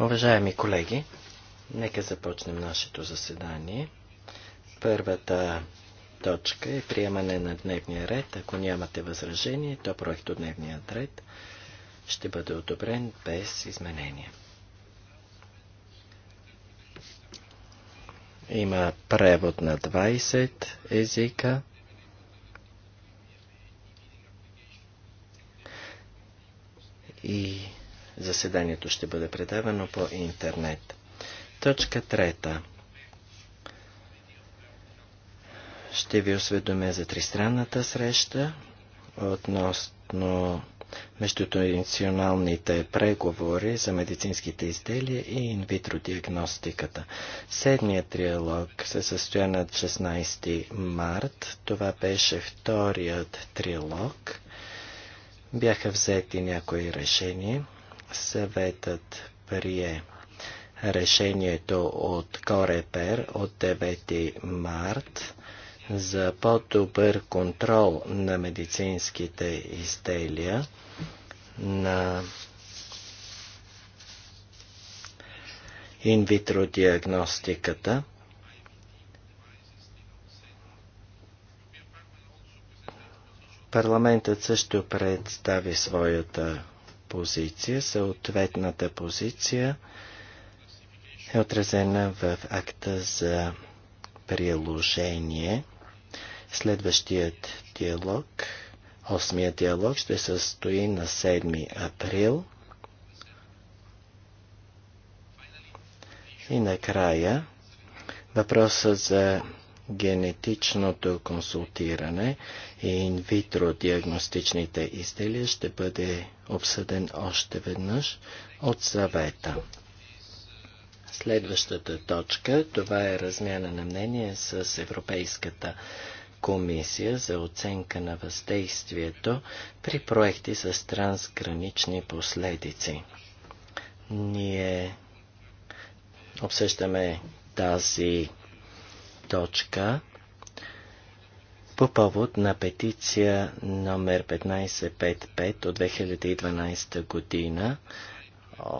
Уважаеми колеги, нека започнем нашето заседание. Първата точка е приемане на дневния ред. Ако нямате възражение, то проект от дневния ред ще бъде одобрен без изменения. Има превод на 20 езика. и заседанието ще бъде предавано по интернет. Точка трета. Ще ви осведомя за тристранната среща относно междунационалните преговори за медицинските изделия и инвитро диагностиката. Седмият триалог се състоя на 16 март. Това беше вторият триалог. Бяха взети някои решения. Съветът прие решението от Корепер от 9 март за по-добър контрол на медицинските изделия на инвитро диагностиката. Парламентът също представи своята позиция, съответната позиция е отразена в акта за приложение. Следващият диалог, осмият диалог, ще се състои на 7 април. И накрая въпросът за генетичното консултиране и инвитро диагностичните изделия ще бъде обсъден още веднъж от съвета. Следващата точка, това е размяна на мнение с Европейската комисия за оценка на въздействието при проекти с трансгранични последици. Ние обсъждаме тази точка по повод на петиция номер 1555 от 2012 година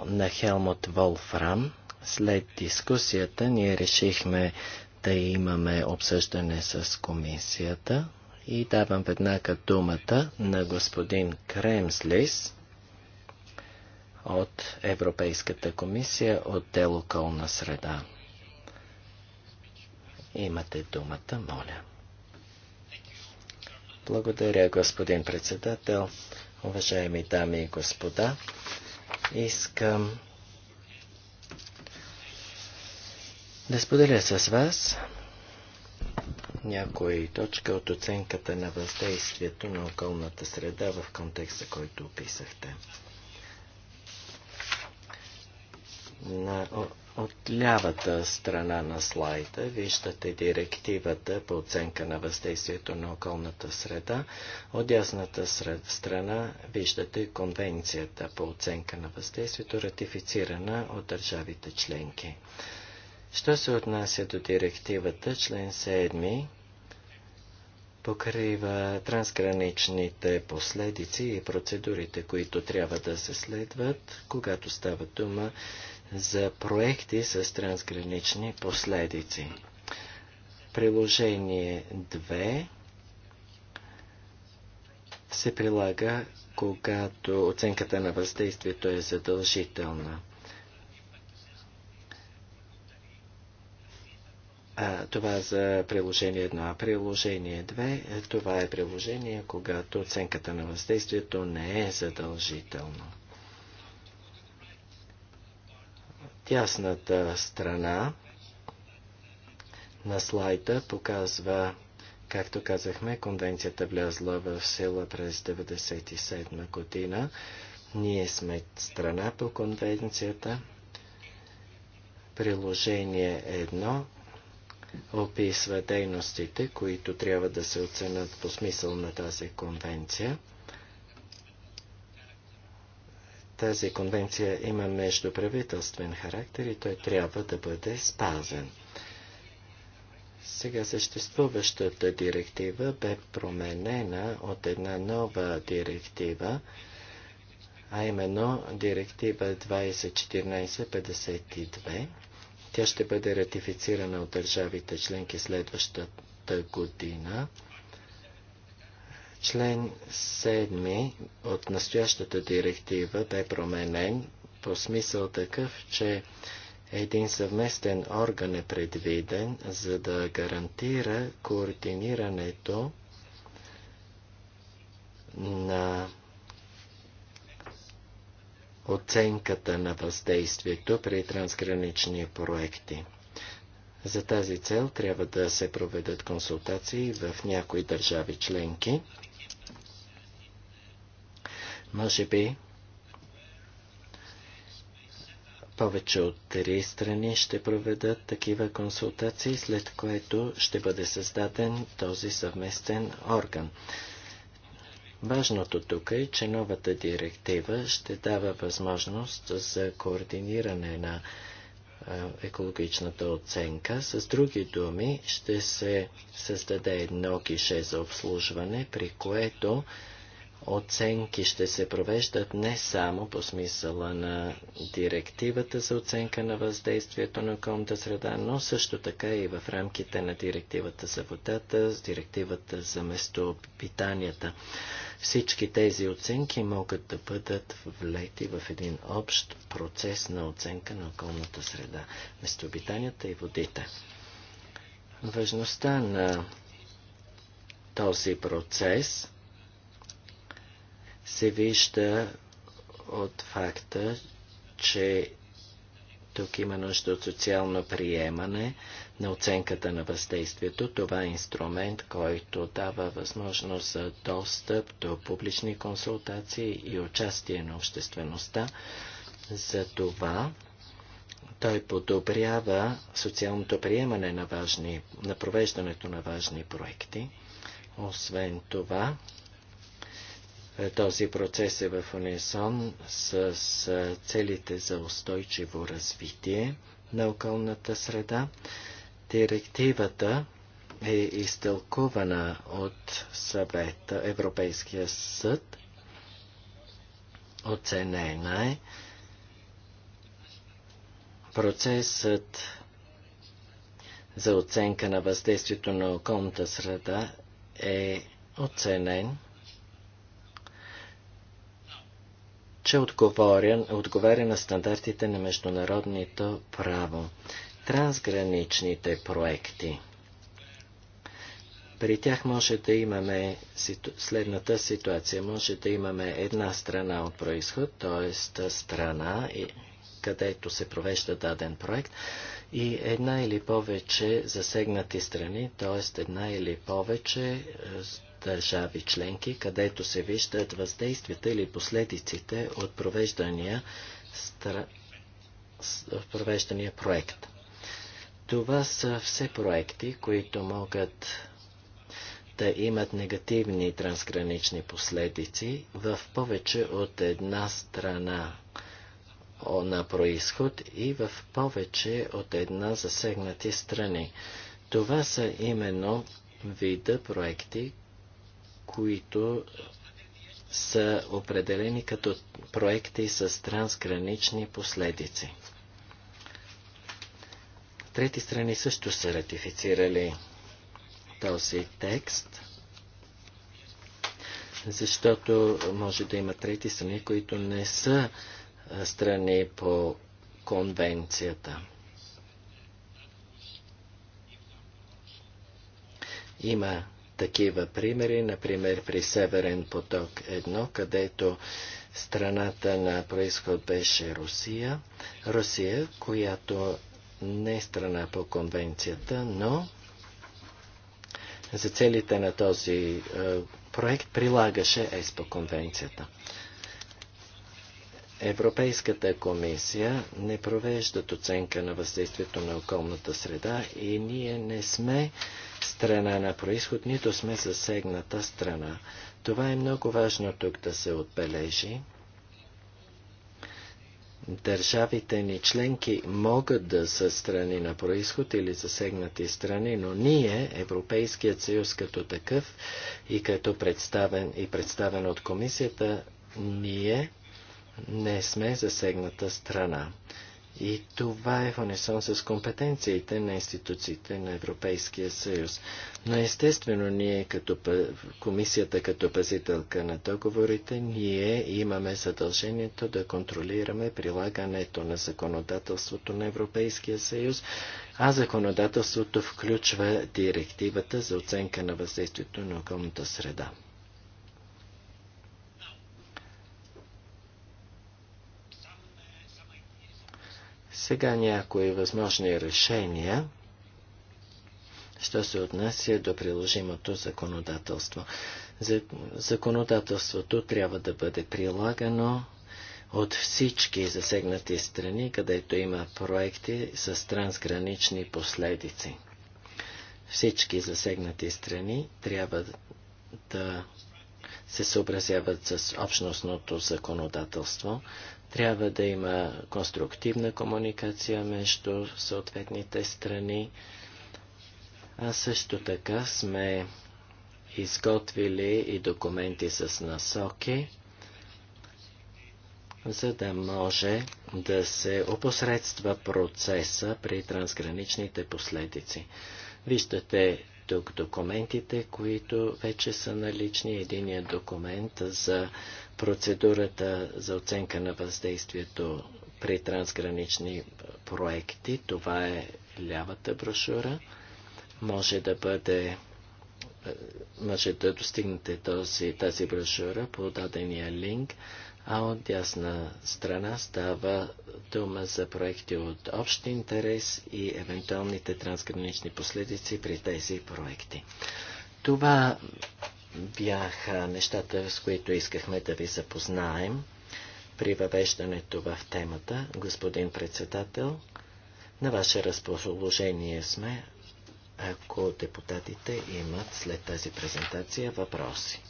на Хелмут Волфрам. След дискусията ние решихме да имаме обсъждане с комисията и давам веднага думата на господин Кремслис от Европейската комисия от дело колна среда. Имате думата, моля. Благодаря, господин председател. Уважаеми дами и господа, искам да споделя с вас някои точки от оценката на въздействието на околната среда в контекста, който описахте. На от лявата страна на слайда виждате директивата по оценка на въздействието на околната среда. От дясната страна виждате конвенцията по оценка на въздействието, ратифицирана от държавите членки. Що се отнася до директивата, член 7 покрива трансграничните последици и процедурите, които трябва да се следват, когато става дума за проекти с трансгранични последици. Приложение 2 се прилага, когато оценката на въздействието е задължителна. А, това за приложение 1. А приложение 2, това е приложение, когато оценката на въздействието не е задължително. Дясната страна на слайда показва, както казахме, конвенцията влязла в сила през 1997 година. Ние сме страна по конвенцията. Приложение 1 описва дейностите, които трябва да се оценят по смисъл на тази конвенция. тази конвенция има междуправителствен характер и той трябва да бъде спазен. Сега съществуващата директива бе променена от една нова директива, а именно директива 2014-52. Тя ще бъде ратифицирана от държавите членки следващата година. Член 7 от настоящата директива бе променен по смисъл такъв, че един съвместен орган е предвиден, за да гарантира координирането на оценката на въздействието при трансгранични проекти. За тази цел трябва да се проведат консултации в някои държави членки. Може би повече от три страни ще проведат такива консултации, след което ще бъде създаден този съвместен орган. Важното тук е, че новата директива ще дава възможност за координиране на екологичната оценка. С други думи, ще се създаде едно кише за обслужване, при което оценки ще се провеждат не само по смисъла на директивата за оценка на въздействието на околната среда, но също така и в рамките на директивата за водата, с директивата за местопитанията. Всички тези оценки могат да бъдат влети в един общ процес на оценка на околната среда, местообитанията и водите. Важността на този процес – се вижда от факта, че тук има нужда от социално приемане на оценката на въздействието. Това е инструмент, който дава възможност за достъп до публични консултации и участие на обществеността. За това той подобрява социалното приемане на, важни, на провеждането на важни проекти. Освен това, е, този процес е в унисон с целите за устойчиво развитие на околната среда. Директивата е изтълкувана от съвета Европейския съд. Оценена е. Процесът за оценка на въздействието на околната среда е оценен че отговоря, отговаря на стандартите на международното право. Трансграничните проекти. При тях може да имаме ситу... следната ситуация. Може да имаме една страна от происход, т.е. страна, където се провежда даден проект, и една или повече засегнати страни, т.е. една или повече е, държави членки, където се виждат въздействията или последиците от провеждания, стра... провеждания проект. Това са все проекти, които могат да имат негативни трансгранични последици в повече от една страна на происход и в повече от една засегнати страни. Това са именно вида проекти, които са определени като проекти с трансгранични последици. Трети страни също са ратифицирали този текст, защото може да има трети страни, които не са страни по конвенцията. Има такива примери, например при Северен поток 1, където страната на происход беше Русия. Русия, която не е страна по конвенцията, но за целите на този е, проект прилагаше ЕСПО конвенцията. Европейската комисия не провеждат оценка на въздействието на околната среда и ние не сме страна на происход, нито сме засегната страна. Това е много важно тук да се отбележи. Държавите ни членки могат да са страни на происход или засегнати страни, но ние, Европейският съюз като такъв и като представен и представен от комисията, ние не сме засегната страна. И това е в унисон с компетенциите на институциите на Европейския съюз. Но естествено ние като комисията като пазителка на договорите, ние имаме задължението да контролираме прилагането на законодателството на Европейския съюз, а законодателството включва директивата за оценка на въздействието на околната среда. Сега някои възможни решения, що се отнася до приложимото законодателство. Законодателството трябва да бъде прилагано от всички засегнати страни, където има проекти с трансгранични последици. Всички засегнати страни трябва да се съобразяват с общностното законодателство, трябва да има конструктивна комуникация между съответните страни, а също така сме изготвили и документи с насоки, за да може да се опосредства процеса при трансграничните последици. Виждате тук документите, които вече са налични. Единият документ за процедурата за оценка на въздействието при трансгранични проекти. Това е лявата брошура. Може да бъде е, може да достигнете този, тази брошура по дадения линк, а от ясна страна става дума за проекти от общ интерес и евентуалните трансгранични последици при тези проекти. Това бяха нещата, с които искахме да ви запознаем при въвеждането в темата. Господин председател, на ваше разположение сме, ако депутатите имат след тази презентация въпроси.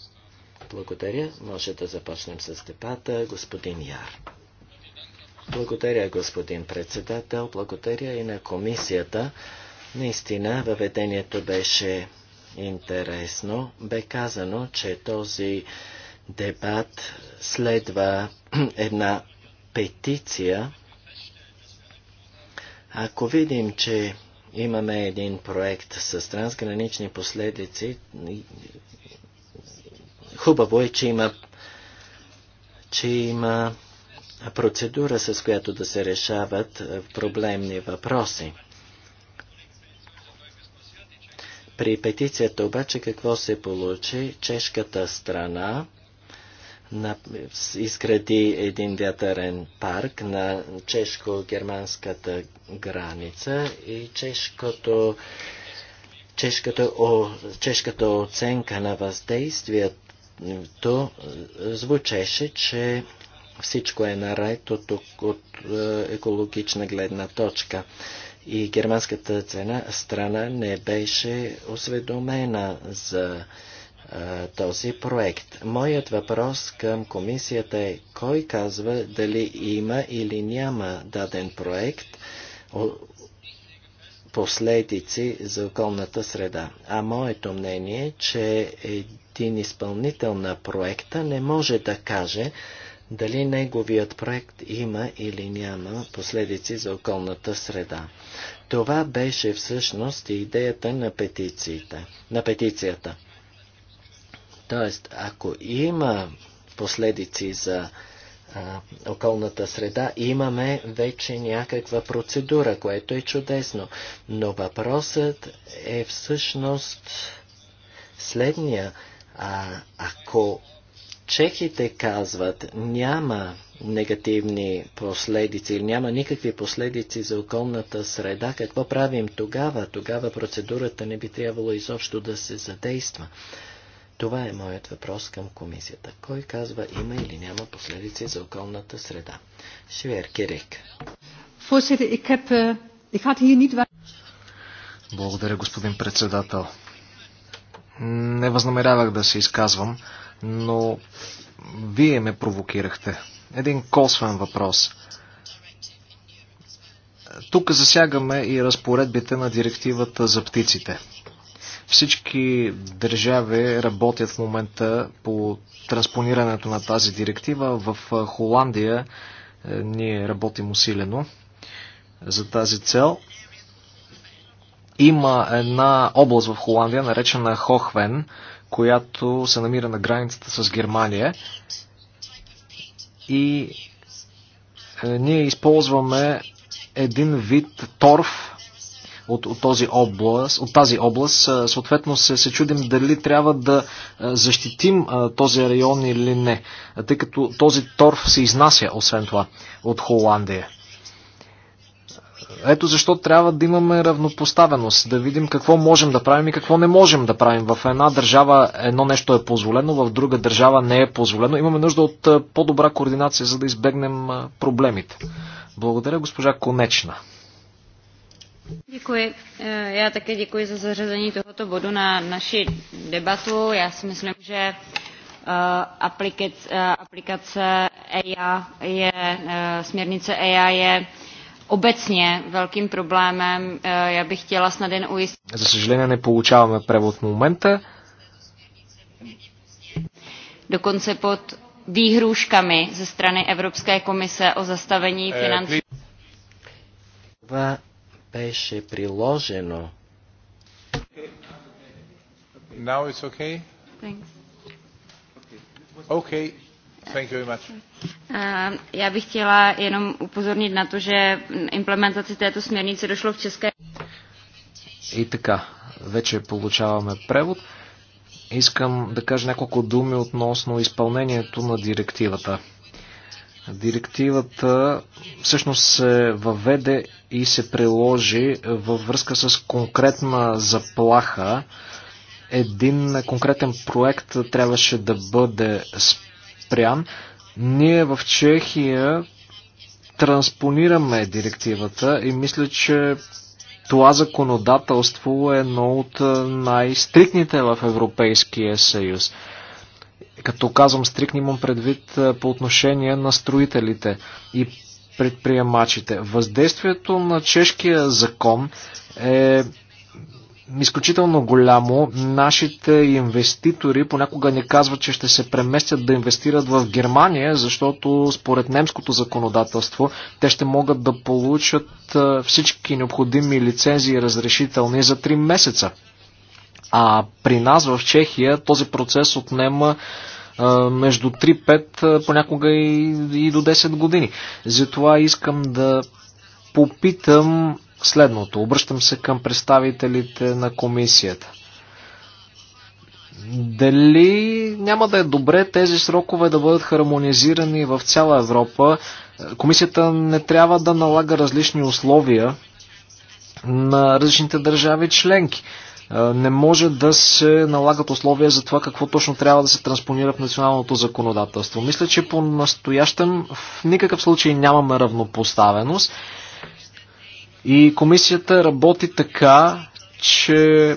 Благодаря. Може да започнем с депата, Господин Яр. Благодаря, господин председател. Благодаря и на комисията. Наистина, въведението беше интересно. Бе казано, че този дебат следва една петиция. Ако видим, че имаме един проект с трансгранични последици, хубаво е, че има, че има процедура, с която да се решават е, проблемни въпроси. При петицията обаче какво се получи? Чешката страна изгради един вятърен парк на чешко-германската граница и чешкото, чешката, о, чешката оценка на въздействието звучеше, че всичко е наред от, от, от е, екологична гледна точка и германската цена, страна не беше осведомена за а, този проект. Моят въпрос към комисията е кой казва дали има или няма даден проект последици за околната среда. А моето мнение е, че един изпълнител на проекта не може да каже дали неговият проект има или няма последици за околната среда. Това беше всъщност идеята на, петициите, на петицията. Тоест, ако има последици за а, околната среда, имаме вече някаква процедура, което е чудесно. Но въпросът е всъщност следния. А, ако Чехите казват, няма негативни последици или няма никакви последици за околната среда. Какво правим тогава? Тогава процедурата не би трябвало изобщо да се задейства. Това е моят въпрос към комисията. Кой казва има или няма последици за околната среда? Швер Кирик. Eh, Благодаря, господин председател. Не възнамерявах да се изказвам но вие ме провокирахте. Един косвен въпрос. Тук засягаме и разпоредбите на директивата за птиците. Всички държави работят в момента по транспонирането на тази директива. В Холандия е, ние работим усилено за тази цел. Има една област в Холандия, наречена Хохвен, която се намира на границата с Германия. И е, ние използваме един вид торф от, от, този област, от тази област. Е, съответно се, се чудим дали трябва да е, защитим този район или не, тъй като този торф се изнася, освен това, от Холандия. Ето защо трябва да имаме равнопоставеност, да видим какво можем да правим и какво не можем да правим. В една държава едно нещо е позволено, в друга държава не е позволено. Имаме нужда от по-добра координация, за да избегнем проблемите. Благодаря, госпожа Конечна. Děkuji. Е, já také děkuji za zařazení tohoto bodu na naši debatu. Já si myslím, že e, e, aplikace EIA je, e, směrnice EIA je обecně velkým problémem. Já bych chtěla snad jen ujistit. За съжаление не получаваме превод в момента. Dokonce pod výhrůžkami ze strany Evropské komise o zastavení financí. Това беше приложено. Now it's okay? Thanks. Okay. Ehm, já bych chtěla jenom upozornit на to, že implementaci této směrnice došlo v České. И така, вече получаваме превод. Искам да кажа няколко думи относно изпълнението на директивата. Директивата всъщност се въведе и се приложи във връзка с конкретна заплаха. Един конкретен проект трябваше да бъде спорен спрян. Ние в Чехия транспонираме директивата и мисля, че това законодателство е едно от най-стрикните в Европейския съюз. Като казвам стрикни, имам предвид по отношение на строителите и предприемачите. Въздействието на чешкия закон е изключително голямо. Нашите инвеститори понякога ни казват, че ще се преместят да инвестират в Германия, защото според немското законодателство те ще могат да получат всички необходими лицензии разрешителни за 3 месеца. А при нас в Чехия този процес отнема между 3-5, понякога и, и до 10 години. Затова искам да попитам следното. Обръщам се към представителите на комисията. Дали няма да е добре тези срокове да бъдат хармонизирани в цяла Европа? Комисията не трябва да налага различни условия на различните държави членки. Не може да се налагат условия за това какво точно трябва да се транспонира в националното законодателство. Мисля, че по-настоящем в никакъв случай нямаме равнопоставеност и комисията работи така, че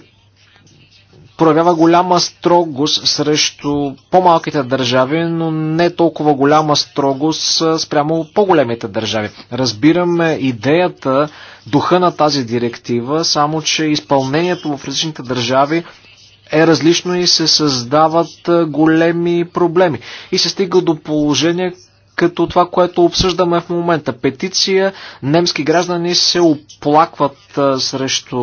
проявява голяма строгост срещу по-малките държави, но не толкова голяма строгост спрямо по-големите държави. Разбираме идеята, духа на тази директива, само че изпълнението в различните държави е различно и се създават големи проблеми. И се стига до положение, като това, което обсъждаме в момента. Петиция, немски граждани се оплакват а, срещу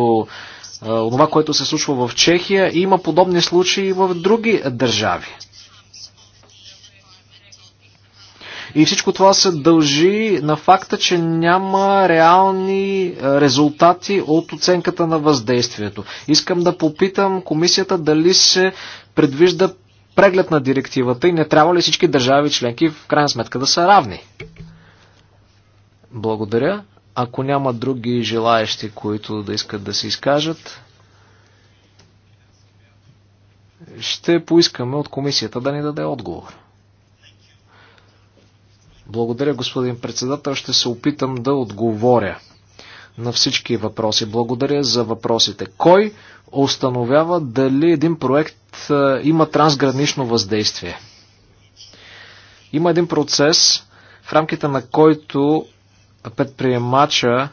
а, това, което се случва в Чехия и има подобни случаи и в други държави. И всичко това се дължи на факта, че няма реални резултати от оценката на въздействието. Искам да попитам комисията дали се предвижда преглед на директивата и не трябва ли всички държави членки в крайна сметка да са равни? Благодаря. Ако няма други желаящи, които да искат да се изкажат, ще поискаме от комисията да ни даде отговор. Благодаря, господин председател. Ще се опитам да отговоря на всички въпроси. Благодаря за въпросите. Кой установява дали един проект има трансгранично въздействие. Има един процес, в рамките на който предприемача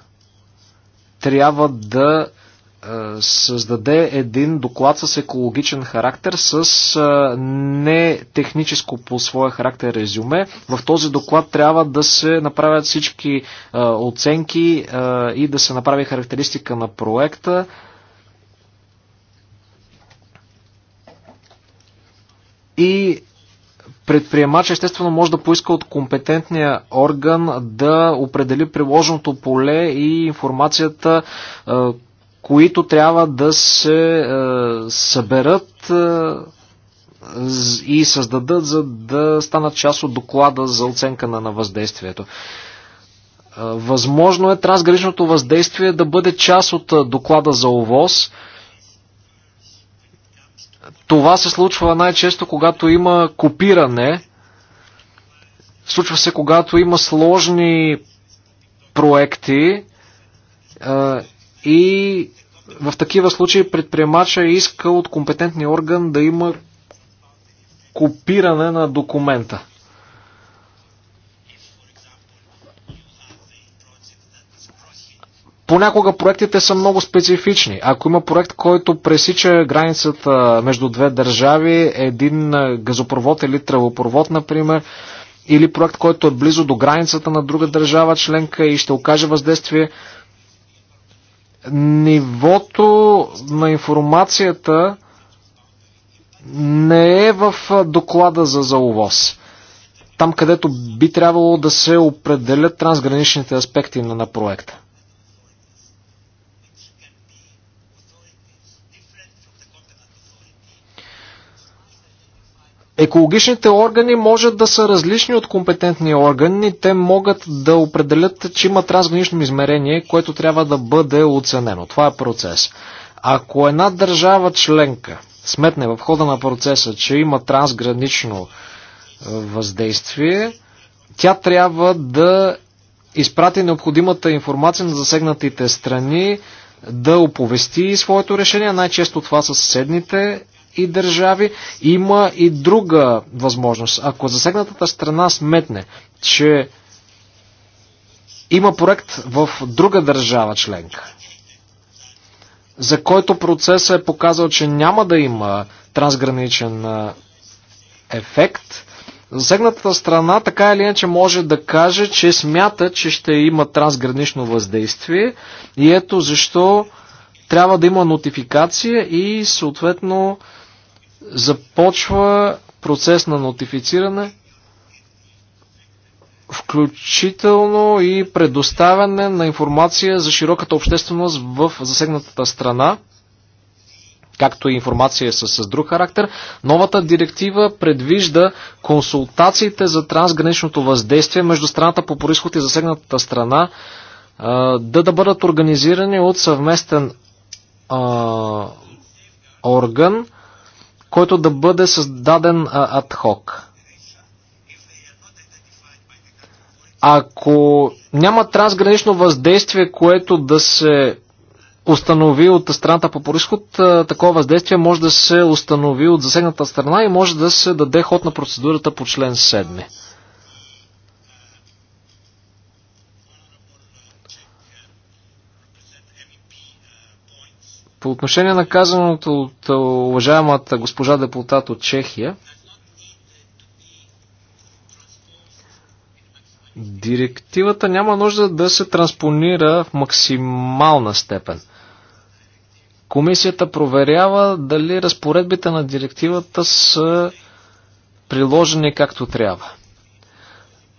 трябва да създаде един доклад с екологичен характер, с не техническо по своя характер резюме. В този доклад трябва да се направят всички оценки и да се направи характеристика на проекта, и предприемач естествено може да поиска от компетентния орган да определи приложеното поле и информацията, е, които трябва да се е, съберат е, и създадат, за да станат част от доклада за оценка на, на въздействието. Възможно е трансграничното въздействие да бъде част от доклада за ОВОз, това се случва най-често, когато има копиране. Случва се, когато има сложни проекти и в такива случаи предприемача иска от компетентния орган да има копиране на документа. Понякога проектите са много специфични. Ако има проект, който пресича границата между две държави, един газопровод или тръвопровод, например, или проект, който е близо до границата на друга държава членка и ще окаже въздействие, нивото на информацията не е в доклада за заувоз. Там, където би трябвало да се определят трансграничните аспекти на, на проекта. Екологичните органи може да са различни от компетентни органи. Те могат да определят, че имат разгранично измерение, което трябва да бъде оценено. Това е процес. Ако една държава членка сметне в хода на процеса, че има трансгранично е, въздействие, тя трябва да изпрати необходимата информация на засегнатите страни, да оповести своето решение, най-често това са съседните и държави. Има и друга възможност. Ако засегнатата страна сметне, че има проект в друга държава членка, за който процесът е показал, че няма да има трансграничен ефект, засегнатата страна така или иначе може да каже, че смята, че ще има трансгранично въздействие и ето защо трябва да има нотификация и съответно започва процес на нотифициране, включително и предоставяне на информация за широката общественост в засегнатата страна, както и информация с, с друг характер. Новата директива предвижда консултациите за трансграничното въздействие между страната по происход и засегнатата страна да, да бъдат организирани от съвместен а, орган, който да бъде създаден адхок. Ако няма трансгранично въздействие, което да се установи от страната по происход, такова въздействие може да се установи от засегната страна и може да се даде ход на процедурата по член 7. По отношение на казаното от уважаемата госпожа депутат от Чехия, директивата няма нужда да се транспонира в максимална степен. Комисията проверява дали разпоредбите на директивата са приложени както трябва.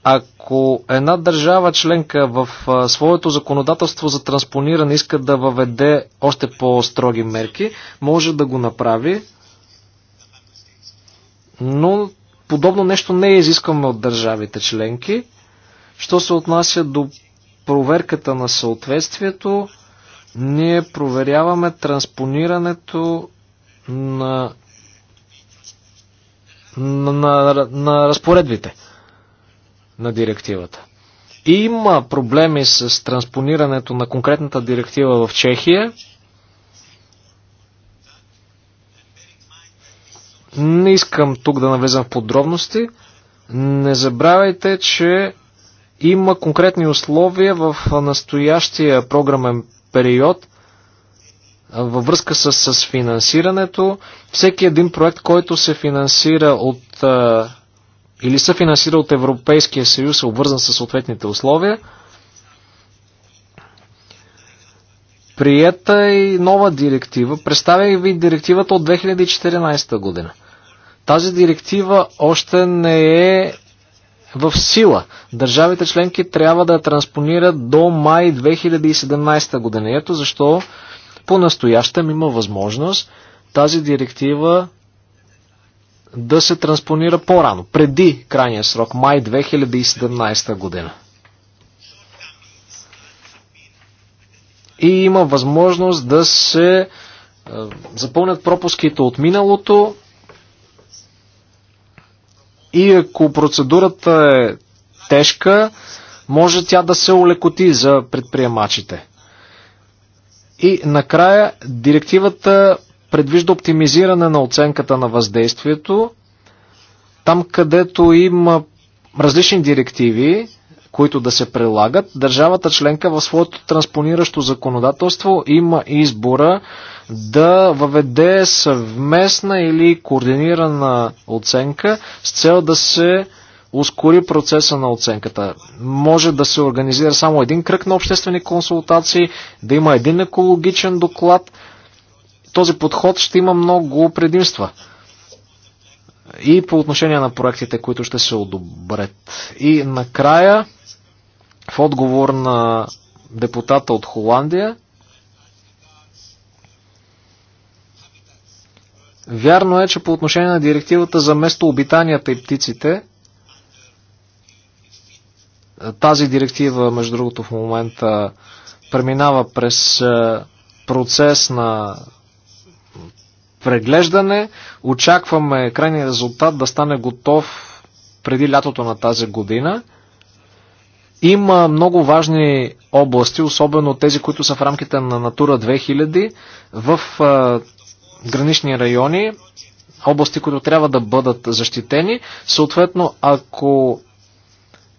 Ако една държава членка в своето законодателство за транспониране иска да въведе още по-строги мерки, може да го направи, но подобно нещо не изискваме от държавите членки. Що се отнася до проверката на съответствието, ние проверяваме транспонирането на, на, на, на разпоредбите на директивата. има проблеми с транспонирането на конкретната директива в Чехия. Не искам тук да навлизам в подробности. Не забравяйте, че има конкретни условия в настоящия програмен период във връзка с, с финансирането. Всеки един проект, който се финансира от или се финансира от Европейския съюз, обвързан с съответните условия. Приета е и нова директива. Представях ви директивата от 2014 година. Тази директива още не е в сила. Държавите членки трябва да я транспонират до май 2017 година. Ето защо по-настоящем има възможност тази директива да се транспонира по-рано, преди крайния срок, май 2017 година. И има възможност да се е, запълнят пропуските от миналото и ако процедурата е тежка, може тя да се улекоти за предприемачите. И накрая директивата предвижда оптимизиране на оценката на въздействието. Там, където има различни директиви, които да се прилагат, държавата членка в своето транспониращо законодателство има избора да въведе съвместна или координирана оценка с цел да се ускори процеса на оценката. Може да се организира само един кръг на обществени консултации, да има един екологичен доклад, този подход ще има много предимства. И по отношение на проектите, които ще се одобрят. И накрая, в отговор на депутата от Холандия, Вярно е, че по отношение на директивата за местообитанията и птиците, тази директива, между другото, в момента преминава през е, процес на преглеждане. Очакваме крайния резултат да стане готов преди лятото на тази година. Има много важни области, особено тези, които са в рамките на Натура 2000, в а, гранични райони, области, които трябва да бъдат защитени. Съответно, ако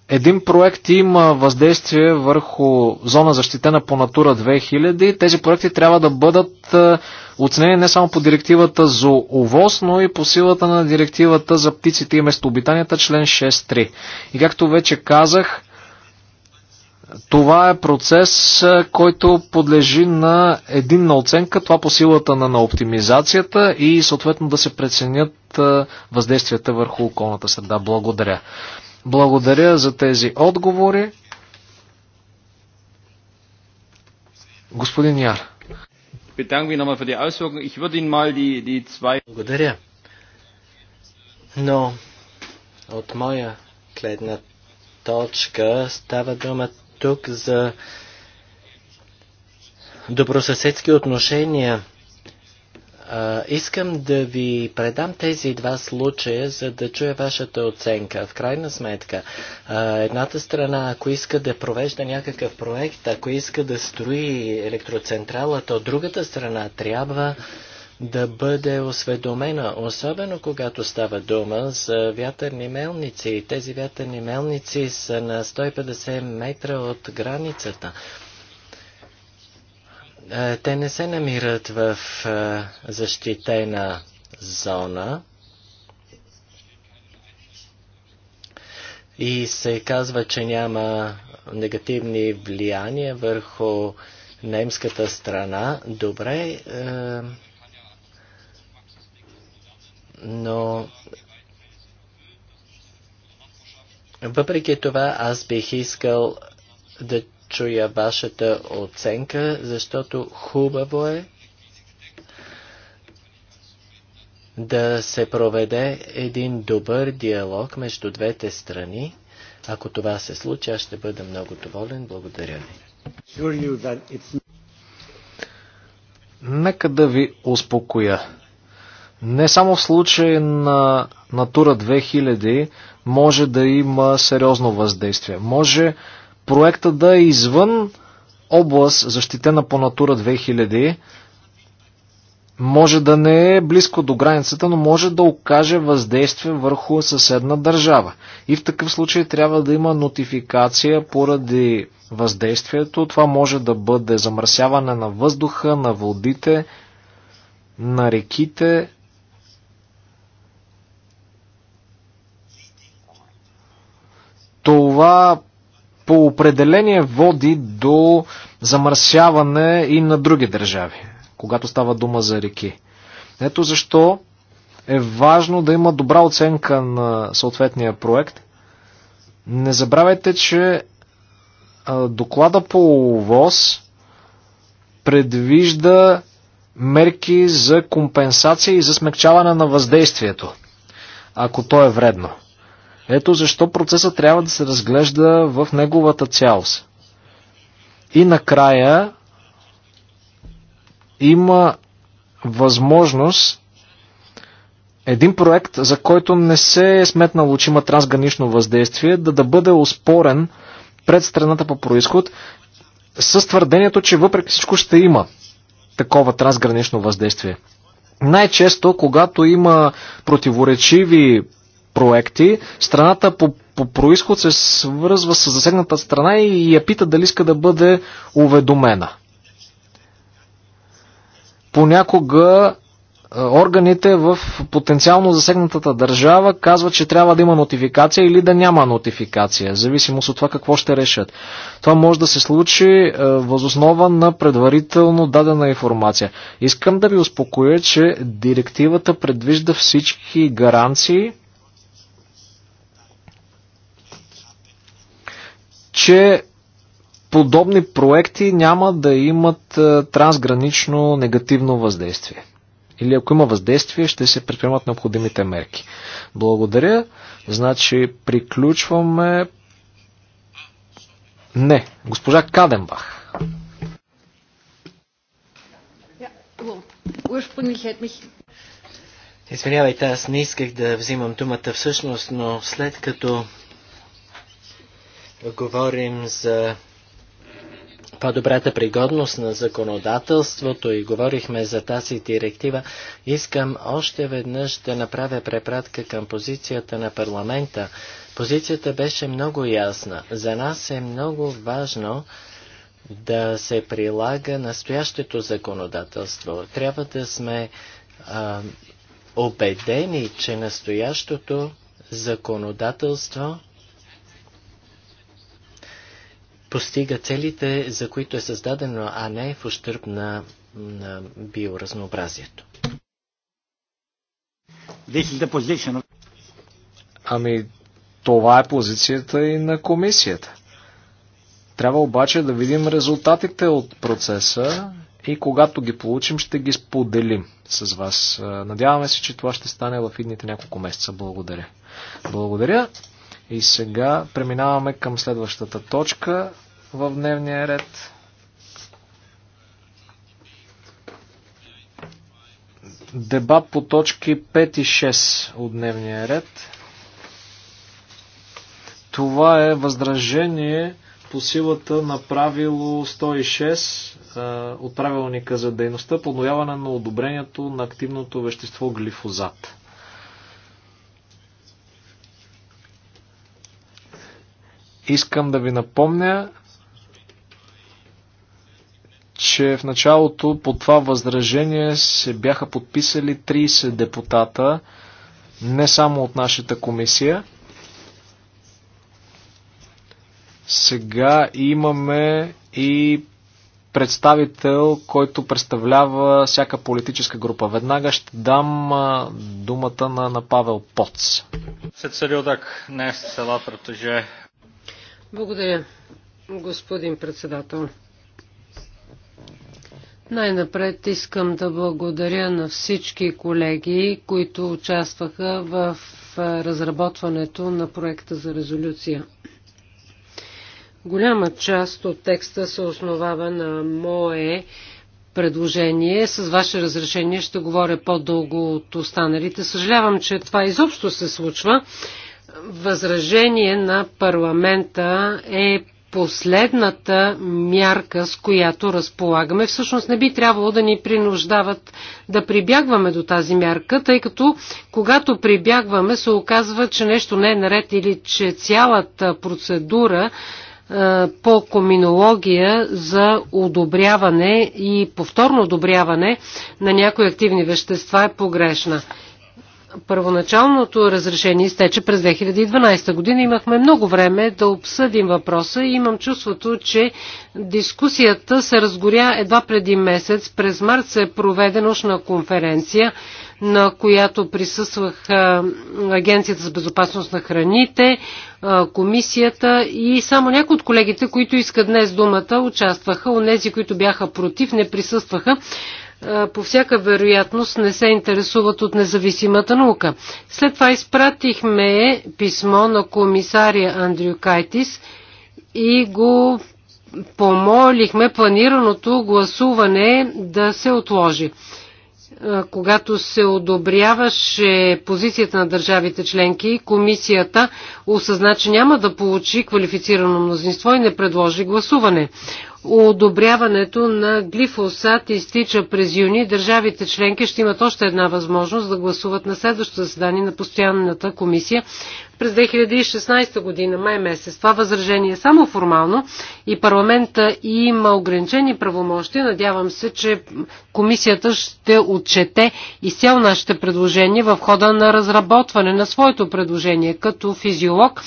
един проект има въздействие върху зона защитена по Натура 2000, тези проекти трябва да бъдат оценени не само по директивата за овоз, но и по силата на директивата за птиците и местообитанията, член 6.3. И както вече казах, това е процес, който подлежи на единна оценка, това по силата на, на оптимизацията и съответно да се преценят въздействията върху околната среда. Благодаря. Благодаря за тези отговори. Господин Яр bedanke mich nochmal für die Auswirkungen. Ich würde Ihnen mal die, die zwei... Благодаря. Но от моя гледна точка става дума тук за добросъседски отношения искам да ви предам тези два случая, за да чуя вашата оценка. В крайна сметка, а, едната страна, ако иска да провежда някакъв проект, ако иска да строи електроцентрала, то другата страна трябва да бъде осведомена, особено когато става дума за вятърни мелници. Тези вятърни мелници са на 150 метра от границата. Е, те не се намират в е, защитена зона и се казва, че няма негативни влияния върху немската страна. Добре, е, но въпреки това аз бих искал да чуя вашата оценка, защото хубаво е да се проведе един добър диалог между двете страни. Ако това се случи, аз ще бъда много доволен. Благодаря ви. Нека да ви успокоя. Не само в случай на Натура 2000 може да има сериозно въздействие. Може проекта да е извън област, защитена по Натура 2000, може да не е близко до границата, но може да окаже въздействие върху съседна държава. И в такъв случай трябва да има нотификация поради въздействието. Това може да бъде замърсяване на въздуха, на водите, на реките. Това по определение води до замърсяване и на други държави, когато става дума за реки. Ето защо е важно да има добра оценка на съответния проект. Не забравяйте, че доклада по ОВОз предвижда мерки за компенсация и за смягчаване на въздействието, ако то е вредно. Ето защо процесът трябва да се разглежда в неговата цялост. И накрая има възможност един проект, за който не се е сметнало, че има трансгранично въздействие, да, да бъде успорен пред страната по происход с твърдението, че въпреки всичко ще има такова трансгранично въздействие. Най-често, когато има противоречиви проекти. Страната по, по происход се свързва с засегната страна и я пита дали иска да бъде уведомена. Понякога е, органите в потенциално засегнатата държава казват, че трябва да има нотификация или да няма нотификация, в зависимост от това какво ще решат. Това може да се случи е, възоснова на предварително дадена информация. Искам да ви успокоя, че директивата предвижда всички гаранции, че подобни проекти няма да имат е, трансгранично негативно въздействие. Или ако има въздействие, ще се предприемат необходимите мерки. Благодаря. Значи приключваме. Не, госпожа Каденбах. Oh, Извинявайте, аз не исках да взимам думата всъщност, но след като говорим за по-добрата пригодност на законодателството и говорихме за тази директива, искам още веднъж да направя препратка към позицията на парламента. Позицията беше много ясна. За нас е много важно да се прилага настоящето законодателство. Трябва да сме а, убедени, че настоящото законодателство постига целите, за които е създадено, а не в ущърп на, на биоразнообразието. Ами, това е позицията и на комисията. Трябва обаче да видим резултатите от процеса и когато ги получим, ще ги споделим с вас. Надяваме се, че това ще стане в идните няколко месеца. Благодаря. Благодаря. И сега преминаваме към следващата точка в дневния ред. Дебат по точки 5 и 6 от дневния ред. Това е възражение по силата на правило 106 от правилника за дейността, поднояване на одобрението на активното вещество глифозат. Искам да ви напомня, че в началото по това възражение се бяха подписали 30 депутата, не само от нашата комисия. Сега имаме и представител, който представлява всяка политическа група. Веднага ще дам думата на, на Павел Поц. Се целил так не села, протеже... Благодаря, господин председател. Най-напред искам да благодаря на всички колеги, които участваха в разработването на проекта за резолюция. Голяма част от текста се основава на мое предложение. С ваше разрешение ще говоря по-дълго от останалите. Съжалявам, че това изобщо се случва, възражение на парламента е последната мярка, с която разполагаме. Всъщност не би трябвало да ни принуждават да прибягваме до тази мярка, тъй като когато прибягваме се оказва, че нещо не е наред или че цялата процедура е, по коминология за одобряване и повторно одобряване на някои активни вещества е погрешна първоначалното разрешение изтече през 2012 година. Имахме много време да обсъдим въпроса и имам чувството, че дискусията се разгоря едва преди месец. През март се проведе нощна конференция, на която присъствах Агенцията за безопасност на храните, комисията и само някои от колегите, които искат днес думата, участваха. Онези, които бяха против, не присъстваха по всяка вероятност не се интересуват от независимата наука. След това изпратихме писмо на комисария Андрю Кайтис и го помолихме планираното гласуване да се отложи. Когато се одобряваше позицията на държавите членки, комисията осъзна, че няма да получи квалифицирано мнозинство и не предложи гласуване одобряването на глифосат изтича през юни, държавите членки ще имат още една възможност да гласуват на следващото заседание на постоянната комисия през 2016 година, май месец. Това възражение е само формално и парламента има ограничени правомощи. Надявам се, че комисията ще отчете изцяло нашите предложения в хода на разработване на своето предложение. Като физиолог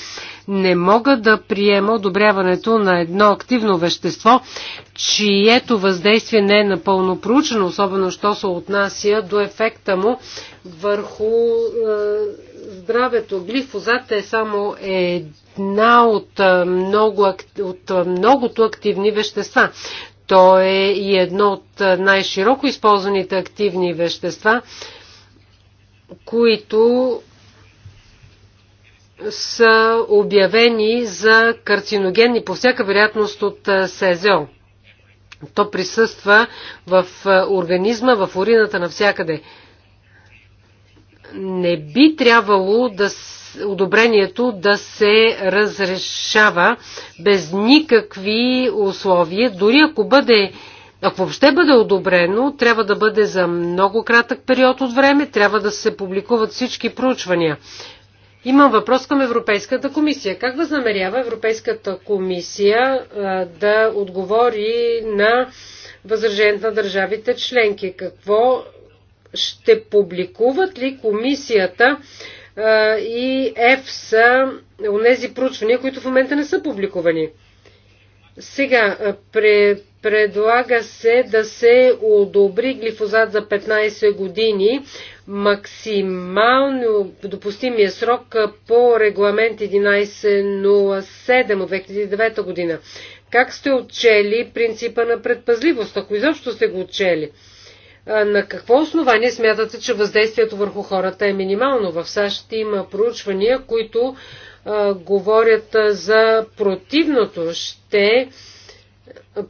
не мога да приема одобряването на едно активно вещество, чието въздействие не е напълно проучено, особено що се отнася до ефекта му върху е, здравето. Глифозат е само една от, е, много, от е, многото активни вещества. То е и едно от е, най-широко използваните активни вещества, които са обявени за карциногенни по всяка вероятност от СЗО. То присъства в организма, в урината, навсякъде. Не би трябвало да одобрението да се разрешава без никакви условия, дори ако бъде ако въобще бъде одобрено, трябва да бъде за много кратък период от време, трябва да се публикуват всички проучвания. Имам въпрос към Европейската комисия. Как възнамерява Европейската комисия да отговори на възражението на държавите членки? Какво ще публикуват ли комисията и ЕФСА тези проучвания, които в момента не са публикувани? Сега, предлага се да се одобри глифозат за 15 години максимално допустимия срок по регламент 1107 от 2009 година. Как сте отчели принципа на предпазливост, ако изобщо сте го отчели? На какво основание смятате, че въздействието върху хората е минимално? В САЩ има проучвания, които а, говорят за противното. Ще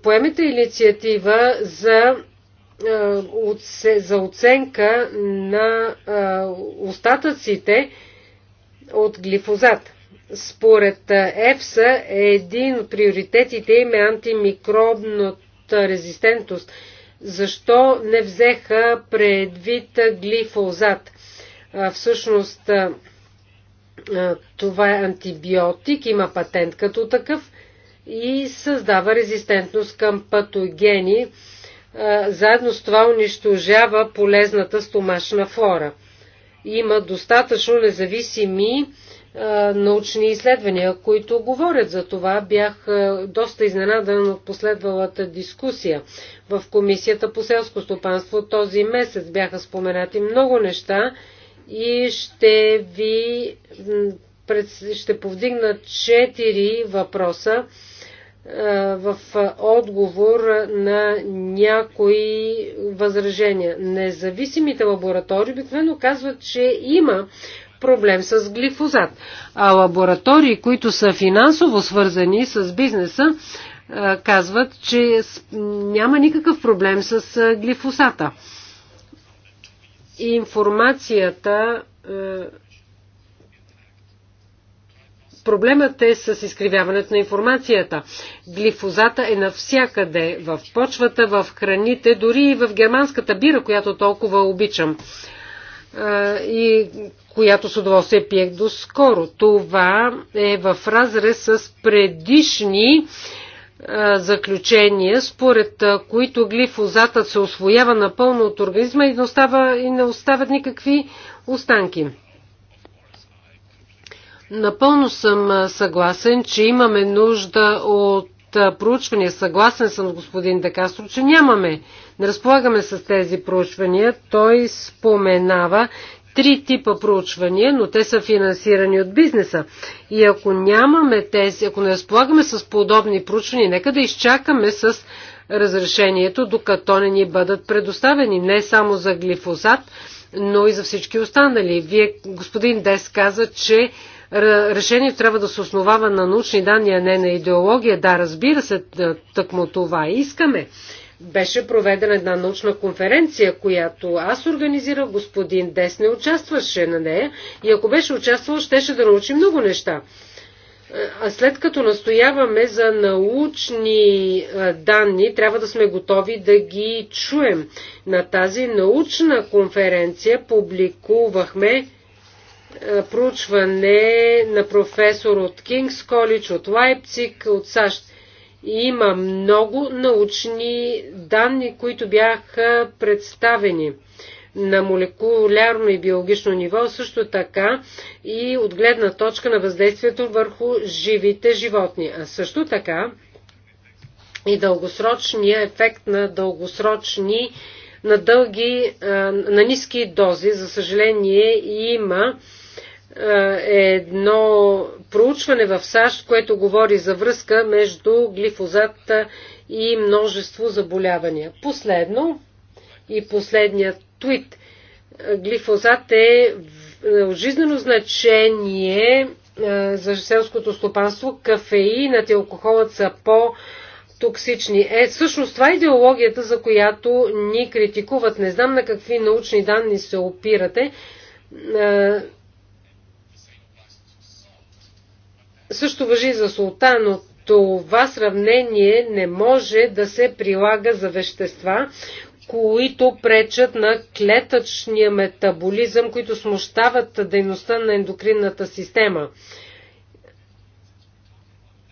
поемете инициатива за е, за оценка на е, остатъците от глифозат. Според е, ЕФСА един от приоритетите им е антимикробната резистентност. Защо не взеха предвид глифозат? Всъщност това е антибиотик, има патент като такъв и създава резистентност към патогени, заедно с това унищожава полезната стомашна флора. Има достатъчно независими научни изследвания, които говорят за това. Бях доста изненадан от последвалата дискусия в Комисията по селско стопанство. Този месец бяха споменати много неща и ще ви ще повдигна четири въпроса, е, в отговор на някои възражения. Независимите лаборатории обикновено казват, че има проблем с глифозат. А лаборатории, които са финансово свързани с бизнеса, е, казват, че няма никакъв проблем с е, глифосата. Информацията Проблемът е с изкривяването на информацията. Глифозата е навсякъде, в почвата, в храните, дори и в германската бира, която толкова обичам и която с удоволствие пиех доскоро. Това е в разрез с предишни заключения, според които глифозатът се освоява напълно от организма и не, остава, и не остават никакви останки. Напълно съм съгласен, че имаме нужда от проучвания. Съгласен съм с господин Декастро, че нямаме. Не разполагаме с тези проучвания. Той споменава три типа проучвания, но те са финансирани от бизнеса. И ако нямаме тези, ако не разполагаме с подобни проучвания, нека да изчакаме с разрешението, докато не ни бъдат предоставени не само за глифозат, но и за всички останали. Вие, господин Дес, каза, че решението трябва да се основава на научни данни, а не на идеология. Да, разбира се, тъкмо това искаме. Беше проведена една научна конференция, която аз организирах, господин Дес не участваше на нея и ако беше участвал, щеше да научи много неща. А след като настояваме за научни данни, трябва да сме готови да ги чуем. На тази научна конференция публикувахме е, проучване на професор от Кингс Колидж, от Лайпциг, от САЩ. и Има много научни данни, които бяха представени на молекулярно и биологично ниво, също така и от гледна точка на въздействието върху живите животни. А също така и дългосрочния ефект на дългосрочни на дълги, на ниски дози, за съжаление, има е едно проучване в САЩ, което говори за връзка между глифозата и множество заболявания. Последно и последният твит. Глифозат е жизнено значение е, за селското стопанство. Кафеинът и алкохолът са по- токсични. Е, всъщност това е идеологията, за която ни критикуват. Не знам на какви научни данни се опирате. Е, Също въжи за но това сравнение не може да се прилага за вещества, които пречат на клетъчния метаболизъм, които смущават дейността на ендокринната система.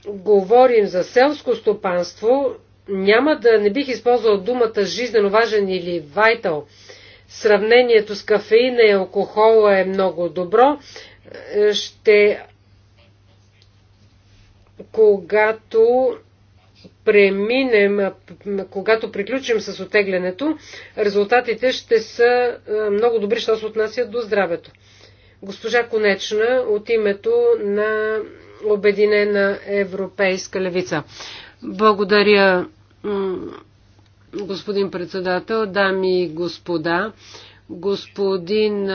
Говорим за селско стопанство, няма да не бих използвал думата жизненно важен или вайтал. Сравнението с кафеина и алкохола е много добро. Ще когато преминем, когато приключим с отеглянето, резултатите ще са е, много добри, що се отнасят до здравето. Госпожа Конечна от името на Обединена европейска левица. Благодаря, господин председател, дами и господа. Господин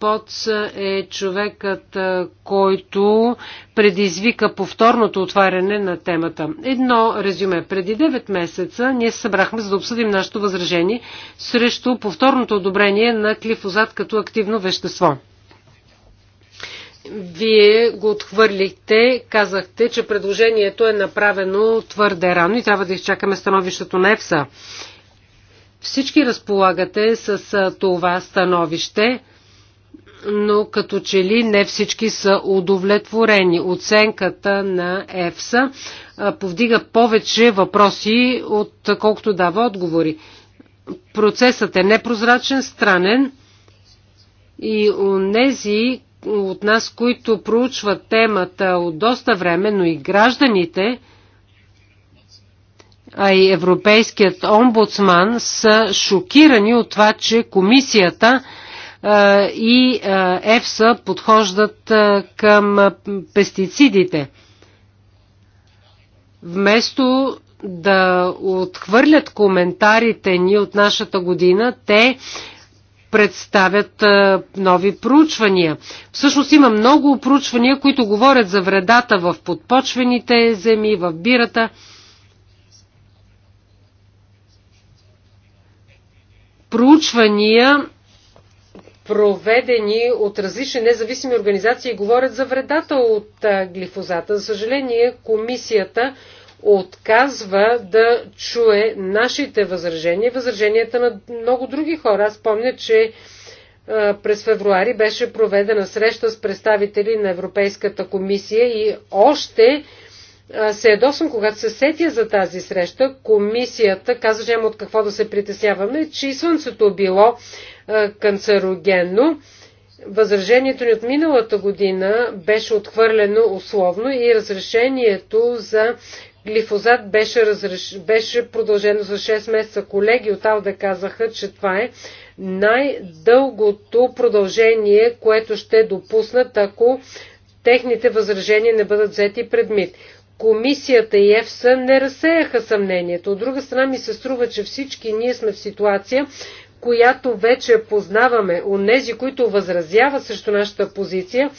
Поц е човекът, който предизвика повторното отваряне на темата. Едно резюме. Преди 9 месеца ние се събрахме за да обсъдим нашето възражение срещу повторното одобрение на клифозат като активно вещество. Вие го отхвърлихте, казахте, че предложението е направено твърде рано и трябва да изчакаме становището на ЕФСА. Всички разполагате с това становище, но като че ли не всички са удовлетворени. Оценката на ЕФСА повдига повече въпроси, отколкото дава отговори. Процесът е непрозрачен, странен и нези от нас, които проучват темата от доста време, но и гражданите – а и Европейският омбудсман са шокирани от това, че комисията и ЕФСА подхождат към пестицидите. Вместо да отхвърлят коментарите ни от нашата година, те представят нови проучвания. Всъщност има много проучвания, които говорят за вредата в подпочвените земи, в бирата. проучвания, проведени от различни независими организации, говорят за вредата от глифозата. За съжаление, комисията отказва да чуе нашите възражения, възраженията на много други хора. Аз помня, че през февруари беше проведена среща с представители на Европейската комисия и още се ядосвам, е когато се сетя за тази среща, комисията каза, че от какво да се притесняваме, че и слънцето било канцерогенно. Възражението ни от миналата година беше отхвърлено условно и разрешението за глифозат беше, разреш... беше продължено за 6 месеца. Колеги от Алда казаха, че това е най-дългото продължение, което ще допуснат, ако техните възражения не бъдат взети предмет комисията и ЕФСА не разсеяха съмнението. От друга страна ми се струва, че всички ние сме в ситуация, която вече познаваме. Онези, които възразяват срещу нашата позиция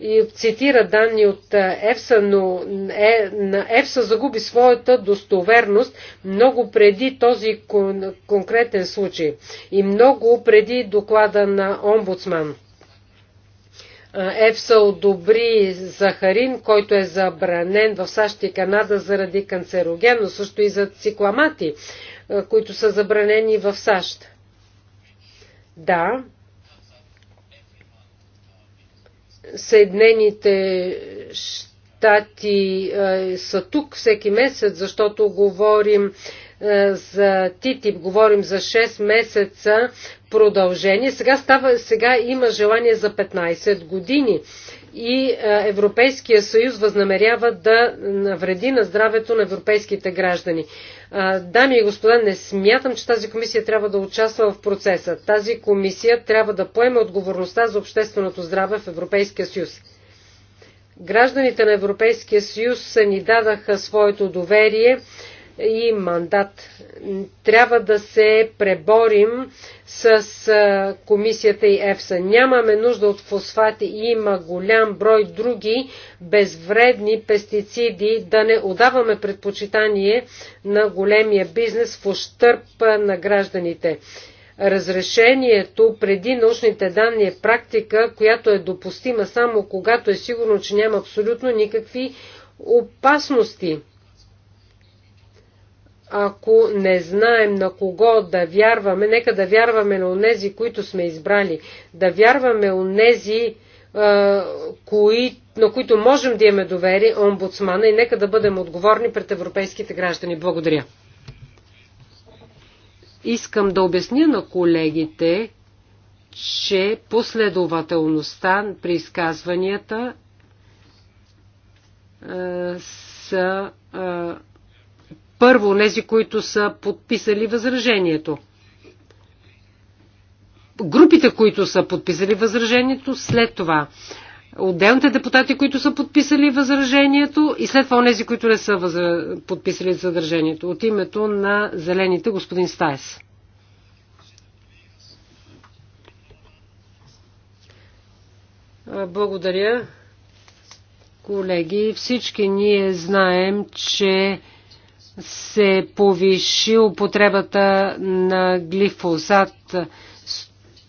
и цитира данни от ЕФСА, но е, на ЕФСА загуби своята достоверност много преди този кон, конкретен случай и много преди доклада на омбудсман. ЕФСА одобри захарин, който е забранен в САЩ и Канада заради канцероген, но също и за цикламати, които са забранени в САЩ. Да, Съединените щати са тук всеки месец, защото говорим е, за ТИТИП, говорим за 6 месеца продължение. Сега, става, сега има желание за 15 години и е, Европейския съюз възнамерява да навреди на здравето на европейските граждани. Е, дами и господа, не смятам, че тази комисия трябва да участва в процеса. Тази комисия трябва да поеме отговорността за общественото здраве в Европейския съюз. Гражданите на Европейския съюз ни дадаха своето доверие и мандат. Трябва да се преборим с комисията и ЕФСА. Нямаме нужда от фосфати. Има голям брой други безвредни пестициди. Да не отдаваме предпочитание на големия бизнес в ощърп на гражданите. Разрешението преди научните данни е практика, която е допустима само когато е сигурно, че няма абсолютно никакви опасности ако не знаем на кого да вярваме, нека да вярваме на онези, които сме избрали, да вярваме онези, кои, на които можем да имаме доверие, омбудсмана и нека да бъдем отговорни пред европейските граждани. Благодаря. Искам да обясня на колегите, че последователността при изказванията са първо нези, които са подписали възражението. Групите, които са подписали възражението, след това отделните депутати, които са подписали възражението и след това нези, които не са възра... подписали възражението. От името на зелените господин Стайс. Благодаря. Колеги, всички ние знаем, че се повиши употребата на глифозат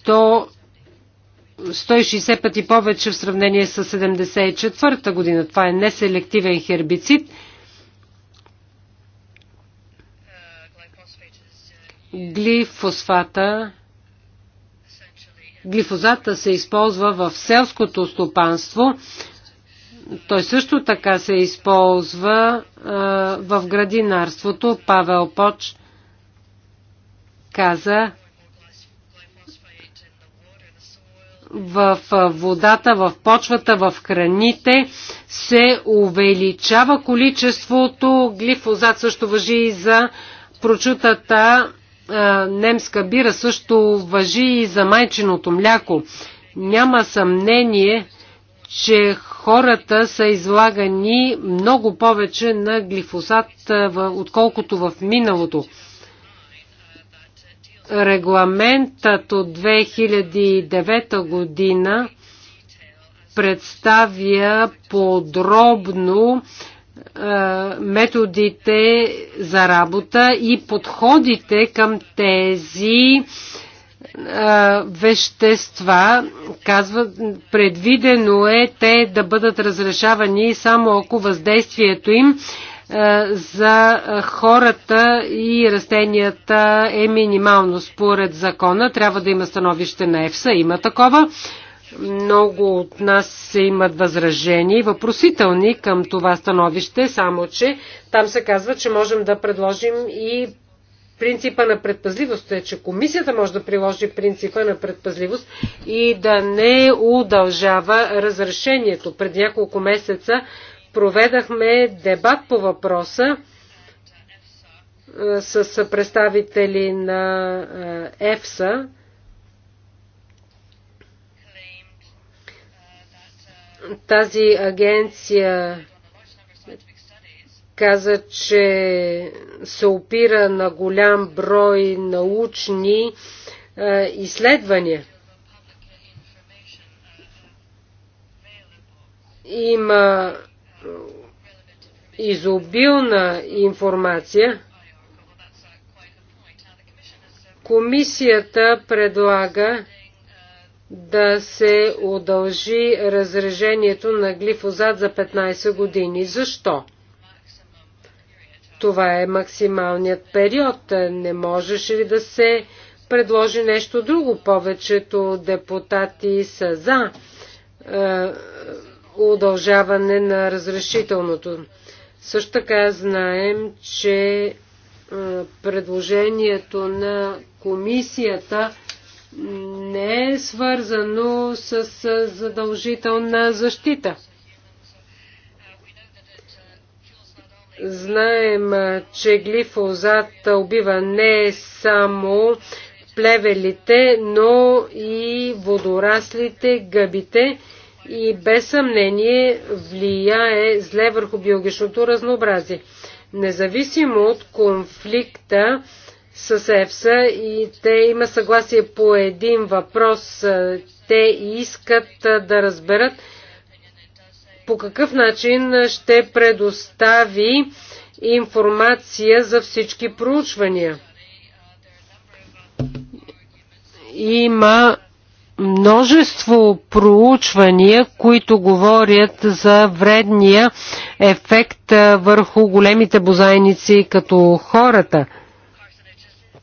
100, 160 пъти повече в сравнение с 1974 година. Това е неселективен хербицид. Глифосфата глифозата се използва в селското стопанство той също така се използва а, в градинарството. Павел Поч каза, в водата, в почвата, в храните се увеличава количеството глифозат. Също въжи и за прочутата а, немска бира, също въжи и за майчиното мляко. Няма съмнение, че хората са излагани много повече на глифосат, отколкото в миналото. Регламентът от 2009 година представя подробно методите за работа и подходите към тези вещества, казват, предвидено е те да бъдат разрешавани само ако въздействието им за хората и растенията е минимално според закона. Трябва да има становище на ЕФСА, има такова. Много от нас имат възражения и въпросителни към това становище, само че там се казва, че можем да предложим и принципа на предпазливост е, че комисията може да приложи принципа на предпазливост и да не удължава разрешението. Пред няколко месеца проведахме дебат по въпроса с представители на ЕФСА. Тази агенция каза, че се опира на голям брой научни е, изследвания. Има е, изобилна информация. Комисията предлага да се удължи разрежението на глифозат за 15 години. Защо? Това е максималният период. Не можеше ли да се предложи нещо друго? Повечето депутати са за е, удължаване на разрешителното. Също така знаем, че е, предложението на комисията не е свързано с е, задължителна защита. Знаем, че глифозат убива не само плевелите, но и водораслите, гъбите и без съмнение влияе зле върху биологичното разнообразие. Независимо от конфликта с ЕФСА и те има съгласие по един въпрос, те искат да разберат по какъв начин ще предостави информация за всички проучвания. Има множество проучвания, които говорят за вредния ефект върху големите бозайници като хората.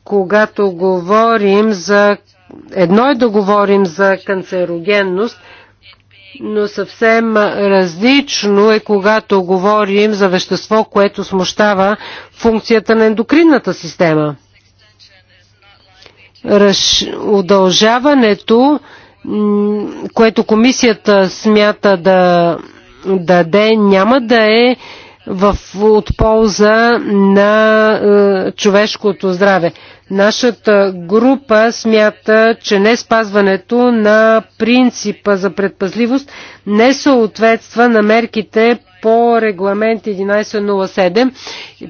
Когато говорим за... Едно е да говорим за канцерогенност – но съвсем различно е когато говорим за вещество, което смущава функцията на ендокринната система. Раш... Удължаването, което комисията смята да даде, няма да е в, от полза на е, човешкото здраве. Нашата група смята, че не спазването на принципа за предпазливост не съответства на мерките по регламент 1107.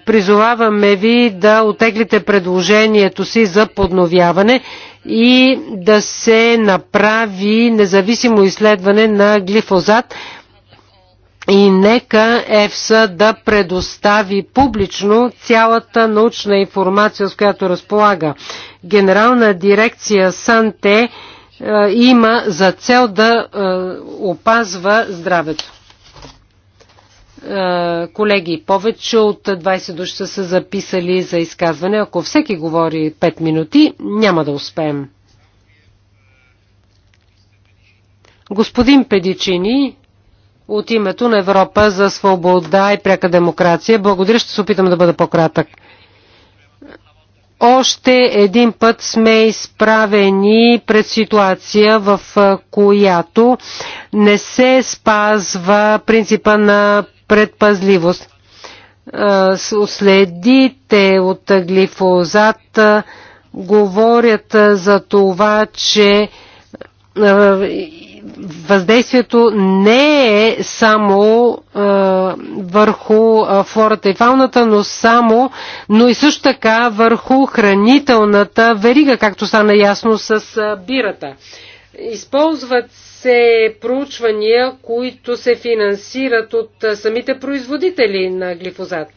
Призоваваме ви да отеглите предложението си за подновяване и да се направи независимо изследване на глифозат и нека ЕФСА да предостави публично цялата научна информация, с която разполага. Генерална дирекция Санте е, има за цел да е, опазва здравето. Е, колеги, повече от 20 души са се записали за изказване. Ако всеки говори 5 минути, няма да успеем. Господин Педичини, от името на Европа за свобода и пряка демокрация. Благодаря, ще се опитам да бъда по-кратък. Още един път сме изправени пред ситуация, в която не се спазва принципа на предпазливост. Следите от глифозат говорят за това, че въздействието не е само е, върху е, флората и фауната, но само, но и също така върху хранителната верига, както стана ясно с е, бирата. Използват се проучвания, които се финансират от е, самите производители на глифозат.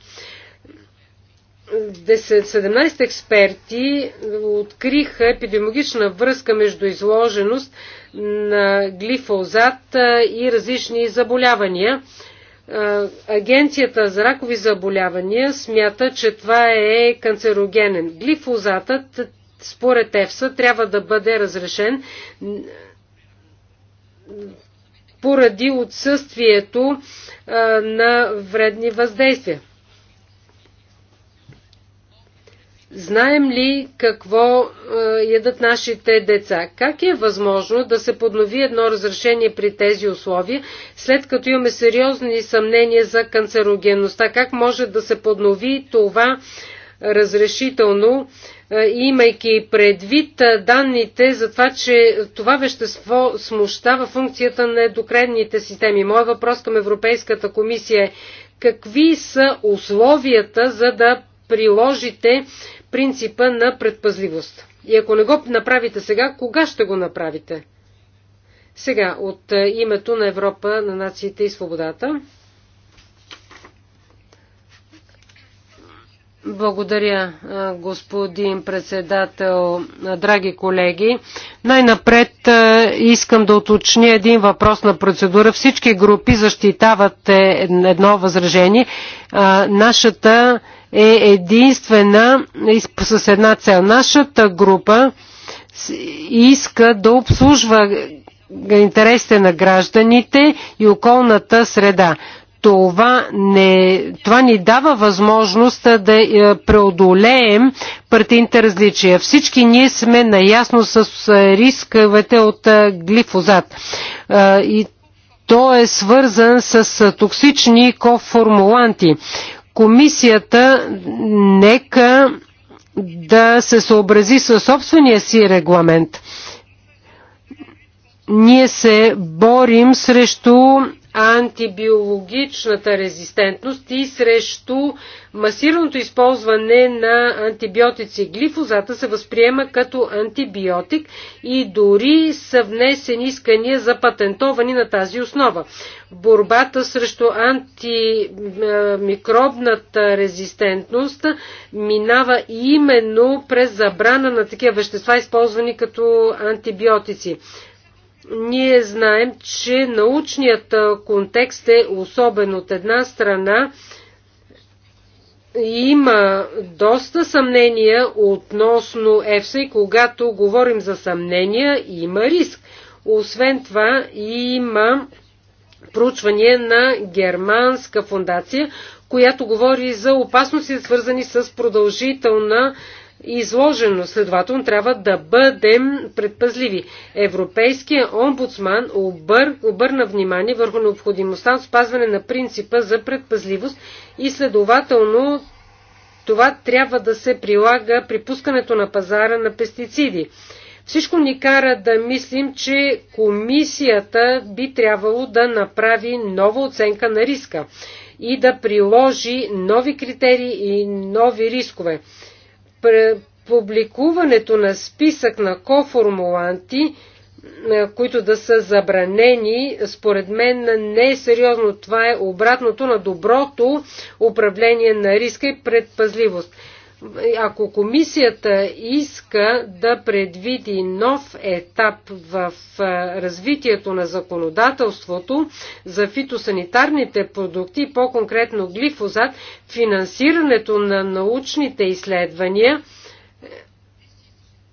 17 експерти откриха епидемиологична връзка между изложеност на глифозат и различни заболявания. Агенцията за ракови заболявания смята, че това е канцерогенен. Глифозатът според ЕФСА трябва да бъде разрешен поради отсъствието на вредни въздействия. Знаем ли какво е, ядат нашите деца? Как е възможно да се поднови едно разрешение при тези условия, след като имаме сериозни съмнения за канцерогенността? Как може да се поднови това разрешително, е, имайки предвид е, данните за това, че това вещество смущава функцията на едокренните системи? Моя въпрос към Европейската комисия е какви са условията за да приложите принципа на предпазливост. И ако не го направите сега, кога ще го направите? Сега, от е, името на Европа, на нациите и свободата. Благодаря, е, господин председател, е, драги колеги. Най-напред искам да уточня един въпрос на процедура. Всички групи защитават едно възражение. Нашата е единствена с една цел. Нашата група иска да обслужва интересите на гражданите и околната среда. Това, не, това ни дава възможност да е, преодолеем партийните различия. Всички ние сме наясно с е, рисковете от е, глифозат. И той е свързан с токсични коформуланти комисията нека да се съобрази със собствения си регламент. Ние се борим срещу антибиологичната резистентност и срещу масираното използване на антибиотици. Глифозата се възприема като антибиотик и дори са внесени искания за патентовани на тази основа. Борбата срещу антимикробната резистентност минава именно през забрана на такива вещества, използвани като антибиотици. Ние знаем, че научният контекст е особен от една страна. Има доста съмнения относно ЕФСА и когато говорим за съмнения, има риск. Освен това, има проучване на германска фундация, която говори за опасности, свързани с продължителна изложено. Следователно трябва да бъдем предпазливи. Европейския омбудсман обър, обърна внимание върху необходимостта от спазване на принципа за предпазливост и следователно това трябва да се прилага при пускането на пазара на пестициди. Всичко ни кара да мислим, че комисията би трябвало да направи нова оценка на риска и да приложи нови критерии и нови рискове публикуването на списък на коформуланти, е, които да са забранени, според мен не е сериозно. Това е обратното на доброто управление на риска и предпазливост. Ако комисията иска да предвиди нов етап в развитието на законодателството за фитосанитарните продукти, по-конкретно глифозат, финансирането на научните изследвания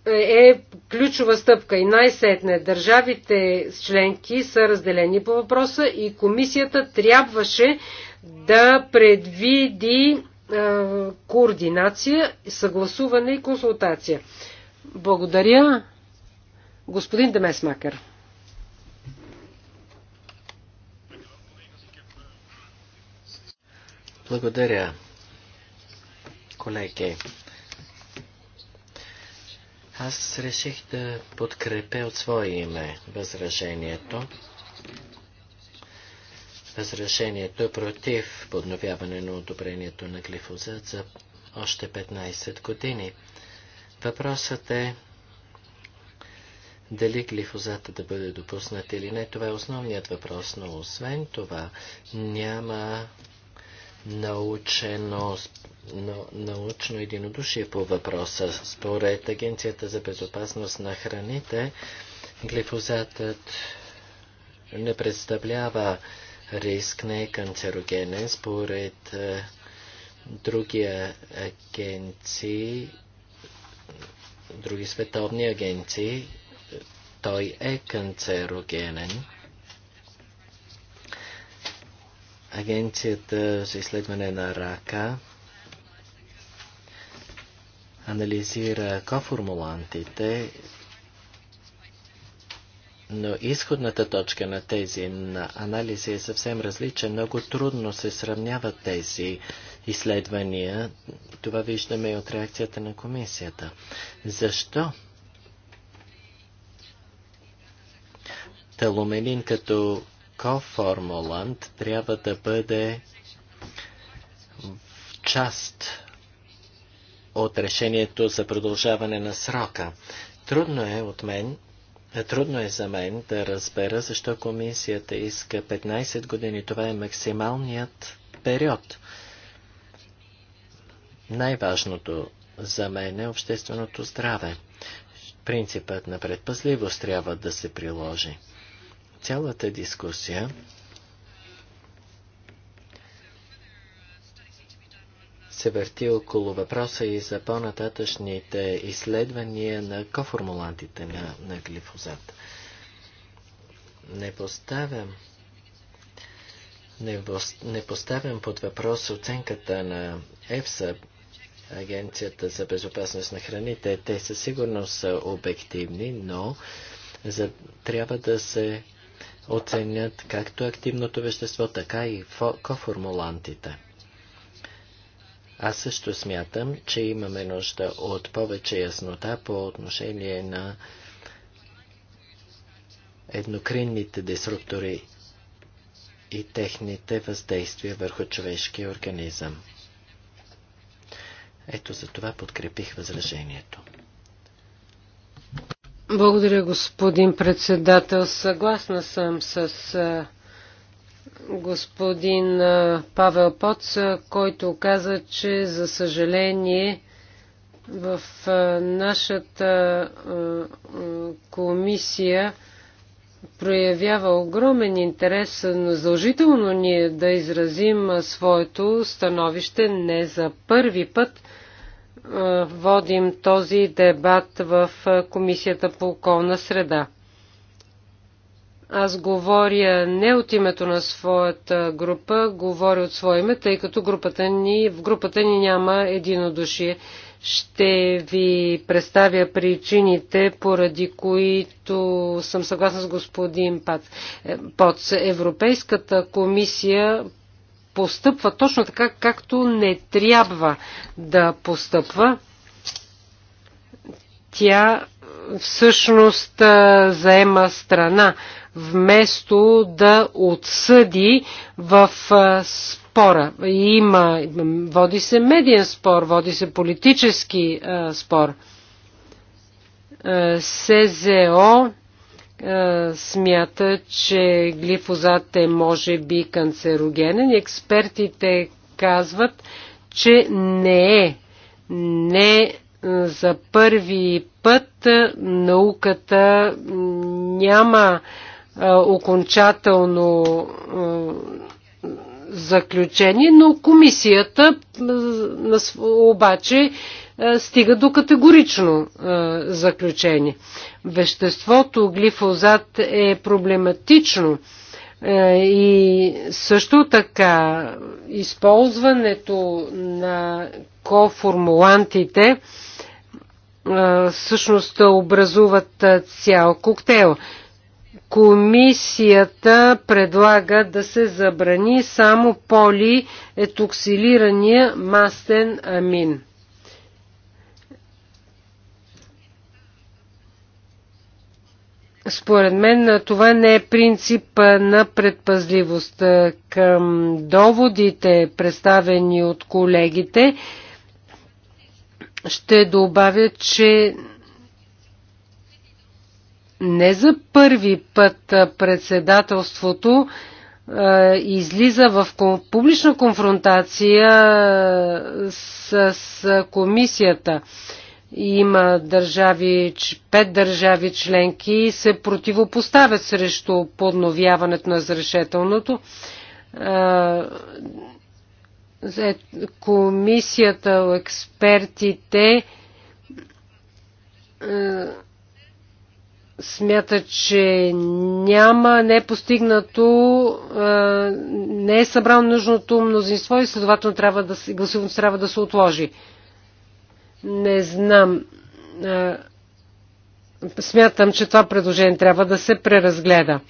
е, е ключова стъпка и най-сетне държавите членки са разделени по въпроса и комисията трябваше да предвиди е, координация, съгласуване и консултация. Благодаря, господин Демесмакер. Благодаря, колеги. Аз реших да подкрепя от свое име възражението. Разрешението е против подновяване на одобрението на глифозат за още 15 години. Въпросът е дали глифозата да бъде допуснат или не. Това е основният въпрос, но освен това няма научено, научно единодушие по въпроса. Според Агенцията за безопасност на храните, глифозатът не представлява риск не е канцерогенен. Според е, други агенции, други световни агенции, той е канцерогенен. Агенцията за изследване на рака анализира коформулантите но изходната точка на тези на анализи е съвсем различна. Много трудно се сравняват тези изследвания. Това виждаме и от реакцията на комисията. Защо? Таломенин като коформулант трябва да бъде в част от решението за продължаване на срока. Трудно е от мен е, трудно е за мен да разбера защо комисията иска 15 години. Това е максималният период. Най-важното за мен е общественото здраве. Принципът на предпазливост трябва да се приложи. Цялата дискусия се върти около въпроса и за по-нататъчните изследвания на коформулантите на, на глифозат. Не поставям, не, не поставям под въпрос оценката на ЕФСА, Агенцията за безопасност на храните. Те със сигурност са обективни, но за, трябва да се оценят както активното вещество, така и коформулантите. Аз също смятам, че имаме нужда от повече яснота по отношение на еднокринните деструктори и техните въздействия върху човешкия организъм. Ето за това подкрепих възражението. Благодаря, господин председател. Съгласна съм с господин Павел Поц, който каза, че за съжаление в нашата комисия проявява огромен интерес, но задължително ние да изразим своето становище не за първи път водим този дебат в Комисията по околна среда. Аз говоря не от името на своята група, говоря от свое име, тъй като групата ни, в групата ни няма единодушие. Ще ви представя причините, поради които съм съгласна с господин Пат. Е, Под Европейската комисия постъпва точно така, както не трябва да постъпва. Тя всъщност е, заема страна вместо да отсъди в спора. Има, води се медиен спор, води се политически спор. СЗО смята, че глифозат е може би канцерогенен. Експертите казват, че не е. Не за първи път науката няма окончателно заключение, но комисията обаче стига до категорично заключение. Веществото глифозат е проблематично и също така използването на коформулантите всъщност образуват цял коктейл. Комисията предлага да се забрани само полиетоксилирания мастен амин. Според мен това не е принцип на предпазливост. Към доводите, представени от колегите, ще добавя, че не за първи път председателството излиза в публична конфронтация с комисията. Има държави, пет държави членки се противопоставят срещу подновяването на разрешителното. Е, комисията, експертите смята, че няма, не е постигнато, не е събрано нужното мнозинство и следователно трябва да, гласуването трябва да се отложи. Не знам. Смятам, че това предложение трябва да се преразгледа.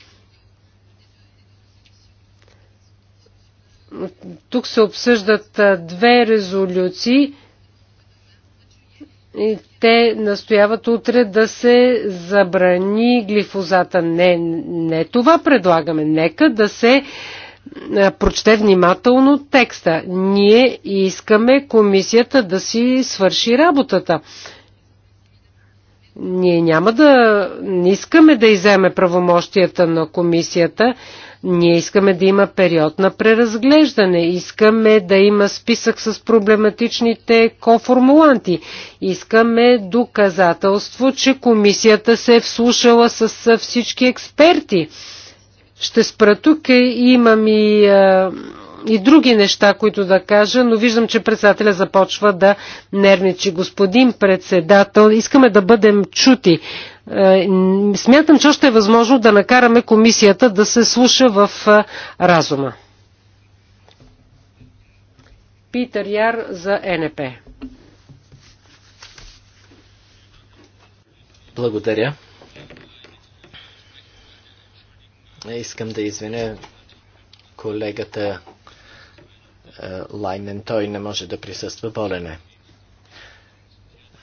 Тук се обсъждат две резолюции те настояват утре да се забрани глифозата. Не, не това предлагаме. Нека да се е, прочете внимателно текста. Ние искаме комисията да си свърши работата. Ние няма да не искаме да иземе правомощията на комисията, ние искаме да има период на преразглеждане, искаме да има списък с проблематичните коформуланти, искаме доказателство, че комисията се е вслушала с всички експерти. Ще спра тук, имам и а, и други неща, които да кажа, но виждам, че председателя започва да нервничи. Господин председател, искаме да бъдем чути. Е, смятам, че още е възможно да накараме комисията да се слуша в е, разума. Питър Яр за НП. Благодаря. Искам да извиня колегата е, Лайнен, той не може да присъства болене.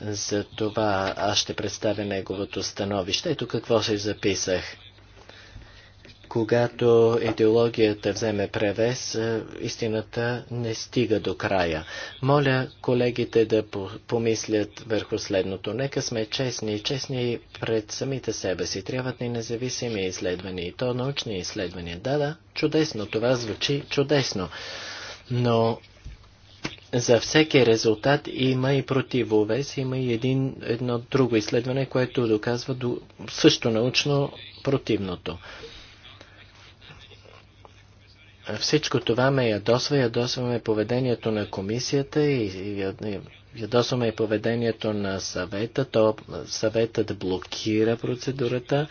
За това аз ще представя неговото становище. Ето какво се записах. Когато идеологията вземе превес, е, истината не стига до края. Моля колегите да помислят върху следното. Нека сме честни, и честни пред самите себе си. Трябват ни независими изследвания, и то научни изследвания. Да, да, чудесно, това звучи чудесно но за всеки резултат има и противовес, има и един, едно друго изследване, което доказва до, също научно противното. Всичко това ме ядосва, ядосваме поведението на комисията и ядосваме и поведението на съвета. То съветът блокира процедурата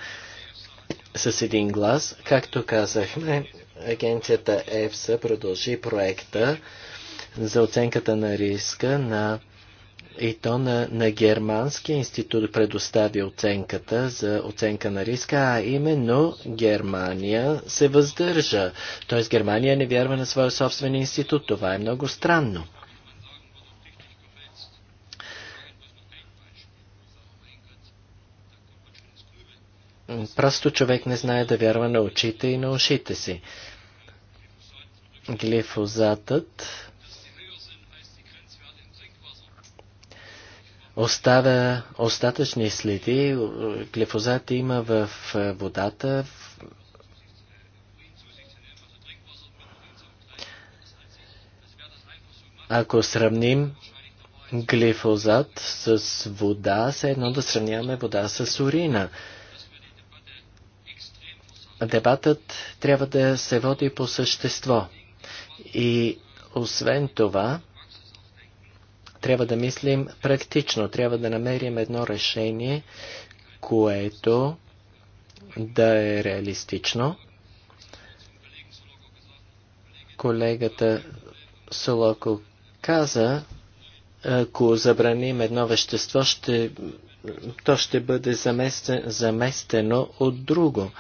с един глас. Както казахме, агенцията ЕФСА продължи проекта за оценката на риска на и то на, на Германския институт предостави оценката за оценка на риска, а именно Германия се въздържа. Т.е. Германия не вярва на своя собствен институт. Това е много странно. Просто човек не знае да вярва на очите и на ушите си глифозатът оставя остатъчни следи. Глифозат има в водата. Ако сравним глифозат с вода, се едно да сравняваме вода с урина. Дебатът трябва да се води по същество. И освен това, трябва да мислим практично, трябва да намерим едно решение, което да е реалистично. Колегата Солоко каза, ако забраним едно вещество, ще то ще бъде заместено от друго.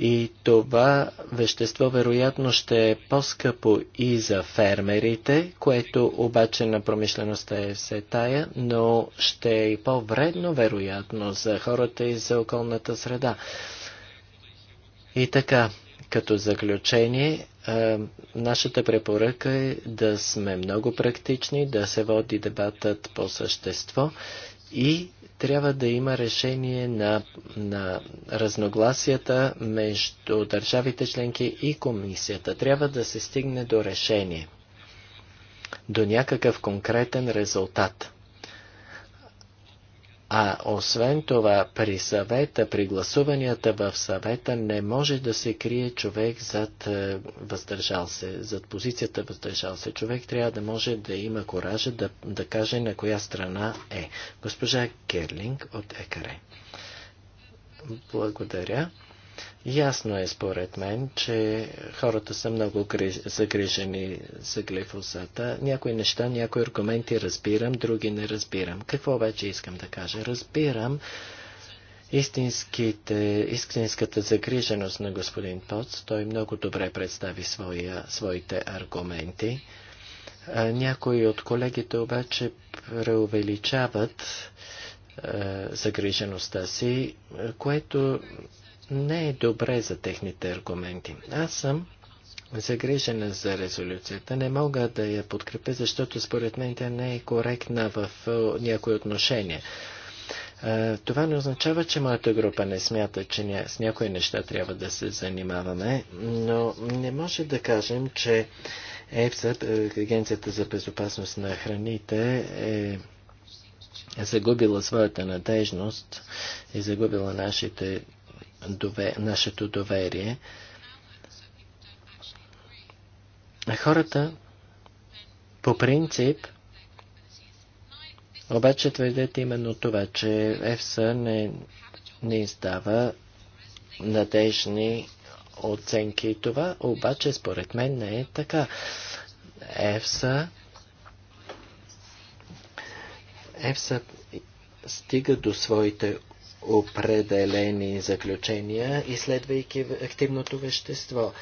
И това вещество вероятно ще е по-скъпо и за фермерите, което обаче на промишлеността е все тая, но ще е и по-вредно вероятно за хората и за околната среда. И така, като заключение, нашата препоръка е да сме много практични, да се води дебатът по същество и трябва да има решение на, на разногласията между държавите членки и комисията. Трябва да се стигне до решение, до някакъв конкретен резултат. А освен това, при съвета, при гласуванията в съвета не може да се крие човек зад е, въздържал се, зад позицията въздържал се. Човек трябва да може да има коража да, да каже на коя страна е. Госпожа Керлинг от ЕКАРЕ. Благодаря. Ясно е според мен, че хората са много загрижени за глифосата. Някои неща, някои аргументи разбирам, други не разбирам. Какво обаче искам да кажа? Разбирам истинските, истинската загриженост на господин Тоц. Той много добре представи своя, своите аргументи. Някои от колегите обаче преувеличават загрижеността си, което не е добре за техните аргументи. Аз съм загрижена за резолюцията. Не мога да я подкрепя, защото според мен тя не е коректна в някои отношения. Това не означава, че моята група не смята, че с някои неща трябва да се занимаваме, но не може да кажем, че ЕФСА, е, Агенцията за безопасност на храните, е загубила своята надежност и загубила нашите дове, нашето доверие. Хората по принцип обаче твърдят именно това, че ЕФСА не, не издава надежни оценки. Това обаче според мен не е така. ЕФСА ЕФСА стига до своите определени заключения, изследвайки активното вещество.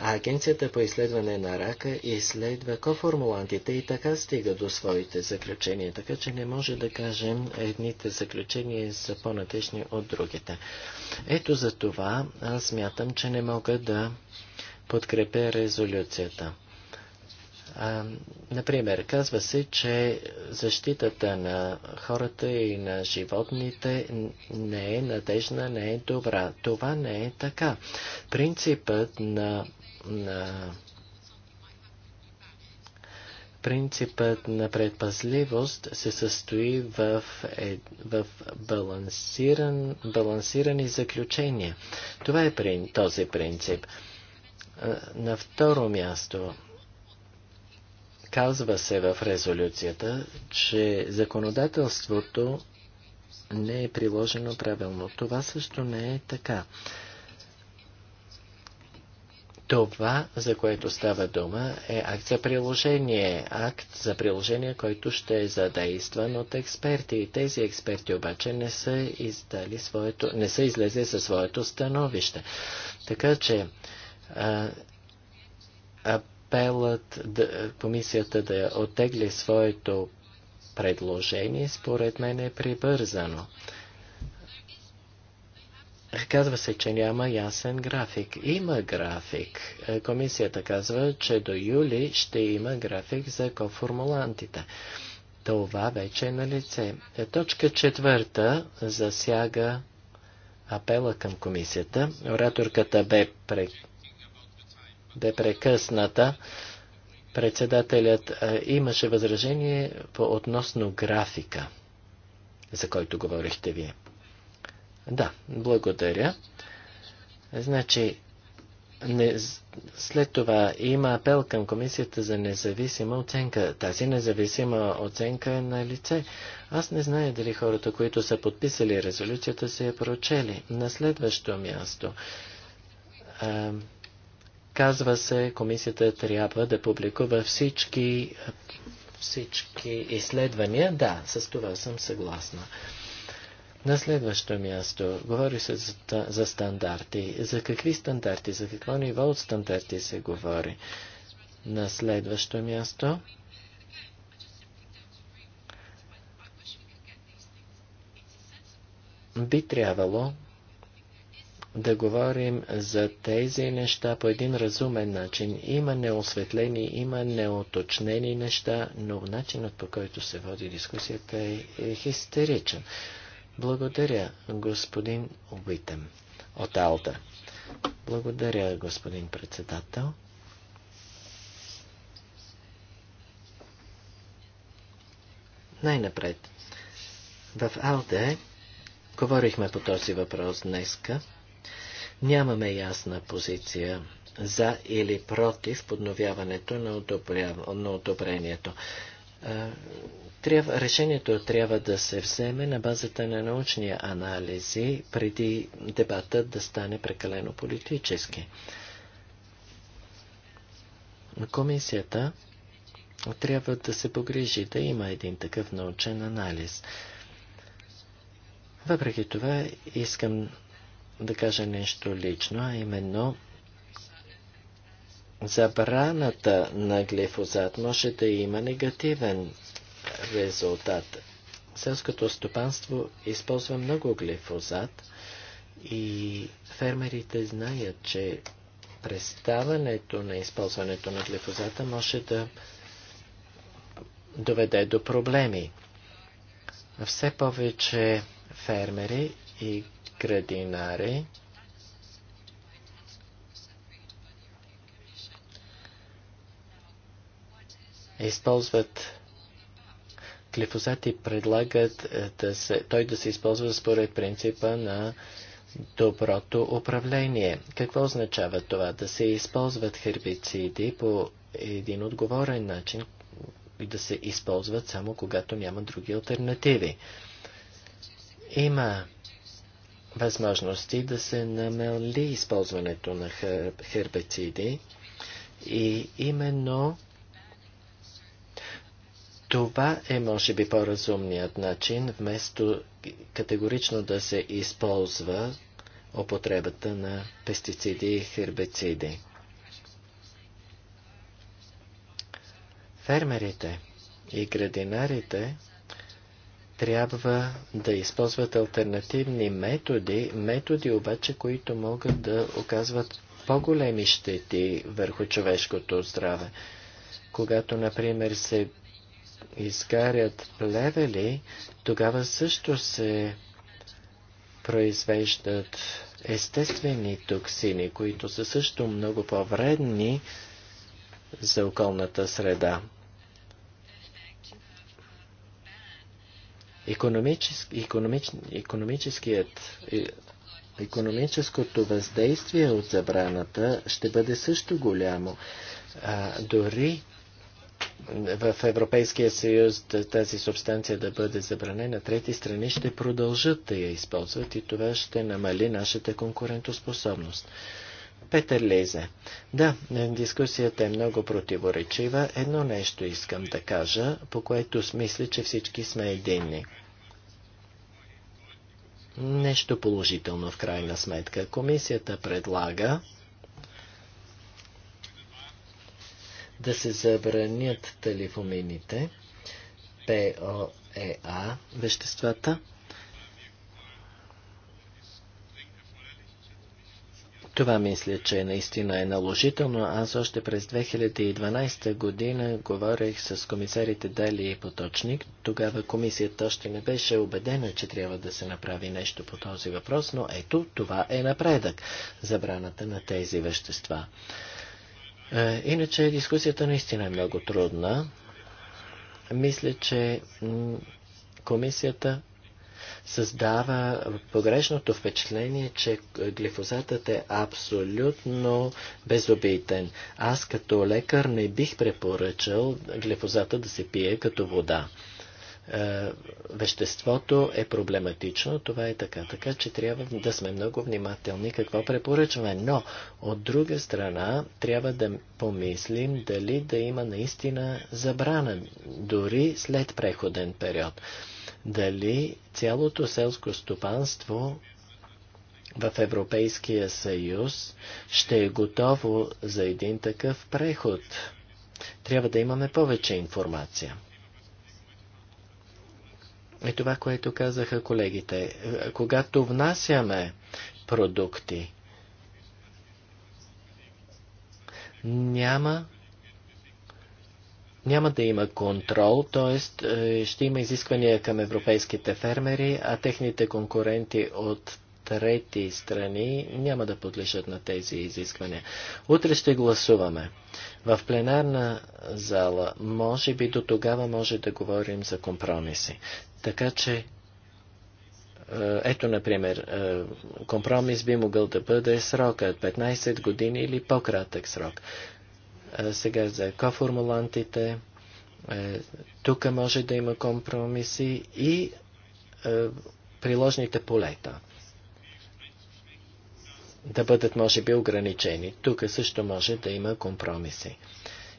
А Агенцията по изследване на рака изследва коформулантите и така стига до своите заключения, така че не може да кажем едните заключения са по-натешни от другите. Ето за това аз смятам, че не мога да подкрепя резолюцията. А, например, казва се, че защитата на хората и на животните не е надежна, не е добра. Това не е така. Принципът на, на Принципът на предпазливост се състои в, е, в балансиран, балансирани заключения. Това е при, този принцип. На второ място, Казва се в резолюцията, че законодателството не е приложено правилно. Това също не е така. Това, за което става дума, е акт за приложение. Акт за приложение, който ще е задействан от експерти. И тези експерти обаче не са, издали своето, не са излезли със своето становище. Така че а, а апелът да, комисията да оттегли своето предложение, според мен е прибързано. Казва се, че няма ясен график. Има график. Комисията казва, че до юли ще има график за коформулантите. Това вече е на лице. Точка четвърта засяга апела към комисията. Ораторката бе прекъсната бе прекъсната. Председателят имаше възражение по относно графика, за който говорихте вие. Да, благодаря. Значи, не, след това има апел към Комисията за независима оценка. Тази независима оценка е на лице. Аз не зная дали хората, които са подписали резолюцията, са я прочели. На следващо място. А, Казва се, комисията трябва да публикува всички, всички изследвания. Да, с това съм съгласна. На следващо място говори се за, за стандарти. За какви стандарти, за какво ниво от стандарти се говори? На следващо място би трябвало да говорим за тези неща по един разумен начин. Има неосветлени, има неоточнени неща, но начинът по който се води дискусията е, е хистеричен. Благодаря, господин Обитем от Алта. Благодаря, господин председател. Най-напред. В Алде говорихме по този въпрос днеска. Нямаме ясна позиция за или против подновяването на, одобря... на одобрението. Трябва, решението трябва да се вземе на базата на научни анализи, преди дебатът да стане прекалено политически. Комисията трябва да се погрижи да има един такъв научен анализ. Въпреки това искам да кажа нещо лично, а именно забраната на глифозат може да има негативен резултат. Селското стопанство използва много глифозат и фермерите знаят, че преставането на използването на глифозата може да доведе до проблеми. Все повече фермери и grădinare използват глифозат и предлагат е, да се, той да се използва според принципа на доброто управление. Какво означава това? Да се използват хербициди по един отговорен начин и да се използват само когато няма други альтернативи. Има възможности да се намали използването на хербициди и именно това е, може би, по-разумният начин, вместо категорично да се използва употребата на пестициди и хербициди. Фермерите и градинарите трябва да използват альтернативни методи, методи обаче, които могат да оказват по-големи щети върху човешкото здраве. Когато, например, се изгарят плевели, тогава също се произвеждат естествени токсини, които са също много по-вредни за околната среда. Економичес, економич, е, економическото въздействие от забраната ще бъде също голямо. А, дори в Европейския съюз тази субстанция да бъде забранена, трети страни ще продължат да я използват и това ще намали нашата конкурентоспособност. Петър Лезе. Да, дискусията е много противоречива. Едно нещо искам да кажа, по което мисля, че всички сме единни. Нещо положително в крайна сметка. Комисията предлага да се забранят телефомините, ПОЕА, веществата, Това мисля, че наистина е наложително. Аз още през 2012 година говорех с комисарите Дали и Поточник. Тогава комисията още не беше убедена, че трябва да се направи нещо по този въпрос, но ето това е напредък забраната на тези вещества. Е, иначе дискусията наистина е много трудна. Мисля, че комисията създава погрешното впечатление, че глифозатът е абсолютно безобитен. Аз като лекар не бих препоръчал глифозата да се пие като вода. Е, веществото е проблематично, това е така. Така че трябва да сме много внимателни какво препоръчваме. Но, от друга страна, трябва да помислим дали да има наистина забрана, дори след преходен период дали цялото селско стопанство в Европейския съюз ще е готово за един такъв преход. Трябва да имаме повече информация. И това, което казаха колегите, когато внасяме продукти, няма няма да има контрол, т.е. ще има изисквания към европейските фермери, а техните конкуренти от трети страни няма да подлежат на тези изисквания. Утре ще гласуваме. В пленарна зала, може би до тогава може да говорим за компромиси. Така че, е, ето, например, е, компромис би могъл да бъде срокът 15 години или по-кратък срок. Сега за коформулантите. Е, тук може да има компромиси и е, приложните полета да бъдат, може би, ограничени. Тук също може да има компромиси.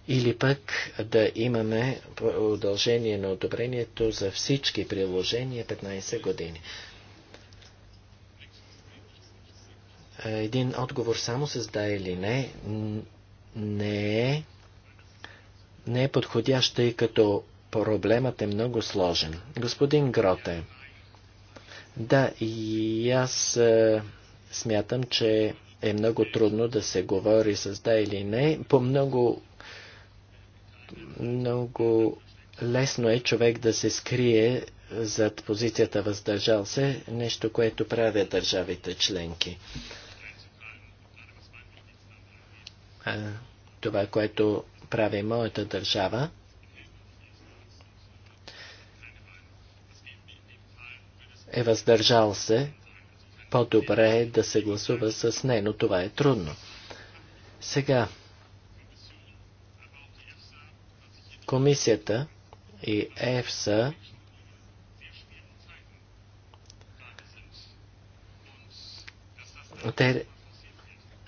Или пък да имаме удължение на одобрението за всички приложения 15 години. Е, един отговор само с да или не не е, не е подходящ, тъй като проблемът е много сложен. Господин Гроте, да, и аз е, смятам, че е много трудно да се говори с да или не. По много, много лесно е човек да се скрие зад позицията въздържал се, нещо, което правят държавите членки а, това, което прави моята държава. Е въздържал се. По-добре е да се гласува с не, но това е трудно. Сега, комисията и ЕФСА те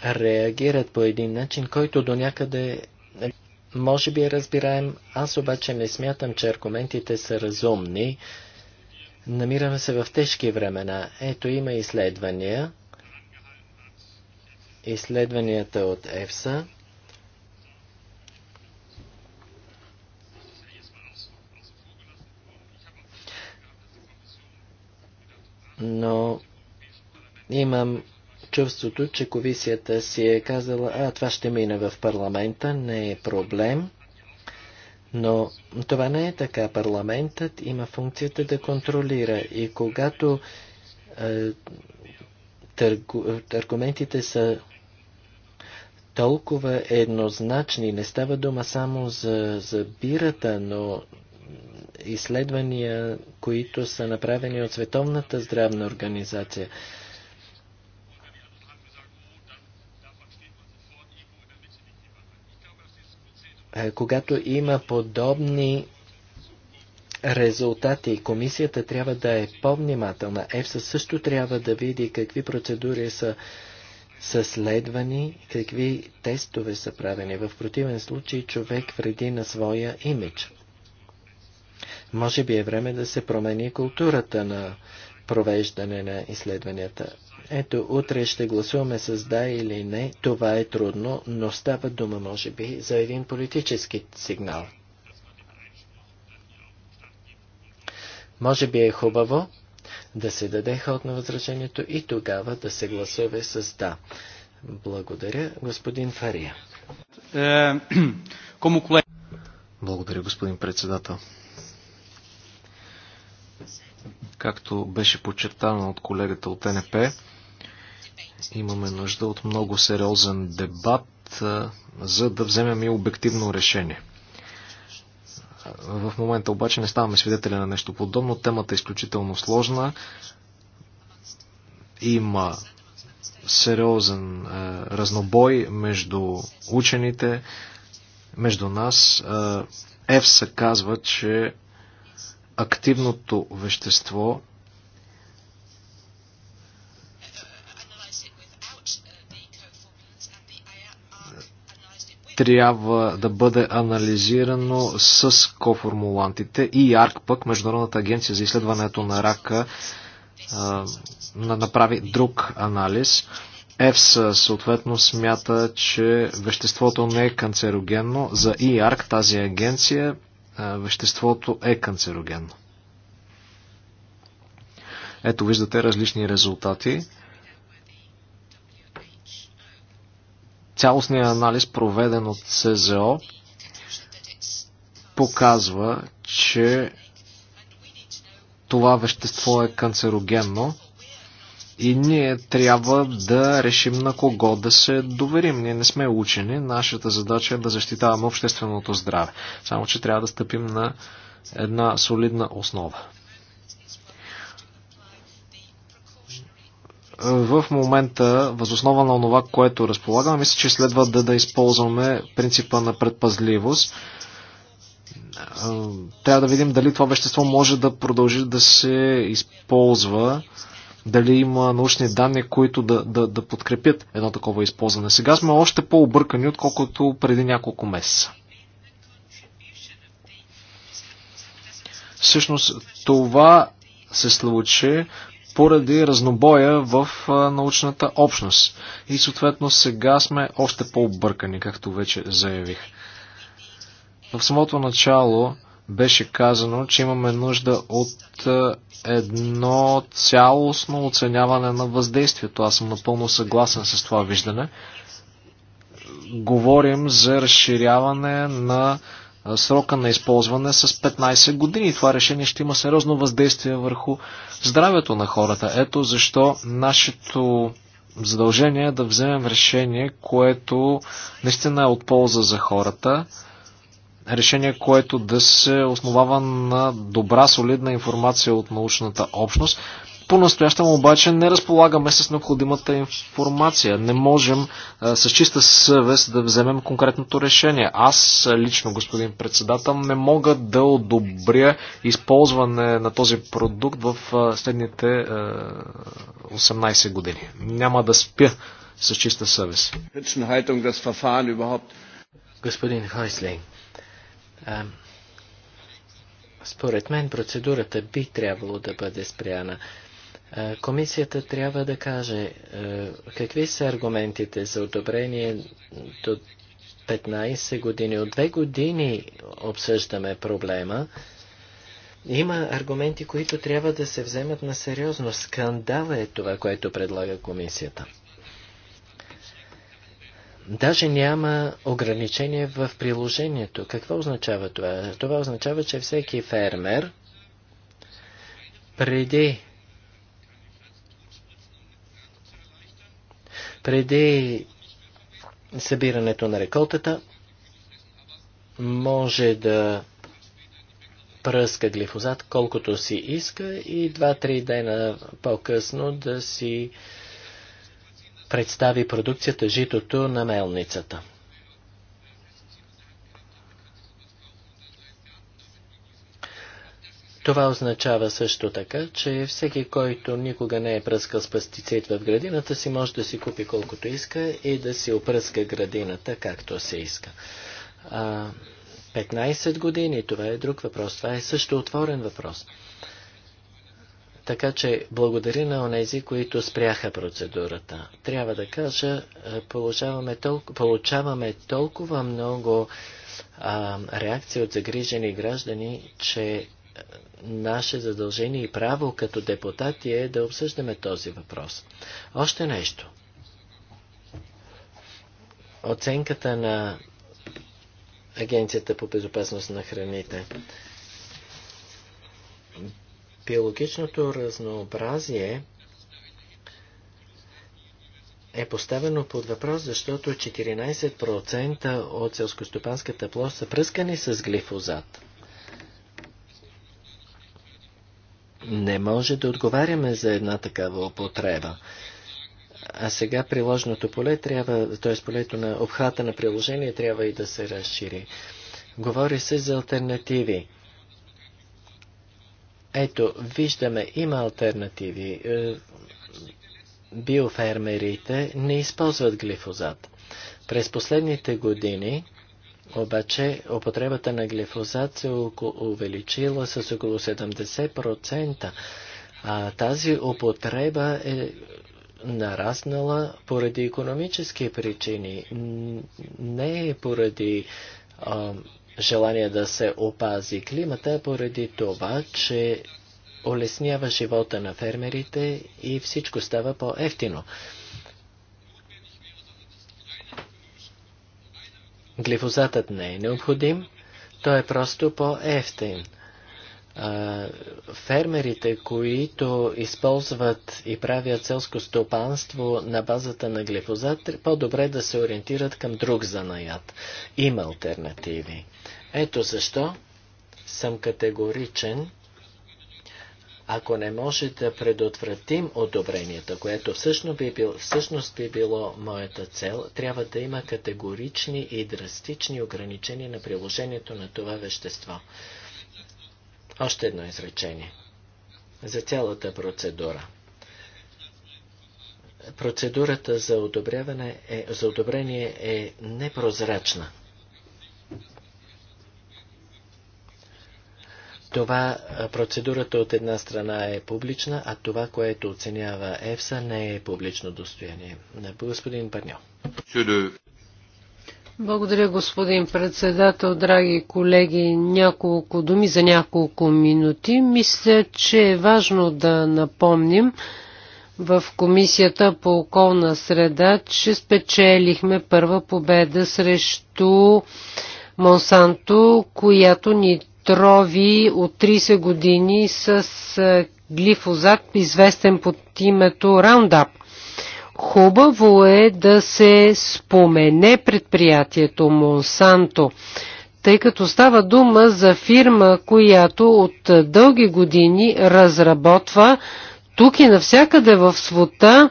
реагират по един начин, който до някъде нали, може би е разбираем. Аз обаче не смятам, че аргументите са разумни. Намираме се в тежки времена. Ето има изследвания. Изследванията от ЕФСА. Но имам чувството, че комисията си е казала, а това ще мине в парламента, не е проблем. Но това не е така. Парламентът има функцията да контролира и когато е, търгу, аргументите са толкова еднозначни, не става дума само за, за бирата, но изследвания, които са направени от Световната здравна организация, Е, когато има подобни резултати, комисията трябва да е по-внимателна. ЕФСА също трябва да види какви процедури са, са следвани, какви тестове са правени. В противен случай човек вреди на своя имидж. Може би е време да се промени културата на провеждане на изследванията. Ето, утре ще гласуваме с да или не. Това е трудно, но става дума, може би, за един политически сигнал. Може би е хубаво да се даде ход на възражението и тогава да се гласува с да. Благодаря, господин Фария. Е, Благодаря, господин председател. Както беше подчертано от колегата от НП, Имаме нужда от много сериозен дебат, за да вземем и обективно решение. В момента обаче не ставаме свидетели на нещо подобно. Темата е изключително сложна. Има сериозен е, разнобой между учените, между нас. Е, ЕФСА казва, че активното вещество трябва да бъде анализирано с коформулантите и ЯРК пък, Международната агенция за изследването на рака, направи друг анализ. ЕФС съответно смята, че веществото не е канцерогенно. За ИАРК, тази агенция, веществото е канцерогенно. Ето виждате различни резултати. цялостния анализ, проведен от СЗО, показва, че това вещество е канцерогенно и ние трябва да решим на кого да се доверим. Ние не сме учени, нашата задача е да защитаваме общественото здраве. Само, че трябва да стъпим на една солидна основа. в момента, възоснова на това, което разполагаме, мисля, че следва да, да използваме принципа на предпазливост. Трябва да видим дали това вещество може да продължи да се използва, дали има научни данни, които да, да, да подкрепят едно такова използване. Сега сме още по-объркани, отколкото преди няколко месеца. Всъщност това се случи поради разнобоя в научната общност. И съответно сега сме още по-объркани, както вече заявих. В самото начало беше казано, че имаме нужда от едно цялостно оценяване на въздействието. Аз съм напълно съгласен с това виждане. Говорим за разширяване на срока на използване с 15 години. Това решение ще има сериозно въздействие върху здравето на хората. Ето защо нашето задължение е да вземем решение, което наистина е от полза за хората. Решение, което да се основава на добра, солидна информация от научната общност. По-настоящем обаче не разполагаме с необходимата информация. Не можем а, с чиста съвест да вземем конкретното решение. Аз лично, господин председател, не мога да одобря използване на този продукт в а, следните а, 18 години. Няма да спя с чиста съвест. Господин Хойслинг, според мен процедурата би трябвало да бъде спряна. Е, комисията трябва да каже е, какви са аргументите за одобрение до 15 години. От две години обсъждаме проблема. Има аргументи, които трябва да се вземат на сериозно. Скандала е това, което предлага комисията. Даже няма ограничение в приложението. Какво означава това? Това означава, че всеки фермер преди Преди събирането на реколтата може да пръска глифозат колкото си иска и 2-3 дена по-късно да си представи продукцията житото на мелницата. Това означава също така, че всеки, който никога не е пръскал с пастицит в градината си, може да си купи колкото иска и да си опръска градината както се иска. А, 15 години, това е друг въпрос. Това е също отворен въпрос. Така че благодаря на онези, които спряха процедурата. Трябва да кажа, получаваме, толкова, получаваме толкова много а, реакции от загрижени граждани, че наше задължение и право като депутати е да обсъждаме този въпрос. Още нещо. Оценката на Агенцията по безопасност на храните. Биологичното разнообразие е поставено под въпрос, защото 14% от селскостопанската площ са пръскани с глифозат. не може да отговаряме за една такава употреба. А сега приложното поле трябва, т.е. полето на обхвата на приложение трябва и да се разшири. Говори се за альтернативи. Ето, виждаме, има альтернативи. Е, биофермерите не използват глифозат. През последните години обаче употребата на глифозат се увеличила с около 70%, а тази употреба е нараснала поради економически причини, не е поради а, желание да се опази климата, а поради това, че олеснява живота на фермерите и всичко става по-ефтино. Глифозатът не е необходим, той е просто по-ефтин. Фермерите, които използват и правят селско стопанство на базата на глифозат, по-добре да се ориентират към друг занаят. Има альтернативи. Ето защо съм категоричен ако не може да предотвратим одобрението, което всъщност би, бил, всъщност би било моята цел, трябва да има категорични и драстични ограничения на приложението на това вещество. Още едно изречение. За цялата процедура. Процедурата за, одобряване е, за одобрение е непрозрачна. Това процедурата от една страна е публична, а това, което оценява ЕФСА, не е публично достояние. Господин Парньо. Благодаря, господин председател, драги колеги. Няколко думи за няколко минути. Мисля, че е важно да напомним в Комисията по околна среда, че спечелихме първа победа срещу Монсанто, която ни отрови от 30 години с глифозат, известен под името Roundup. Хубаво е да се спомене предприятието Монсанто, тъй като става дума за фирма, която от дълги години разработва тук и навсякъде в света,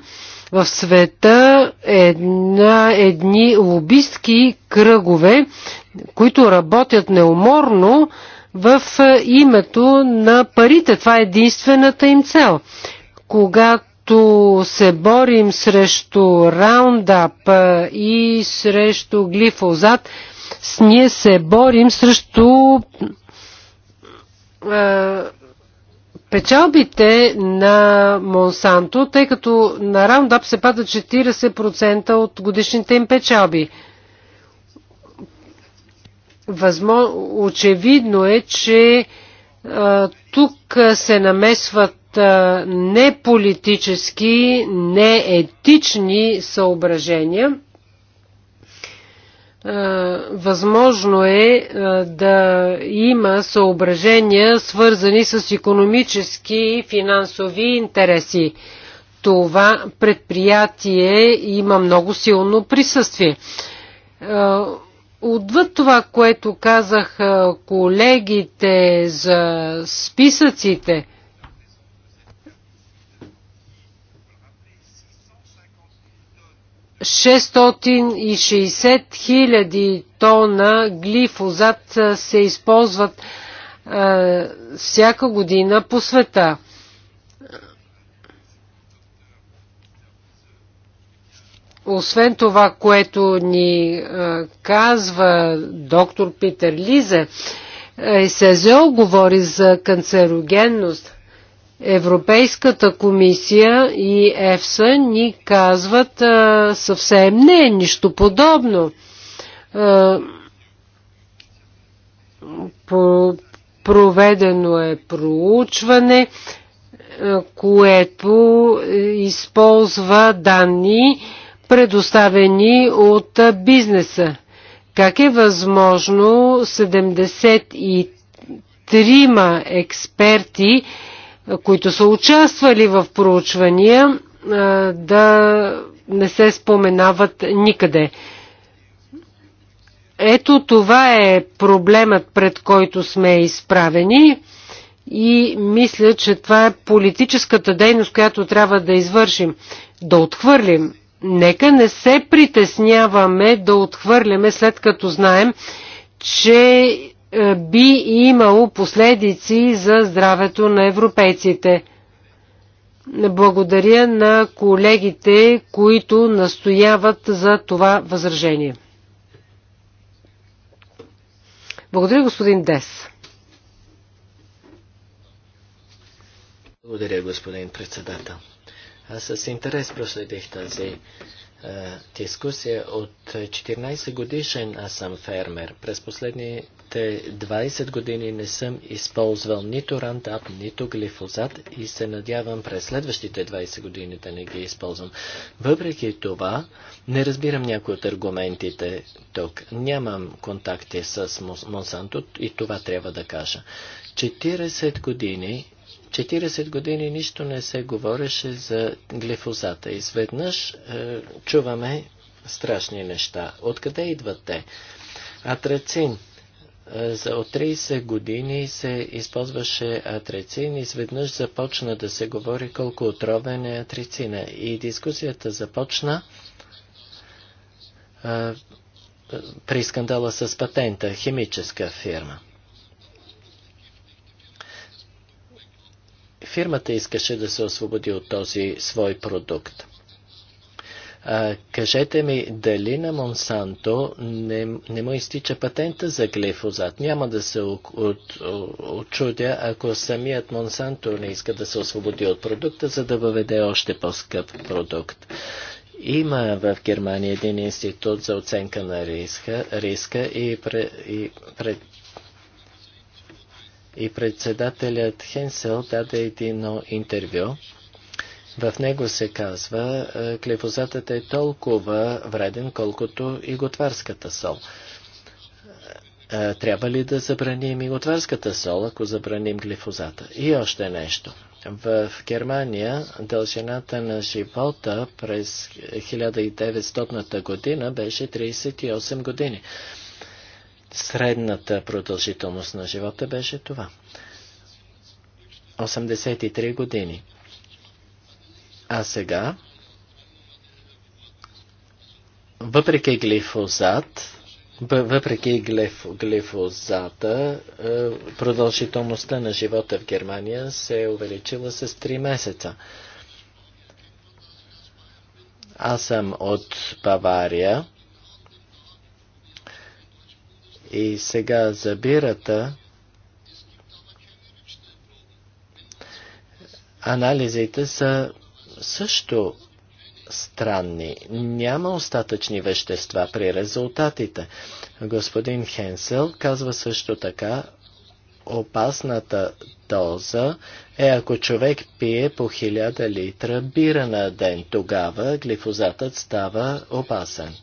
в света една, едни лобистки кръгове, които работят неуморно, в името на парите. Това е единствената им цел. Когато се борим срещу раундап и срещу глифозат, ние се борим срещу е, печалбите на Монсанто, тъй като на раундап се падат 40% от годишните им печалби очевидно е, че тук се намесват не политически, не етични съображения. възможно е да има съображения, свързани с економически и финансови интереси. Това предприятие има много силно присъствие отвъд това, което казах колегите за списъците, Шестотин хиляди тона глифозат се използват всяка година по света. Освен това, което ни казва доктор Питер Лизе, СЗО говори за канцерогенност. Европейската комисия и ЕФСА ни казват а, съвсем не, е нищо подобно. А, по, проведено е проучване, а, което използва данни, а, предоставени от бизнеса. Как е възможно 73 експерти, които са участвали в проучвания, да не се споменават никъде? Ето това е проблемът, пред който сме изправени и мисля, че това е политическата дейност, която трябва да извършим. Да отхвърлим Нека не се притесняваме да отхвърляме след като знаем, че е, би имало последици за здравето на европейците. Благодаря на колегите, които настояват за това възражение. Благодаря, господин Дес. Благодаря, господин председател. Аз С интерес проследих тази е, дискусия. От 14 годишен аз съм фермер. През последните 20 години не съм използвал нито рантап, нито глифозат и се надявам през следващите 20 години да не ги използвам. Въпреки това, не разбирам някои от аргументите тук. Нямам контакти с Монсанто и това трябва да кажа. 40 години 40 години нищо не се говореше за глифозата. Изведнъж е, чуваме страшни неща. Откъде идват те? Атрацин. Е, за от 30 години се използваше атрецин, изведнъж започна да се говори колко отровен е атрецина. И дискусията започна а, е, при скандала с патента, химическа фирма. фирмата искаше да се освободи от този свой продукт. А, кажете ми, дали на Монсанто не, не му изтича патента за глифозат? Няма да се очудя, ако самият Монсанто не иска да се освободи от продукта, за да въведе още по-скъп продукт. Има в Германия един институт за оценка на риска, риска и, пре, и пред, и председателят Хенсел даде едно интервю. В него се казва, глифозатът е, е толкова вреден, колкото и готварската сол. Е, трябва ли да забраним и готварската сол, ако забраним глифозата? И още нещо. В Германия дължината на живота през 1900 година беше 38 години средната продължителност на живота беше това. 83 години. А сега, въпреки глифозат, въпреки глиф, глифозата, е, продължителността на живота в Германия се е увеличила с 3 месеца. Аз съм от Бавария. И сега за бирата анализите са също странни. Няма остатъчни вещества при резултатите. Господин Хенсел казва също така, опасната доза е ако човек пие по 1000 литра бира на ден, тогава глифозатът става опасен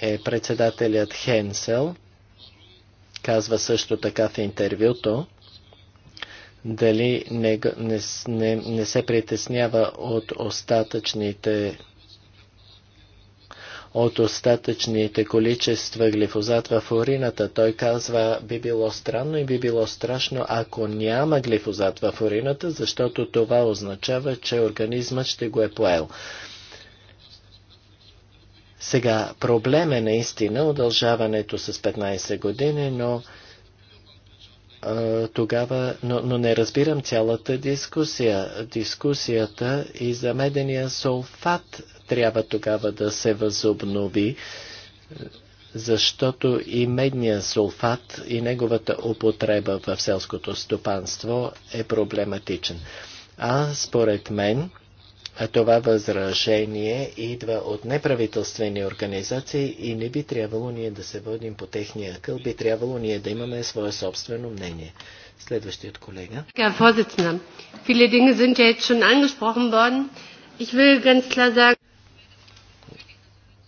е председателят Хенсел. Казва също така в интервюто, дали не, не, не, не се притеснява от остатъчните от остатъчните количества глифозат в урината. Той казва, би било странно и би било страшно, ако няма глифозат в урината, защото това означава, че организмът ще го е поел. Сега, проблем е наистина удължаването с 15 години, но тогава, но, но не разбирам цялата дискусия. Дискусията и за медения сулфат трябва тогава да се възобнови, защото и медния сулфат и неговата употреба в селското стопанство е проблематичен. А според мен това възражение идва от неправителствени организации и не би трябвало ние да се водим по техния къл, би трябвало ние да имаме свое собствено мнение. Следващият колега.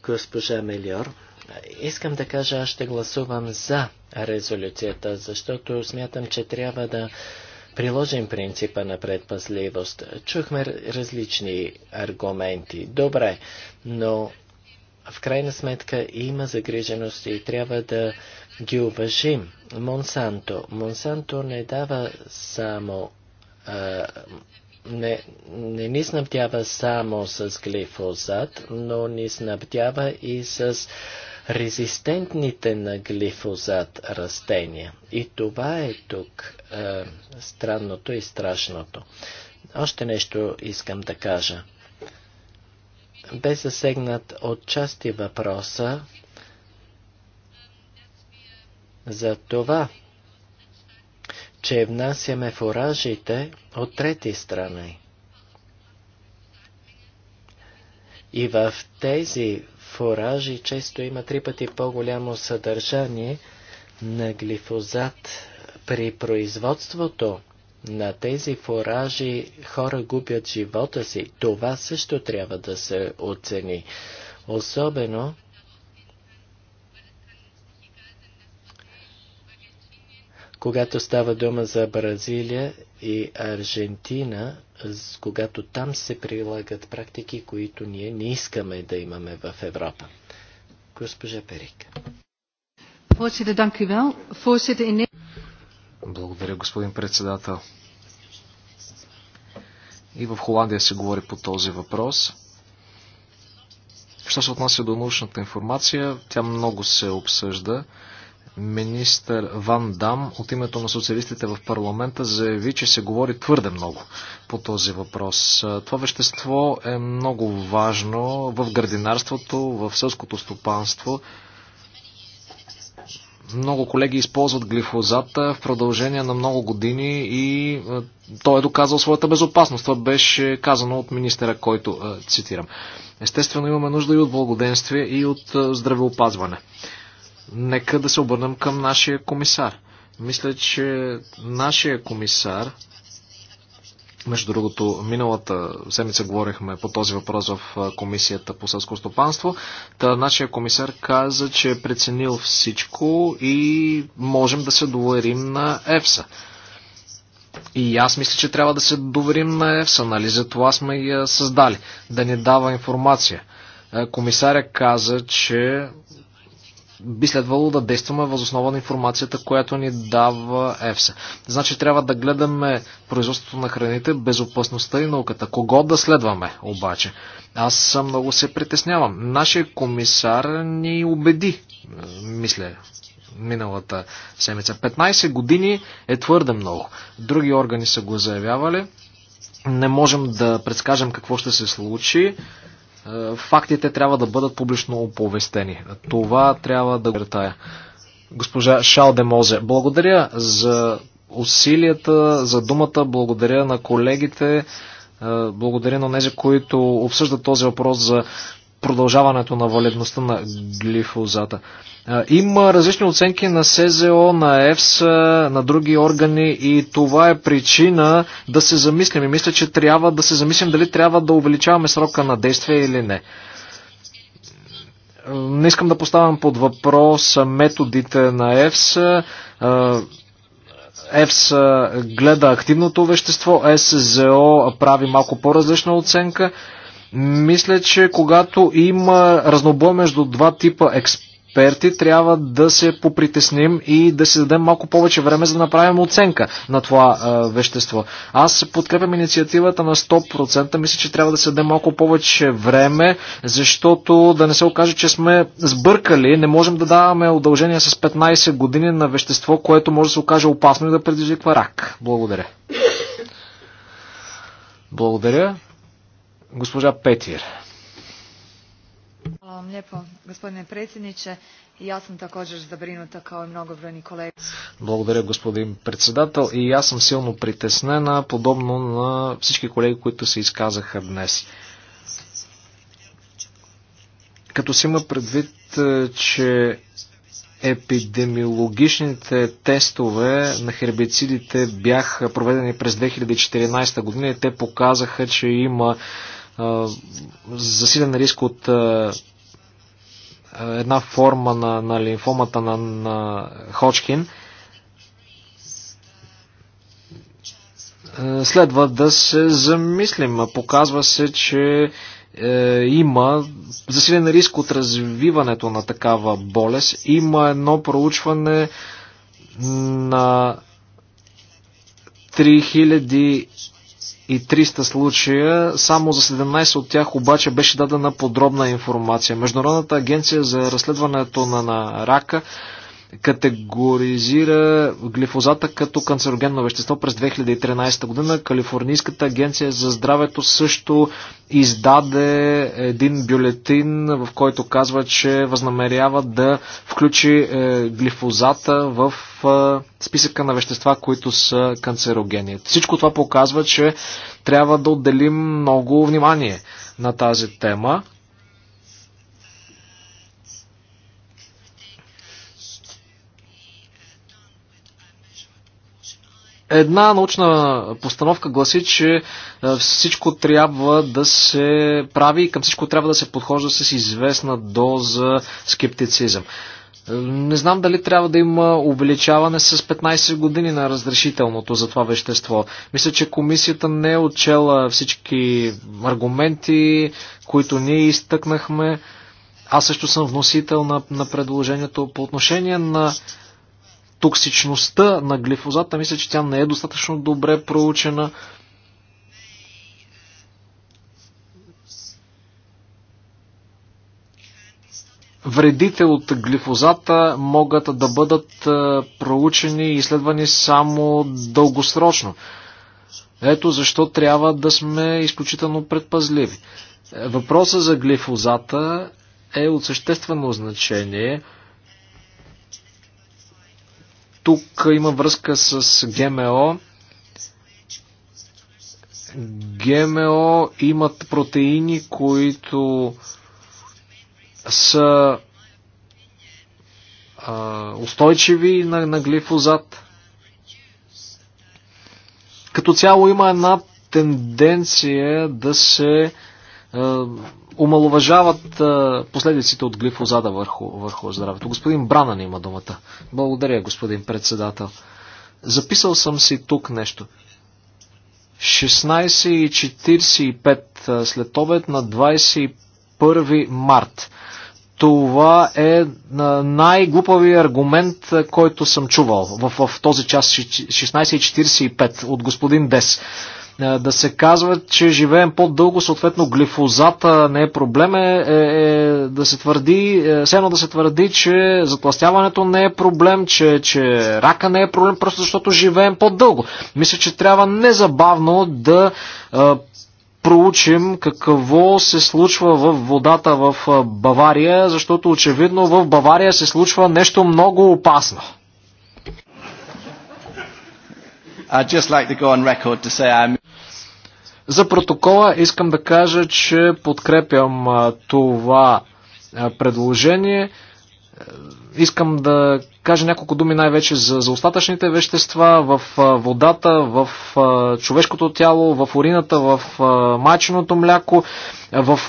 Госпожа Мелиор, искам да кажа, аз ще гласувам за резолюцията, защото смятам, че трябва да приложим принципа на предпазливост. Чухме различни аргументи. Добре, но в крайна сметка има загриженост и трябва да ги уважим. Монсанто. Монсанто не дава само. А, не, не ни снабдява само с глифозат, но ни снабдява и с резистентните на глифозат растения. И това е тук е, странното и страшното. Още нещо искам да кажа. Бе засегнат от части въпроса за това, че внасяме фуражите от трети страни. И в тези фуражи често има три пъти по-голямо съдържание на глифозат при производството на тези фуражи хора губят живота си. Това също трябва да се оцени. Особено Когато става дума за Бразилия и Аржентина, когато там се прилагат практики, които ние не искаме да имаме в Европа. Госпожа Перик. Благодаря, господин председател. И в Холандия се говори по този въпрос. Що се отнася до научната информация, тя много се обсъжда министър Ван Дам от името на социалистите в парламента заяви, че се говори твърде много по този въпрос. Това вещество е много важно в градинарството, в сълското стопанство. Много колеги използват глифозата в продължение на много години и той е доказал своята безопасност. Това беше казано от министъра, който цитирам. Естествено имаме нужда и от благоденствие и от здравеопазване нека да се обърнем към нашия комисар. Мисля, че нашия комисар, между другото, миналата седмица говорихме по този въпрос в Комисията по сълско стопанство, та нашия комисар каза, че е преценил всичко и можем да се доверим на ЕФСА. И аз мисля, че трябва да се доверим на ЕФСА, нали? За това сме я създали, да ни дава информация. Е, комисаря каза, че би следвало да действаме възоснова на информацията, която ни дава ЕФСА. Значи трябва да гледаме производството на храните, безопасността и науката. Кого да следваме обаче? Аз много се притеснявам. Нашия комисар ни убеди, мисля, миналата седмица. 15 години е твърде много. Други органи са го заявявали. Не можем да предскажем какво ще се случи. Е, фактите трябва да бъдат публично оповестени. Това трябва да гретая. Госпожа Шалдемозе, благодаря за усилията, за думата, благодаря на колегите, е, благодаря на тези, които обсъждат този въпрос за продължаването на валидността на глифозата. Има различни оценки на СЗО, на ЕФС, на други органи и това е причина да се замислим. И мисля, че трябва да се замислим дали трябва да увеличаваме срока на действие или не. Не искам да поставям под въпрос методите на ЕФС. ЕФС гледа активното вещество, СЗО прави малко по-различна оценка. Мисля, че когато има разнобой между два типа експерти, трябва да се попритесним и да си дадем малко повече време, за да направим оценка на това а, вещество. Аз подкрепям инициативата на 100%. Мисля, че трябва да се даде малко повече време, защото да не се окаже, че сме сбъркали. Не можем да даваме удължение с 15 години на вещество, което може да се окаже опасно и да предизвиква рак. Благодаря. Благодаря. Госпожа Петир. Hvala vam lijepo, gospodine predsjedniče. I ja sam također zabrinuta kao i mnogobrojni kolega. Благодаря, господин председател. И аз съм силно притеснена, подобно на всички колеги, които се изказаха днес. Като си има предвид, е, че епидемиологичните тестове на хербицидите бяха проведени през 2014 година и те показаха, че има засилен риск от една форма на, на лимфомата на, на Ходжкин, следва да се замислим. Показва се, че е, има засилен риск от развиването на такава болест. Има едно проучване на 3000 300 случая, само за 17 от тях обаче беше дадена подробна информация. Международната агенция за разследването на, на рака категоризира глифозата като канцерогенно вещество през 2013 година. Калифорнийската агенция за здравето също издаде един бюлетин, в който казва, че възнамерява да включи е, глифозата в е, списъка на вещества, които са канцерогени. Всичко това показва, че трябва да отделим много внимание на тази тема. Една научна постановка гласи, че е, всичко трябва да се прави и към всичко трябва да се подхожда с известна доза скептицизъм. Е, не знам дали трябва да има увеличаване с 15 години на разрешителното за това вещество. Мисля, че комисията не е отчела всички аргументи, които ние изтъкнахме. Аз също съм вносител на, на предложението по отношение на токсичността на глифозата, мисля, че тя не е достатъчно добре проучена. Вредите от глифозата могат да бъдат е, проучени и изследвани само дългосрочно. Ето защо трябва да сме изключително предпазливи. Въпросът за глифозата е от съществено значение – тук има връзка с ГМО. ГМО имат протеини, които са а, устойчиви на, на глифозат. Като цяло има една тенденция да се а, омалуважават последиците от глифозада върху, върху здравето. Господин Бранан има думата. Благодаря, господин председател. Записал съм си тук нещо. 16.45 след обед на 21 март. Това е най-глупавият аргумент, който съм чувал в, в този час 16.45 от господин Дес. Е, да се казва, че живеем по-дълго, съответно глифозата не е проблем, е, е, е да се твърди, е, едно да се твърди, че затластяването не е проблем, че, че рака не е проблем, просто защото живеем по-дълго. Мисля, че трябва незабавно да е, проучим какво се случва в водата в е, Бавария, защото очевидно в Бавария се случва нещо много опасно. I'd just like to go on record to say I'm... За протокола искам да кажа, че подкрепям това предложение. Искам да кажа няколко думи най-вече за, за остатъчните вещества в водата, в човешкото тяло, в урината, в майченото мляко, в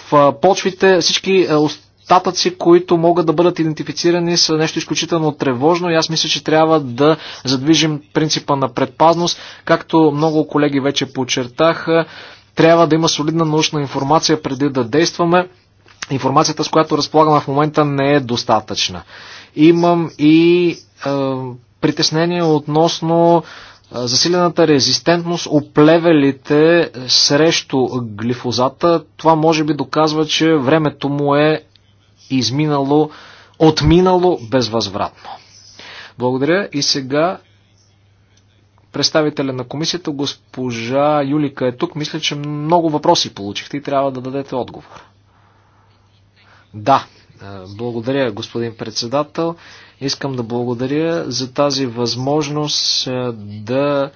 почвите. Всички недостатъци, които могат да бъдат идентифицирани, са нещо изключително тревожно и аз мисля, че трябва да задвижим принципа на предпазност. Както много колеги вече подчертаха, трябва да има солидна научна информация преди да действаме. Информацията, с която разполагаме в момента, не е достатъчна. Имам и е, притеснение относно е, засилената резистентност, оплевелите срещу глифозата, това може би доказва, че времето му е изминало, отминало безвъзвратно. Благодаря и сега представителя на комисията, госпожа Юлика е тук. Мисля, че много въпроси получихте и трябва да дадете отговор. Да, е, благодаря, господин председател. Искам да благодаря за тази възможност е, да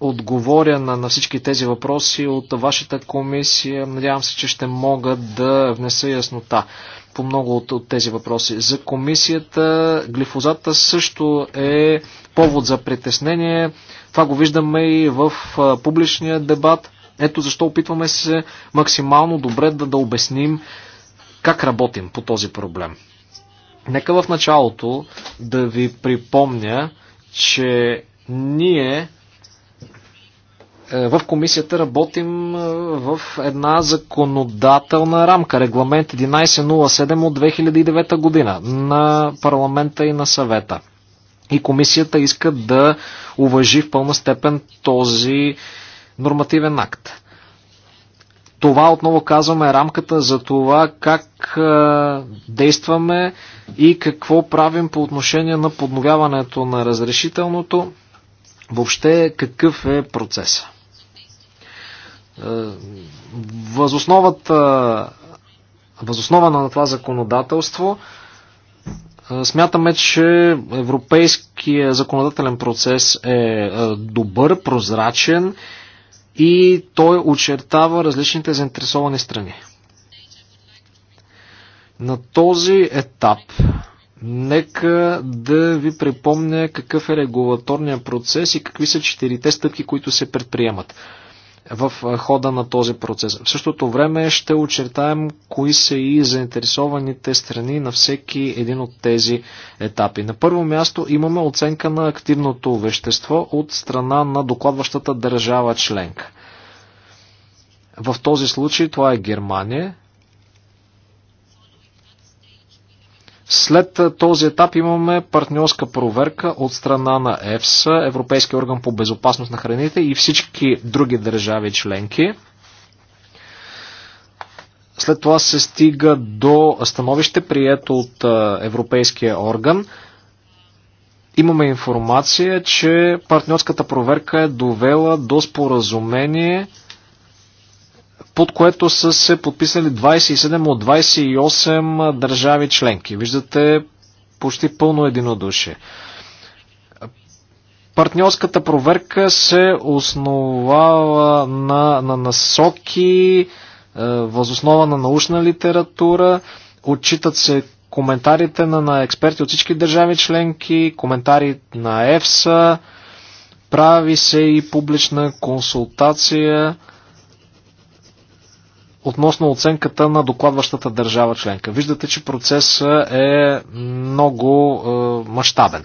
отговоря на, на всички тези въпроси от вашата комисия. Надявам се, че ще мога да внеса яснота по много от, от тези въпроси. За комисията глифозата също е повод за притеснение. Това го виждаме и в а, публичния дебат. Ето защо опитваме се максимално добре да, да обясним как работим по този проблем. Нека в началото да ви припомня, че ние е, в комисията работим е, в една законодателна рамка, регламент 1107 от 2009 година на парламента и на съвета. И комисията иска да уважи в пълна степен този нормативен акт. Това отново казваме е рамката за това как действаме и какво правим по отношение на подновяването на разрешителното. Въобще какъв е процесът? Възосновата, възоснова на това законодателство смятаме, че европейския законодателен процес е добър, прозрачен и той очертава различните заинтересовани страни. На този етап нека да ви припомня какъв е регулаторния процес и какви са четирите стъпки, които се предприемат в хода на този процес. В същото време ще очертаем кои са и заинтересованите страни на всеки един от тези етапи. На първо място имаме оценка на активното вещество от страна на докладващата държава членка. В този случай това е Германия. След този етап имаме партньорска проверка от страна на ЕФСА, Европейския орган по безопасност на храните и всички други държави членки. След това се стига до становище, прието от Европейския орган. Имаме информация, че партньорската проверка е довела до споразумение под което са се подписали 27 от 28 държави членки. Виждате почти пълно единодушие. Партньорската проверка се основава на, на насоки, възоснова на научна литература, отчитат се коментарите на, на експерти от всички държави членки, коментари на ЕФСА, прави се и публична консултация относно оценката на докладващата държава членка. Виждате, че процесът е много е, мащабен.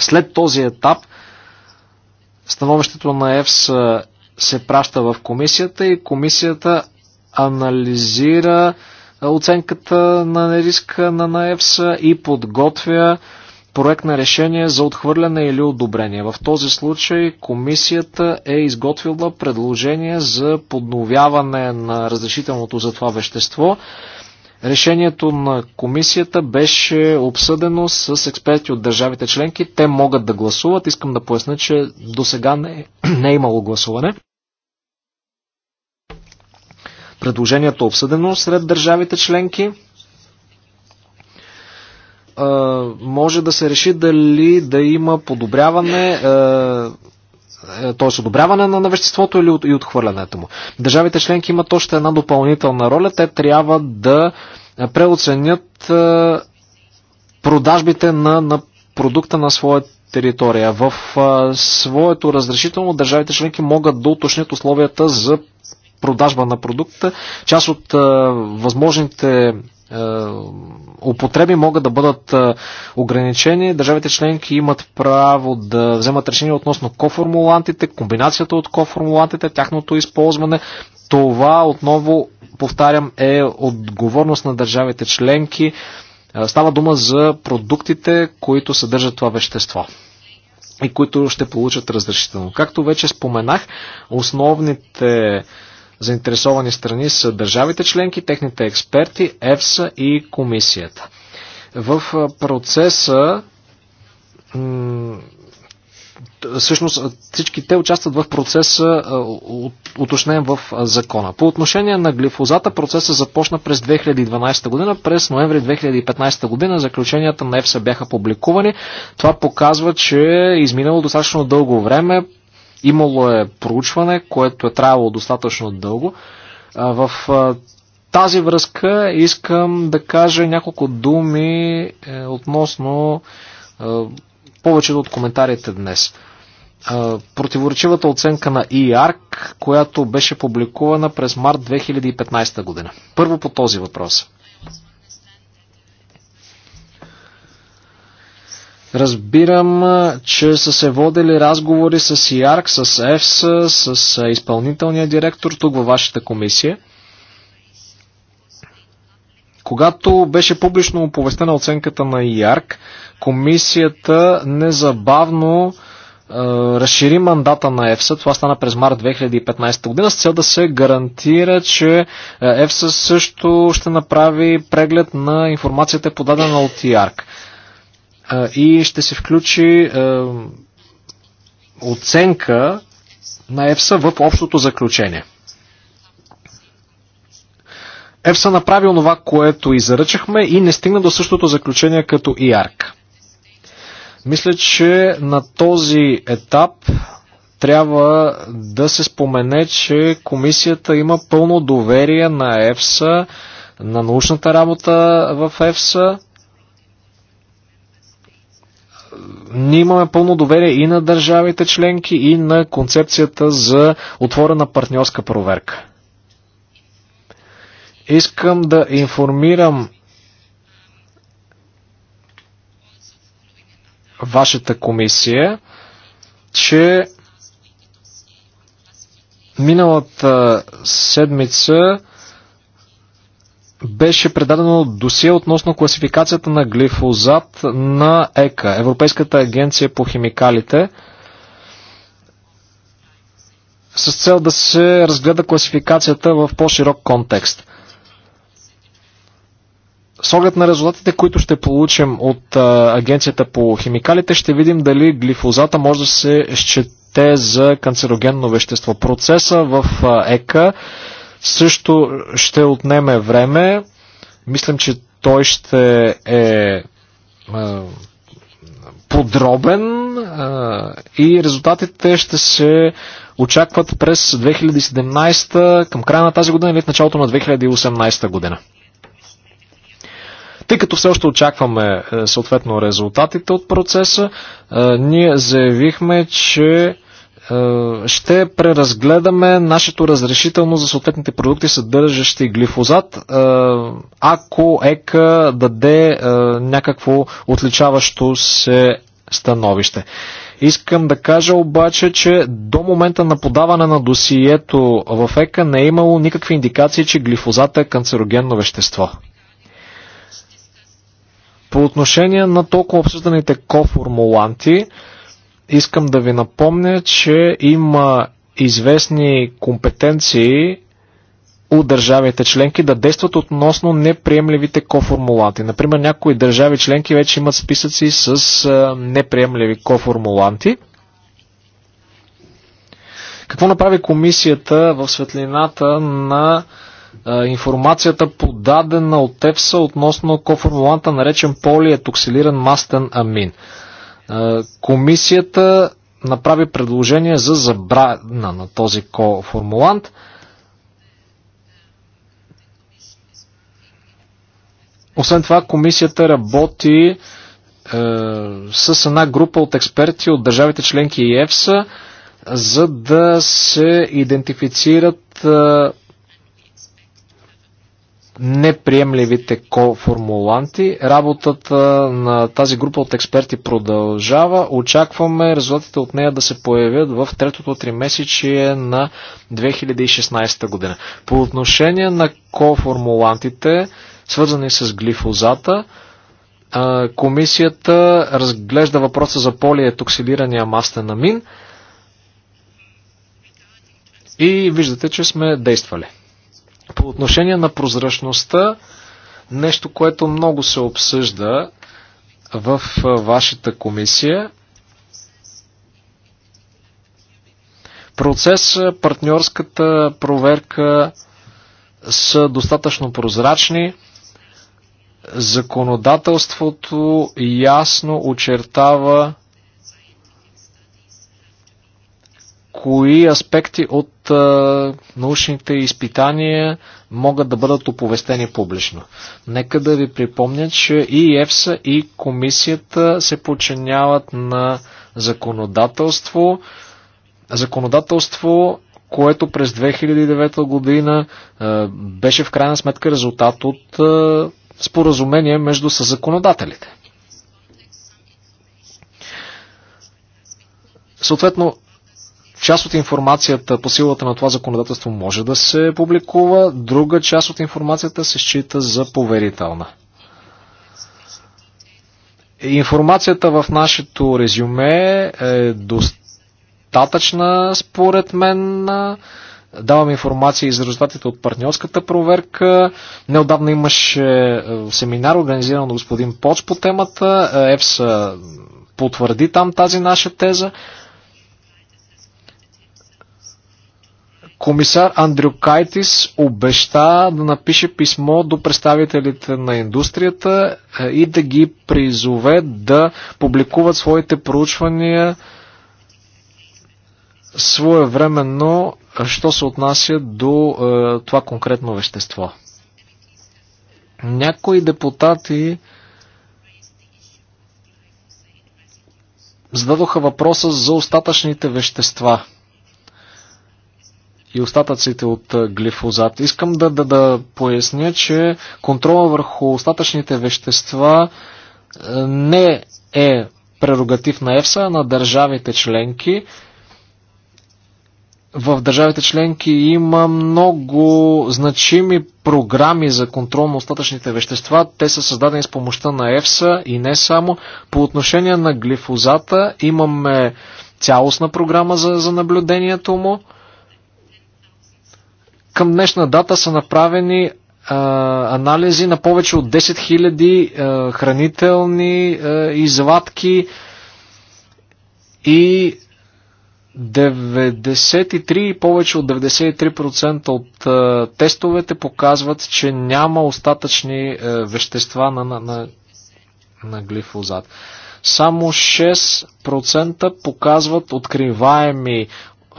След този етап становището на ЕФС се праща в комисията и комисията анализира оценката на риска на ЕФС и подготвя е, проект на решение за отхвърляне или одобрение. В този случай комисията е изготвила предложение за подновяване на разрешителното за това вещество. Решението на комисията беше обсъдено с експерти от държавите членки. Те могат да гласуват. Искам да поясня, че до сега не, е, не е имало гласуване. Предложението е обсъдено сред държавите членки може да се реши дали да има подобряване, т.е. Е, одобряване на веществото или от, и отхвърлянето му. Държавите членки имат още една допълнителна роля. Те трябва да преоценят е, продажбите на, на продукта на своята територия. В а, е, своето разрешително държавите членки могат да уточнят условията за продажба на продукта. Част от а, възможните е, употреби могат да бъдат е, ограничени. Държавите членки имат право да вземат решение относно коформулантите, комбинацията от коформулантите, тяхното използване. Това отново, повтарям, е отговорност на държавите членки. Е, става дума за продуктите, които съдържат това вещество и които ще получат разрешително. Както вече споменах, основните Заинтересовани страни са държавите членки, техните експерти, ЕФСА и комисията. В процеса всъщност всички те участват в процеса уточнен в закона. По отношение на глифозата, процесът започна през 2012 година. През ноември 2015 година заключенията на ЕФСА бяха публикувани. Това показва, че е изминало достатъчно дълго време. Имало е проучване, което е трябвало достатъчно дълго. В тази връзка искам да кажа няколко думи е, относно повечето от коментарите днес. Противоречивата оценка на ИАРК, която беше публикувана през март 2015 година. Първо по този въпрос. Разбирам, че са се водили разговори с ИАРК, с ЕФС, с изпълнителния директор тук във вашата комисия. Когато беше публично оповестена оценката на ИАРК, комисията незабавно е, разшири мандата на ЕФСА. Това стана през март 2015 година с цел да се гарантира, че ЕФСА също ще направи преглед на информацията подадена от ИАРК и ще се включи оценка на ЕФСА в общото заключение. ЕФСА направи онова, което и заръчахме и не стигна до същото заключение като и Мисля, че на този етап трябва да се спомене, че комисията има пълно доверие на ЕФСА, на научната работа в ЕФСА ние имаме пълно доверие и на държавите членки, и на концепцията за отворена партньорска проверка. Искам да информирам вашата комисия, че миналата седмица беше предадено досие относно класификацията на глифозат на ЕКА, Европейската агенция по химикалите, с цел да се разгледа класификацията в по-широк контекст. С оглед на резултатите, които ще получим от а, Агенцията по химикалите, ще видим дали глифозата може да се счете за канцерогенно вещество. Процеса в ЕКА също ще отнеме време. Мислям, че той ще е, е подробен и резултатите ще се очакват през 2017 към края на тази година или в началото на 2018 година. Тъй като все още очакваме е, съответно резултатите от процеса, е, ние заявихме, че е, ще преразгледаме нашето разрешително за съответните продукти, съдържащи глифозат, е, ако ЕКА даде е, някакво отличаващо се становище. Искам да кажа обаче, че до момента на подаване на досието в ЕКА не е имало никакви индикации, че глифозат е канцерогенно вещество. По отношение на толкова обсъжданите коформуланти, формуланти Искам да ви напомня, че има известни компетенции от държавите членки да действат относно неприемливите коформуланти. Например, някои държави членки вече имат списъци с неприемливи коформуланти. Какво направи комисията в светлината на информацията подадена от ЕФСА относно коформуланта, наречен полиетоксилиран мастен амин? Комисията направи предложение за забрана на този коформулант. Освен това, комисията работи е, с една група от експерти от държавите членки и ЕФСА, за да се идентифицират е, неприемливите коформуланти. Работата на тази група от експерти продължава. Очакваме резултатите от нея да се появят в третото три месечие на 2016 година. По отношение на коформулантите, свързани с глифозата, комисията разглежда въпроса за полиетоксилирания мастен амин и виждате, че сме действали. По отношение на прозрачността, нещо, което много се обсъжда в вашата комисия, процес, партньорската проверка са достатъчно прозрачни. Законодателството ясно очертава кои аспекти от а, научните изпитания могат да бъдат оповестени публично. Нека да ви припомня, че и ЕФСА, и комисията се подчиняват на законодателство, законодателство, което през 2009 година а, беше в крайна сметка резултат от а, споразумение между съзаконодателите. Съответно, Част от информацията по силата на това законодателство може да се публикува, друга част от информацията се счита за поверителна. Информацията в нашето резюме е достатъчна, според мен. Давам информация и за резултатите от партньорската проверка. Неодавна имаше е, семинар, организиран от господин Поч по темата. Е, ЕФСА потвърди там тази наша теза. Комисар Андрю Кайтис обеща да напише писмо до представителите на индустрията е, и да ги призове да публикуват своите проучвания своевременно, що се отнася до е, това конкретно вещество. Някои депутати зададоха въпроса за остатъчните вещества – и остатъците от глифозат. Искам да, да, да поясня, че контрола върху остатъчните вещества не е прерогатив на ЕФСА, а на държавите членки. В държавите членки има много значими програми за контрол на остатъчните вещества. Те са създадени с помощта на ЕФСА и не само. По отношение на глифозата имаме цялостна програма за, за наблюдението му. Към днешна дата са направени анализи на повече от 10 000 хранителни извадки и 93 повече от 93% от а, тестовете показват, че няма остатъчни а, вещества на, на, на, на глифозат. Само 6% показват откриваеми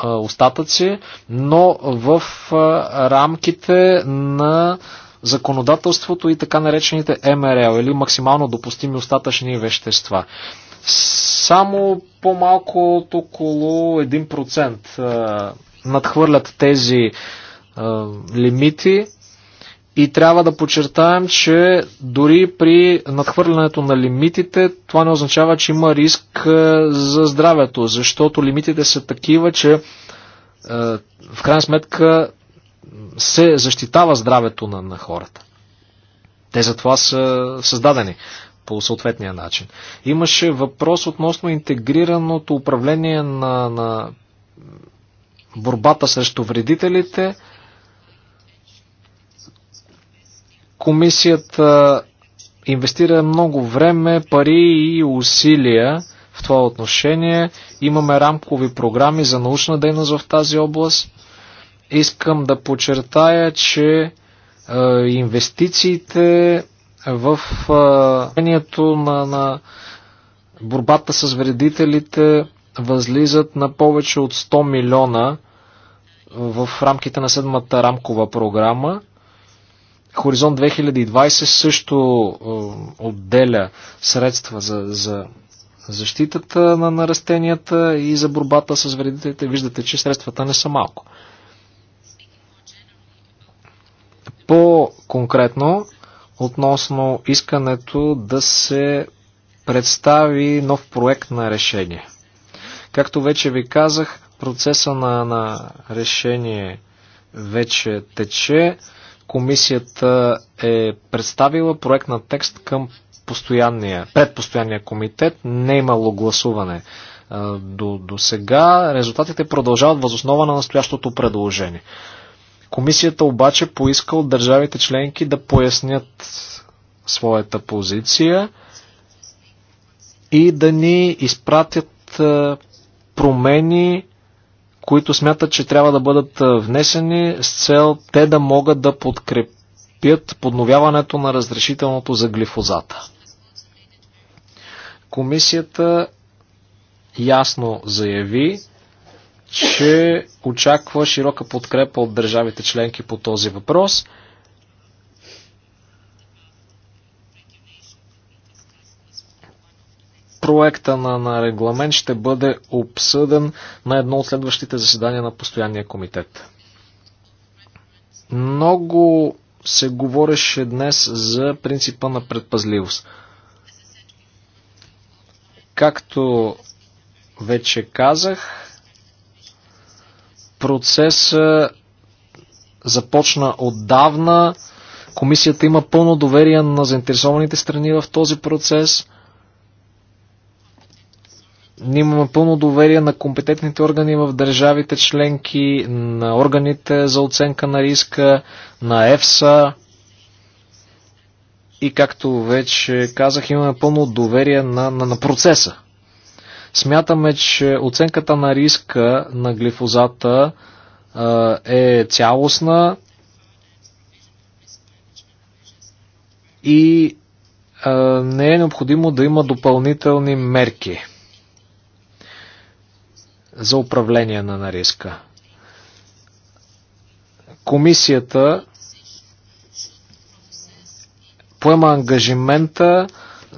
остатъци, но в рамките на законодателството и така наречените МРЛ или максимално допустими остатъчни вещества. Само по-малко от около 1% надхвърлят тези лимити и трябва да подчертаем, че дори при надхвърлянето на лимитите, това не означава, че има риск е, за здравето, защото лимитите са такива, че е, в крайна сметка се защитава здравето на, на хората. Те затова са създадени по съответния начин. Имаше въпрос относно интегрираното управление на, на борбата срещу вредителите. Комисията инвестира много време, пари и усилия в това отношение. Имаме рамкови програми за научна дейност в тази област. Искам да подчертая, че инвестициите в на, на борбата с вредителите възлизат на повече от 100 милиона в рамките на седмата рамкова програма. Хоризонт 2020 също е, отделя средства за, за защитата на, на растенията и за борбата с вредителите. Виждате, че средствата не са малко. По-конкретно, относно искането да се представи нов проект на решение. Както вече ви казах, процеса на, на решение вече тече. Комисията е представила проект на текст към постоянния, предпостоянния комитет. Не е имало гласуване до, до сега. Резултатите продължават възоснова на настоящото предложение. Комисията обаче поиска от държавите членки да пояснят своята позиция и да ни изпратят промени които смятат, че трябва да бъдат внесени с цел те да могат да подкрепят подновяването на разрешителното за глифозата. Комисията ясно заяви, че очаква широка подкрепа от държавите членки по този въпрос – проекта на, на регламент ще бъде обсъден на едно от следващите заседания на постоянния комитет. Много се говореше днес за принципа на предпазливост. Както вече казах, процесът започна отдавна. Комисията има пълно доверие на заинтересованите страни в този процес. Ние имаме пълно доверие на компетентните органи в държавите членки, на органите за оценка на риска, на ЕФСА. И както вече казах, имаме пълно доверие на, на, на процеса. Смятаме, че оценката на риска на глифозата е цялостна и не е необходимо да има допълнителни мерки за управление на, нариска. риска. Комисията поема ангажимента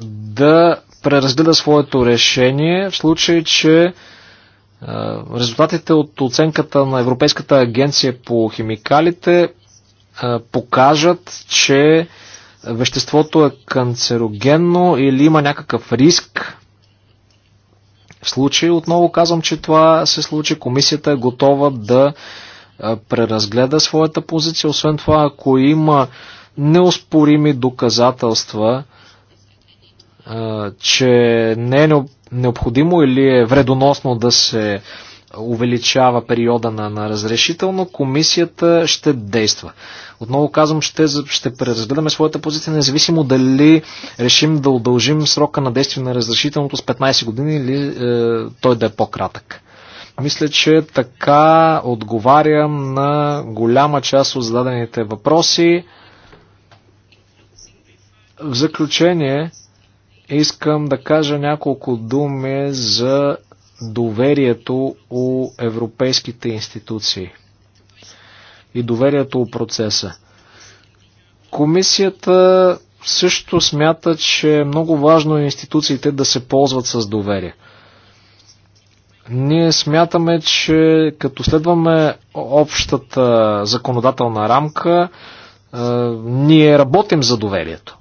да преразгледа своето решение в случай, че резултатите от оценката на Европейската агенция по химикалите покажат, че веществото е канцерогенно или има някакъв риск случай. Отново казвам, че това се случи. Комисията е готова да преразгледа своята позиция. Освен това, ако има неоспорими доказателства, че не е необходимо или е вредоносно да се увеличава периода на, на разрешително, комисията ще действа. Отново казвам, ще, ще преразгледаме своята позиция, независимо дали решим да удължим срока на действие на разрешителното с 15 години или е, той да е по-кратък. Мисля, че така отговарям на голяма част от зададените въпроси. В заключение, искам да кажа няколко думи за доверието у европейските институции и доверието у процеса. Комисията също смята, че е много важно институциите да се ползват с доверие. Ние смятаме, че като следваме общата законодателна рамка, е, ние работим за доверието.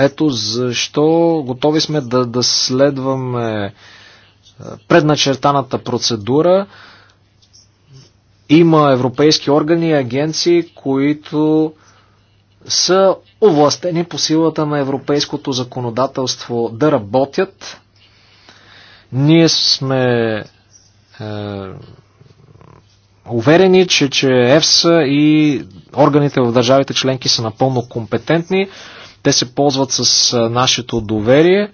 Ето защо готови сме да, да следваме е, предначертаната процедура. Има европейски органи и агенции, които са овластени по силата на европейското законодателство да работят. Ние сме е, уверени, че, че ЕФСА и органите в държавите членки са напълно компетентни. Те се ползват с нашето доверие.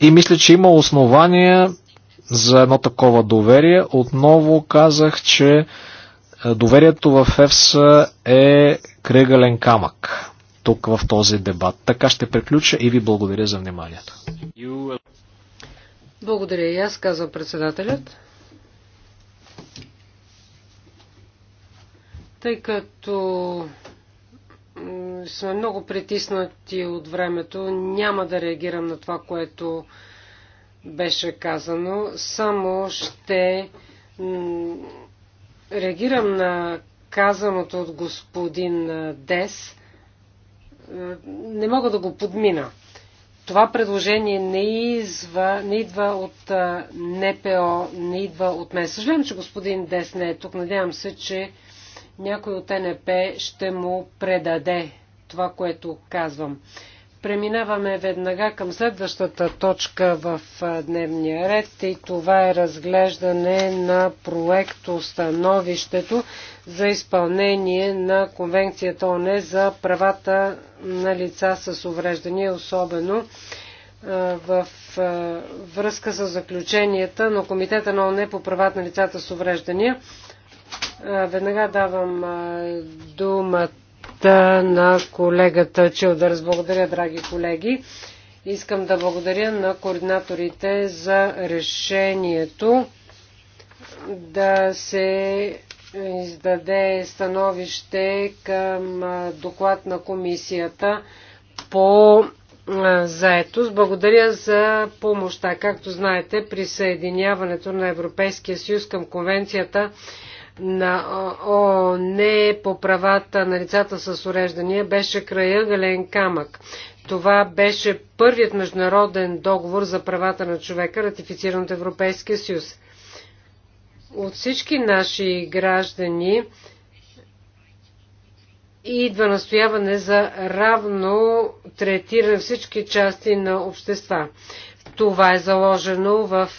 И мисля, че има основания за едно такова доверие. Отново казах, че доверието в ЕФС е кръгален камък тук в този дебат. Така ще приключа и ви благодаря за вниманието. Благодаря и аз, казва председателят. Тъй като сме много притиснати от времето, няма да реагирам на това, което беше казано. Само ще реагирам на казаното от господин Дес. Не мога да го подмина. Това предложение не, изва, не идва от НПО, не идва от мен. Съжалявам, че господин Дес не е тук. Надявам се, че някой от НП ще му предаде това, което казвам. Преминаваме веднага към следващата точка в дневния ред и това е разглеждане на проекто становището за изпълнение на Конвенцията ОНЕ за правата на лица с увреждания, особено в връзка с заключенията на Комитета на ОНЕ по правата на лицата с увреждания. Веднага давам думата на колегата Чилдърс. Благодаря, драги колеги. Искам да благодаря на координаторите за решението да се издаде становище към доклад на комисията по заетост. Благодаря за помощта. Както знаете, присъединяването на Европейския съюз към конвенцията на ООН по правата на лицата с уреждания беше края камък. Това беше първият международен договор за правата на човека, ратифициран от Европейския съюз. От всички наши граждани идва настояване за равно третиране всички части на общества. Това е заложено в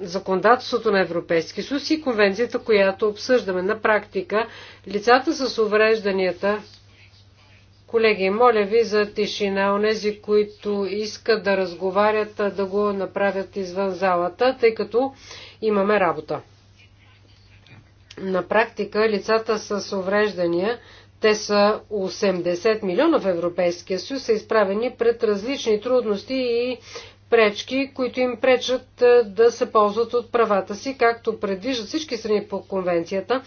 законодателството на Европейски съюз и конвенцията, която обсъждаме. На практика, лицата с уврежданията. Колеги, моля ви за тишина. Онези, които искат да разговарят, да го направят извън залата, тъй като имаме работа. На практика, лицата с увреждания те са 80 милиона в Европейския съюз, са изправени пред различни трудности и пречки, които им пречат е, да се ползват от правата си, както предвиждат всички страни по конвенцията.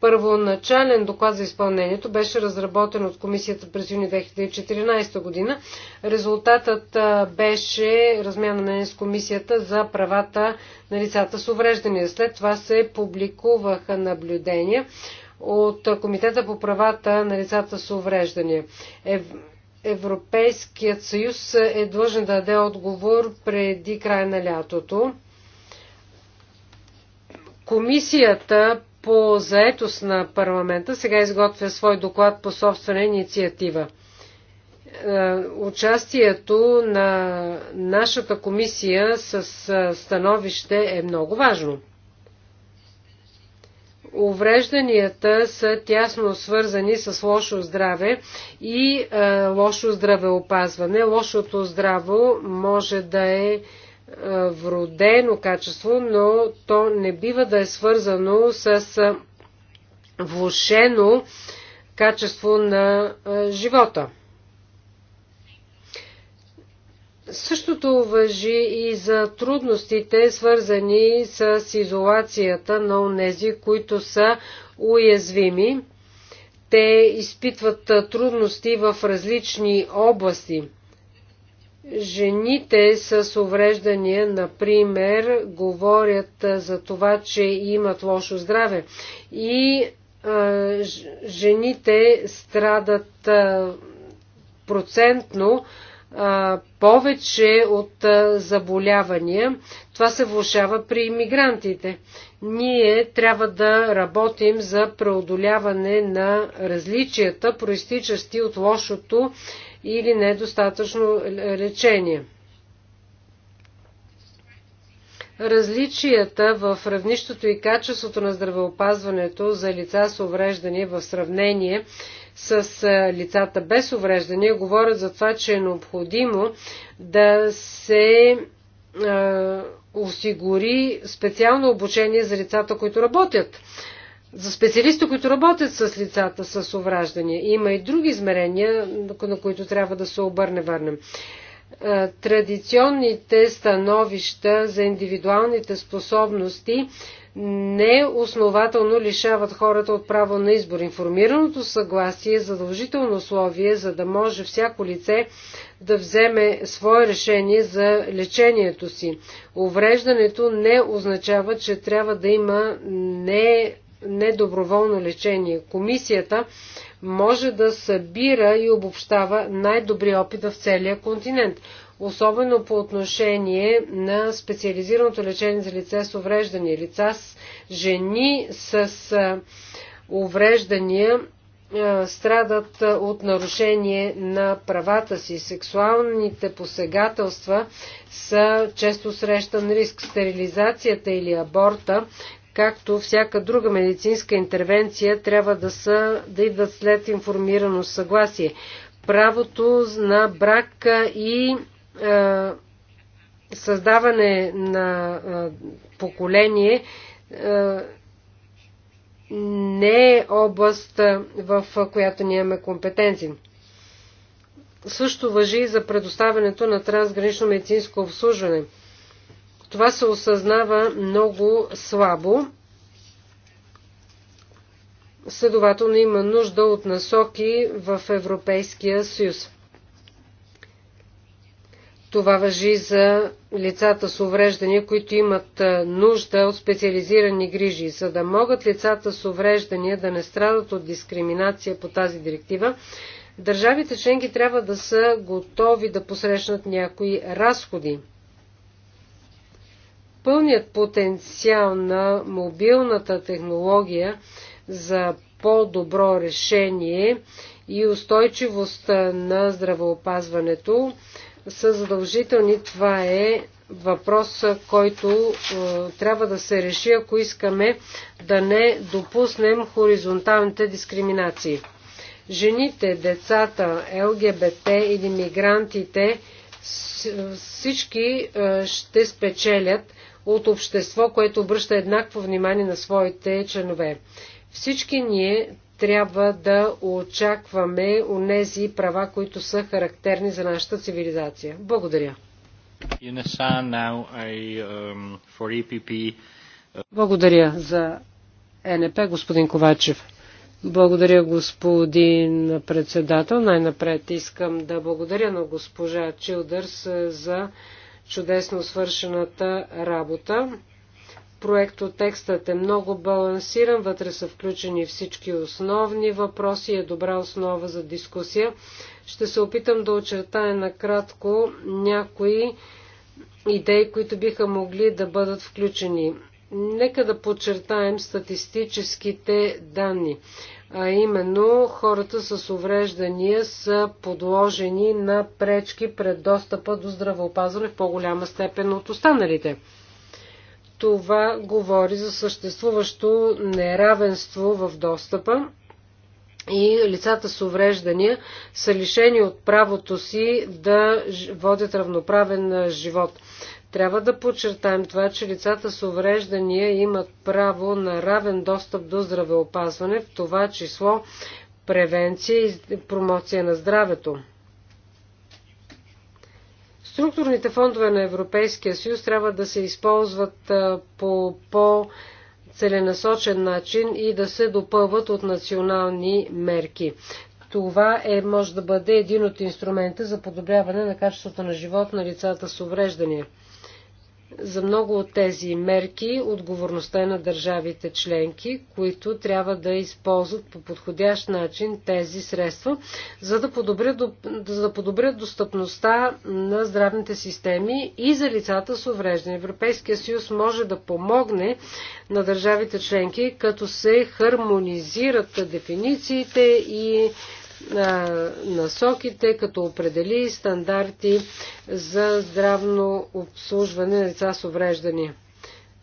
Първоначален доклад за изпълнението беше разработен от комисията през юни 2014 година. Резултатът е, беше размяна на с комисията за правата на лицата с увреждания. След това се публикуваха наблюдения от Комитета по правата на лицата с увреждания. Европейският съюз е длъжен да даде отговор преди края на лятото. Комисията по заетост на парламента сега изготвя свой доклад по собствена инициатива. Е, участието на нашата комисия с е, становище е много важно уврежданията са тясно свързани с лошо здраве и а, е, лошо здравеопазване. Лошото здраво може да е, е вродено качество, но то не бива да е свързано с е, влошено качество на живота. Същото въжи и за трудностите, свързани с изолацията на онези, които са уязвими. Те изпитват трудности в различни области. Жените с увреждания, например, говорят за това, че имат лошо здраве. И а, жените страдат а, процентно повече от заболявания. Това се влушава при иммигрантите. Ние трябва да работим за преодоляване на различията, проистичащи от лошото или недостатъчно лечение. Различията в равнището и качеството на здравеопазването за лица с увреждане в сравнение с лицата без увреждания говорят за това, че е необходимо да се осигури специално обучение за лицата, които работят. За специалисти, които работят с лицата с увреждания. Има и други измерения, на които трябва да се обърне върнем. Традиционните становища за индивидуалните способности не основателно лишават хората от право на избор. Информираното съгласие е задължително условие, за да може всяко лице да вземе свое решение за лечението си. Увреждането не означава, че трябва да има не недоброволно лечение. Комисията може да събира и обобщава най-добри опит в целия континент особено по отношение на специализираното лечение за лице с увреждания. Лица с жени с увреждания страдат от нарушение на правата си. Сексуалните посегателства са често срещан риск. Стерилизацията или аборта, както всяка друга медицинска интервенция, трябва да, са, да идват след информирано съгласие. Правото на брак и е, създаване на е, поколение е, не е област, в която ние имаме компетенции. Също въжи и за предоставянето на трансгранично медицинско обслужване. Това се осъзнава много слабо. Следователно има нужда от насоки в Европейския съюз. Това въжи за лицата с увреждания, които имат нужда от специализирани грижи. За да могат лицата с увреждания да не страдат от дискриминация по тази директива, държавите членки трябва да са готови да посрещнат някои разходи. Пълният потенциал на мобилната технология за по-добро решение и устойчивост на здравеопазването са задължителни. Това е въпрос, който е, трябва да се реши, ако искаме да не допуснем хоризонталните дискриминации. Жените, децата, ЛГБТ или мигрантите, всички е, ще спечелят от общество, което обръща еднакво внимание на своите членове. Всички ние трябва да очакваме онези права, които са характерни за нашата цивилизация. Благодаря. Um, e uh, благодаря за НП, господин Ковачев. Благодаря, господин председател. Най-напред искам да благодаря на госпожа Чилдърс uh, за чудесно свършената работа. Проекто текстът е много балансиран, вътре са включени всички основни въпроси и е добра основа за дискусия. Ще се опитам да очертая накратко някои идеи, които биха могли да бъдат включени. Нека да подчертаем статистическите данни, а именно хората с увреждания са подложени на пречки пред достъпа до здравеопазване в по-голяма степен от останалите. Това говори за съществуващо неравенство в достъпа и лицата с увреждания са лишени от правото си да водят равноправен живот. Трябва да подчертаем това, че лицата с увреждания имат право на равен достъп до здравеопазване, в това число превенция и промоция на здравето. Структурните фондове на Европейския съюз трябва да се използват по по-целенасочен начин и да се допълват от национални мерки. Това е, може да бъде един от инструмента за подобряване на качеството на живот на лицата с увреждания. За много от тези мерки отговорността е на държавите членки, които трябва да използват по подходящ начин тези средства, за да подобрят, за да подобрят достъпността на здравните системи и за лицата с увреждане. Европейския съюз може да помогне на държавите членки, като се хармонизират дефинициите и насоките, като определи стандарти за здравно обслужване на лица с увреждания.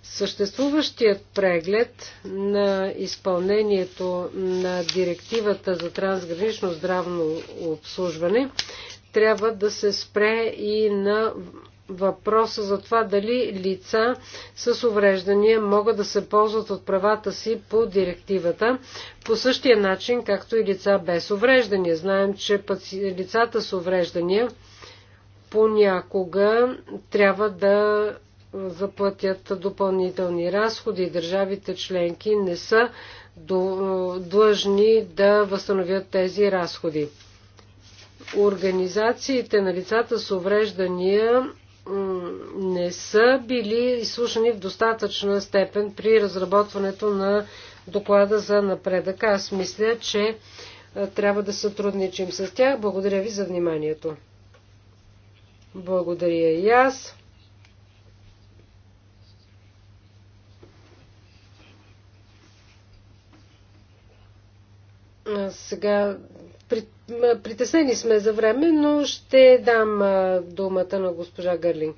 Съществуващият преглед на изпълнението на директивата за трансгранично здравно обслужване трябва да се спре и на въпроса за това дали лица с увреждания могат да се ползват от правата си по директивата, по същия начин, както и лица без увреждания. Знаем, че лицата с увреждания понякога трябва да заплатят допълнителни разходи. Държавите членки не са длъжни да възстановят тези разходи. Организациите на лицата с увреждания не са били изслушани в достатъчна степен при разработването на доклада за напредък. Аз мисля, че е, трябва да сътрудничим с тях. Благодаря ви за вниманието. Благодаря и аз. Сега Притеснени сме за време, но ще дам думата на госпожа Гърлин.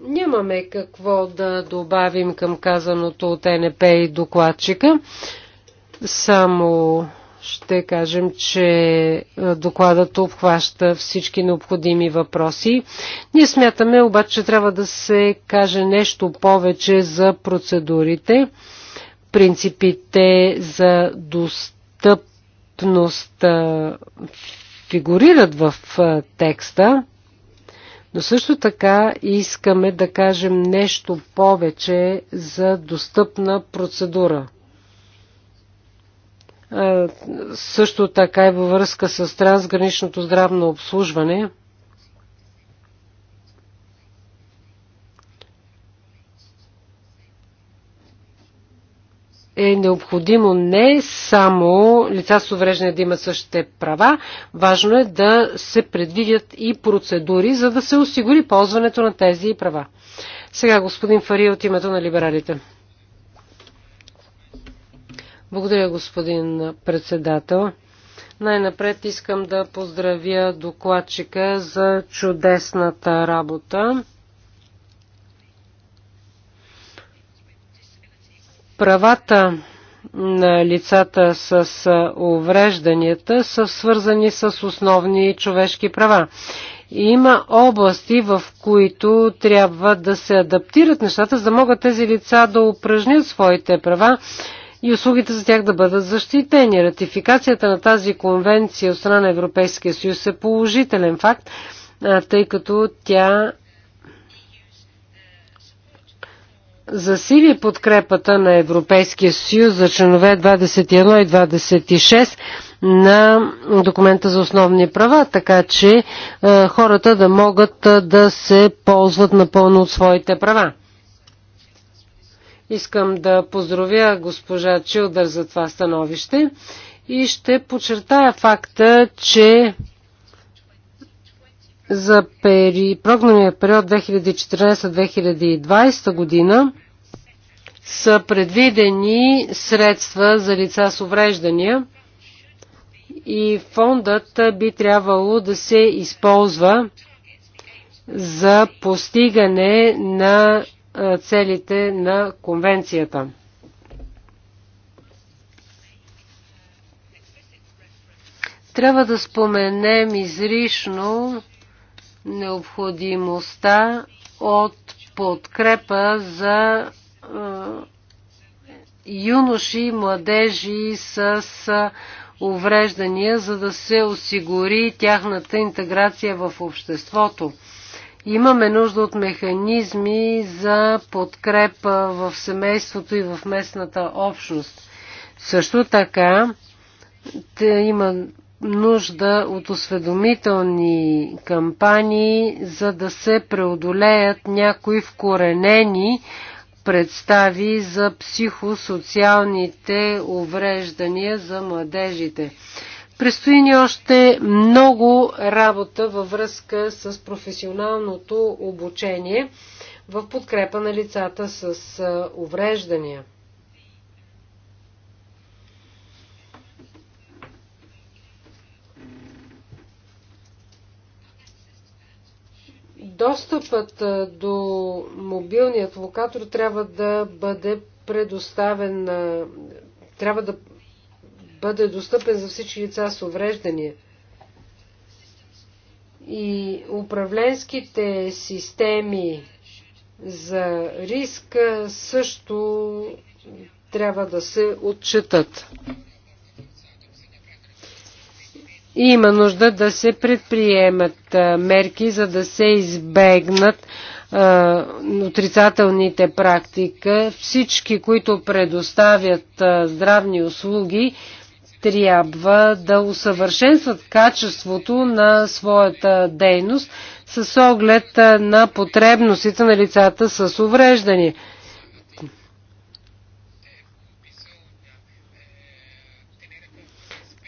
Нямаме какво да добавим към казаното от НП и докладчика. Само ще кажем, че докладът обхваща всички необходими въпроси. Ние смятаме обаче, че трябва да се каже нещо повече за процедурите, принципите за достъп отчетност фигурират в текста, но също така искаме да кажем нещо повече за достъпна процедура. Също така и във връзка с трансграничното здравно обслужване – е необходимо не само лица с увреждане да имат същите права, важно е да се предвидят и процедури, за да се осигури ползването на тези права. Сега господин Фария от името на либералите. Благодаря, господин председател. Най-напред искам да поздравя докладчика за чудесната работа. Правата на лицата с уврежданията са свързани с основни човешки права. Има области, в които трябва да се адаптират нещата, за да могат тези лица да упражнят своите права и услугите за тях да бъдат защитени. Ратификацията на тази конвенция от страна на Европейския съюз е положителен факт, тъй като тя засили подкрепата на Европейския съюз за членове 21 и 26 на документа за основни права, така че е, хората да могат е, да се ползват напълно от своите права. Искам да поздравя госпожа Чилдър за това становище и ще подчертая факта, че за пери, прогнания период 2014-2020 година са предвидени средства за лица с увреждания и фондът би трябвало да се използва за постигане на целите на конвенцията. Трябва да споменем изрично необходимостта от подкрепа за е, юноши и младежи с увреждания, за да се осигури тяхната интеграция в обществото. Имаме нужда от механизми за подкрепа в семейството и в местната общност. Също така те има нужда от осведомителни кампании, за да се преодолеят някои вкоренени представи за психосоциалните увреждания за младежите. Престои ни още много работа във връзка с професионалното обучение в подкрепа на лицата с увреждания. Достъпът до мобилният локатор трябва да бъде предоставен, трябва да бъде достъпен за всички лица с увреждания. И управленските системи за риск също трябва да се отчитат. И има нужда да се предприемат мерки, за да се избегнат отрицателните практики. Всички, които предоставят здравни услуги, трябва да усъвършенстват качеството на своята дейност с оглед на потребностите на лицата с увреждане.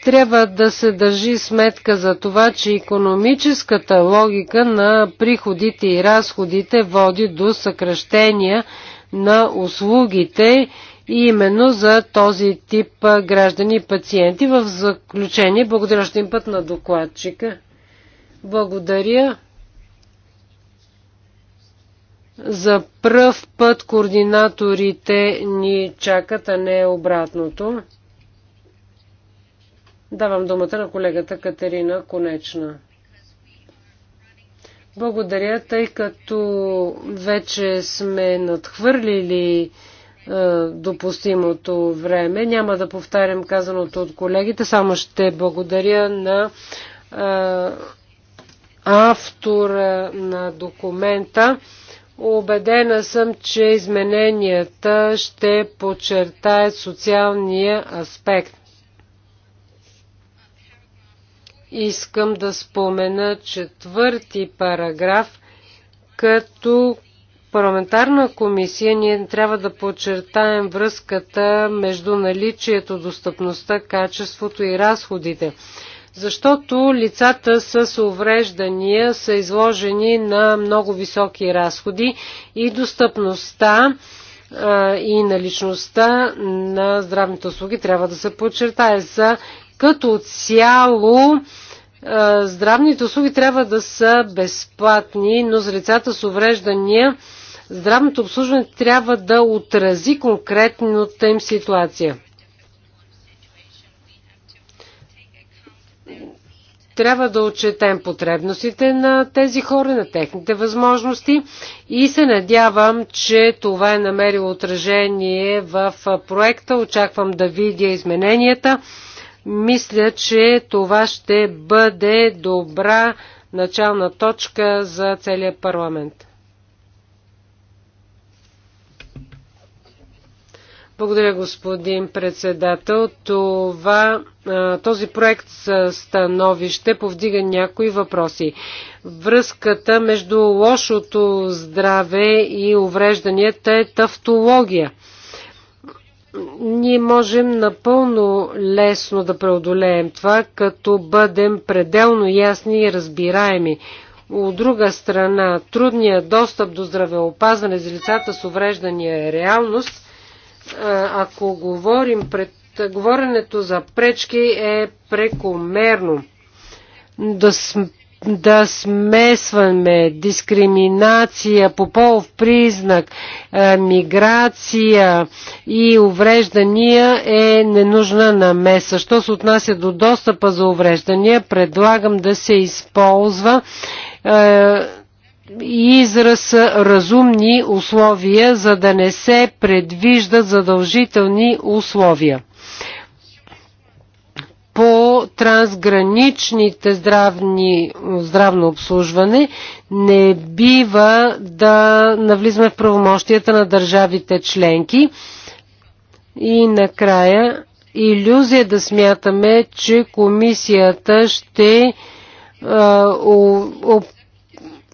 трябва да се държи сметка за това, че економическата логика на приходите и разходите води до съкръщения на услугите и именно за този тип граждани и пациенти. В заключение, благодаря още им път на докладчика. Благодаря. За пръв път координаторите ни чакат, а не обратното. Давам думата на колегата Катерина Конечна. Благодаря, тъй като вече сме надхвърлили е, допустимото време. Няма да повтарям казаното от колегите, само ще благодаря на е, автора на документа. Обедена съм, че измененията ще подчертаят социалния аспект. Искам да спомена четвърти параграф. Като парламентарна комисия ние трябва да подчертаем връзката между наличието, достъпността, качеството и разходите защото лицата с увреждания са изложени на много високи разходи и достъпността и наличността на здравните услуги трябва да се подчертае за като цяло е, здравните услуги трябва да са безплатни, но за лицата с увреждания здравното обслужване трябва да отрази конкретната им ситуация. Трябва да отчетем потребностите на тези хора, на техните възможности и се надявам, че това е намерило отражение в проекта. Очаквам да видя измененията мисля, че това ще бъде добра начална точка за целия парламент. Благодаря, господин председател. Това, този проект с становище повдига някои въпроси. Връзката между лошото здраве и уврежданията е тавтология ние можем напълно лесно да преодолеем това, като бъдем пределно ясни и разбираеми. От друга страна, трудният достъп до здравеопазване за лицата с увреждания е реалност. Ако говорим пред... говоренето за пречки е прекомерно. Да да смесваме дискриминация по полов признак, е, миграция и увреждания е ненужна намеса. Що се отнася до достъпа за увреждания, предлагам да се използва е, израз разумни условия, за да не се предвиждат задължителни условия по трансграничните здравни, здравно обслужване не бива да навлизаме в правомощията на държавите членки. И накрая иллюзия да смятаме, че комисията ще,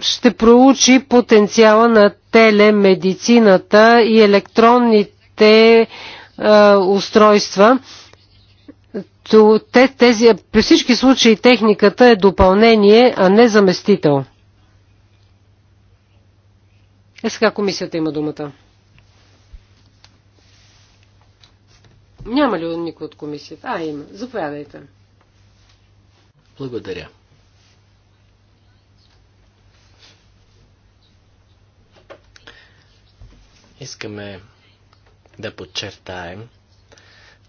ще проучи потенциала на телемедицината и електронните устройства тези, при всички случаи техниката е допълнение, а не заместител. Е сега комисията има думата. Няма ли никой от комисията? А, има. Заповядайте. Благодаря. Искаме да подчертаем,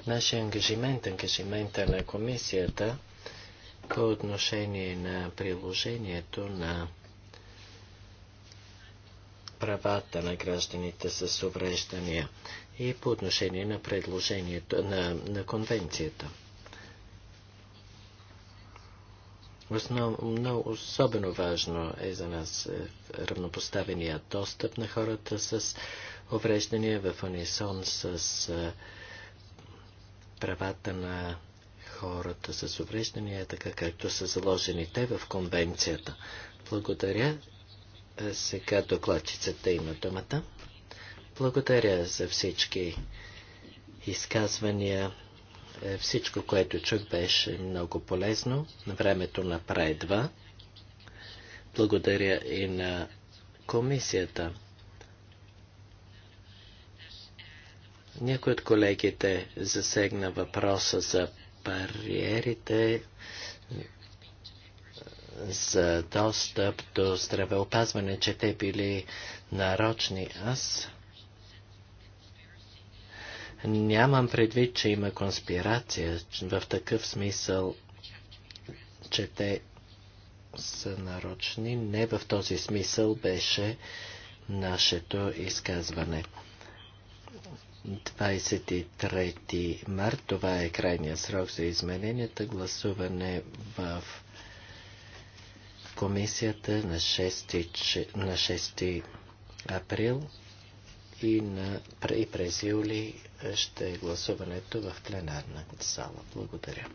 Нашия ангажимент, ангажимента на комисията по отношение на приложението на правата на гражданите с увреждания и по отношение на предложението на, на конвенцията. но особено важно е за нас е, равнопоставения достъп на хората с увреждания в унисон с е, правата на хората с увреждания, така както са заложени те в конвенцията. Благодаря. Сега докладчицата има думата. Благодаря за всички изказвания. Е, всичко, което чух, беше много полезно. на Времето на Прайдва. Благодаря и на комисията. Някой от колегите засегна въпроса за бариерите за достъп до здравеопазване, че те били нарочни. Аз нямам предвид, че има конспирация в такъв смисъл, че те са нарочни. Не в този смисъл беше нашето изказване. 23 март. Това е крайният срок за измененията. Гласуване в комисията на 6, на 6 април и, на, и през юли ще е гласуването в пленарна зала. Благодаря.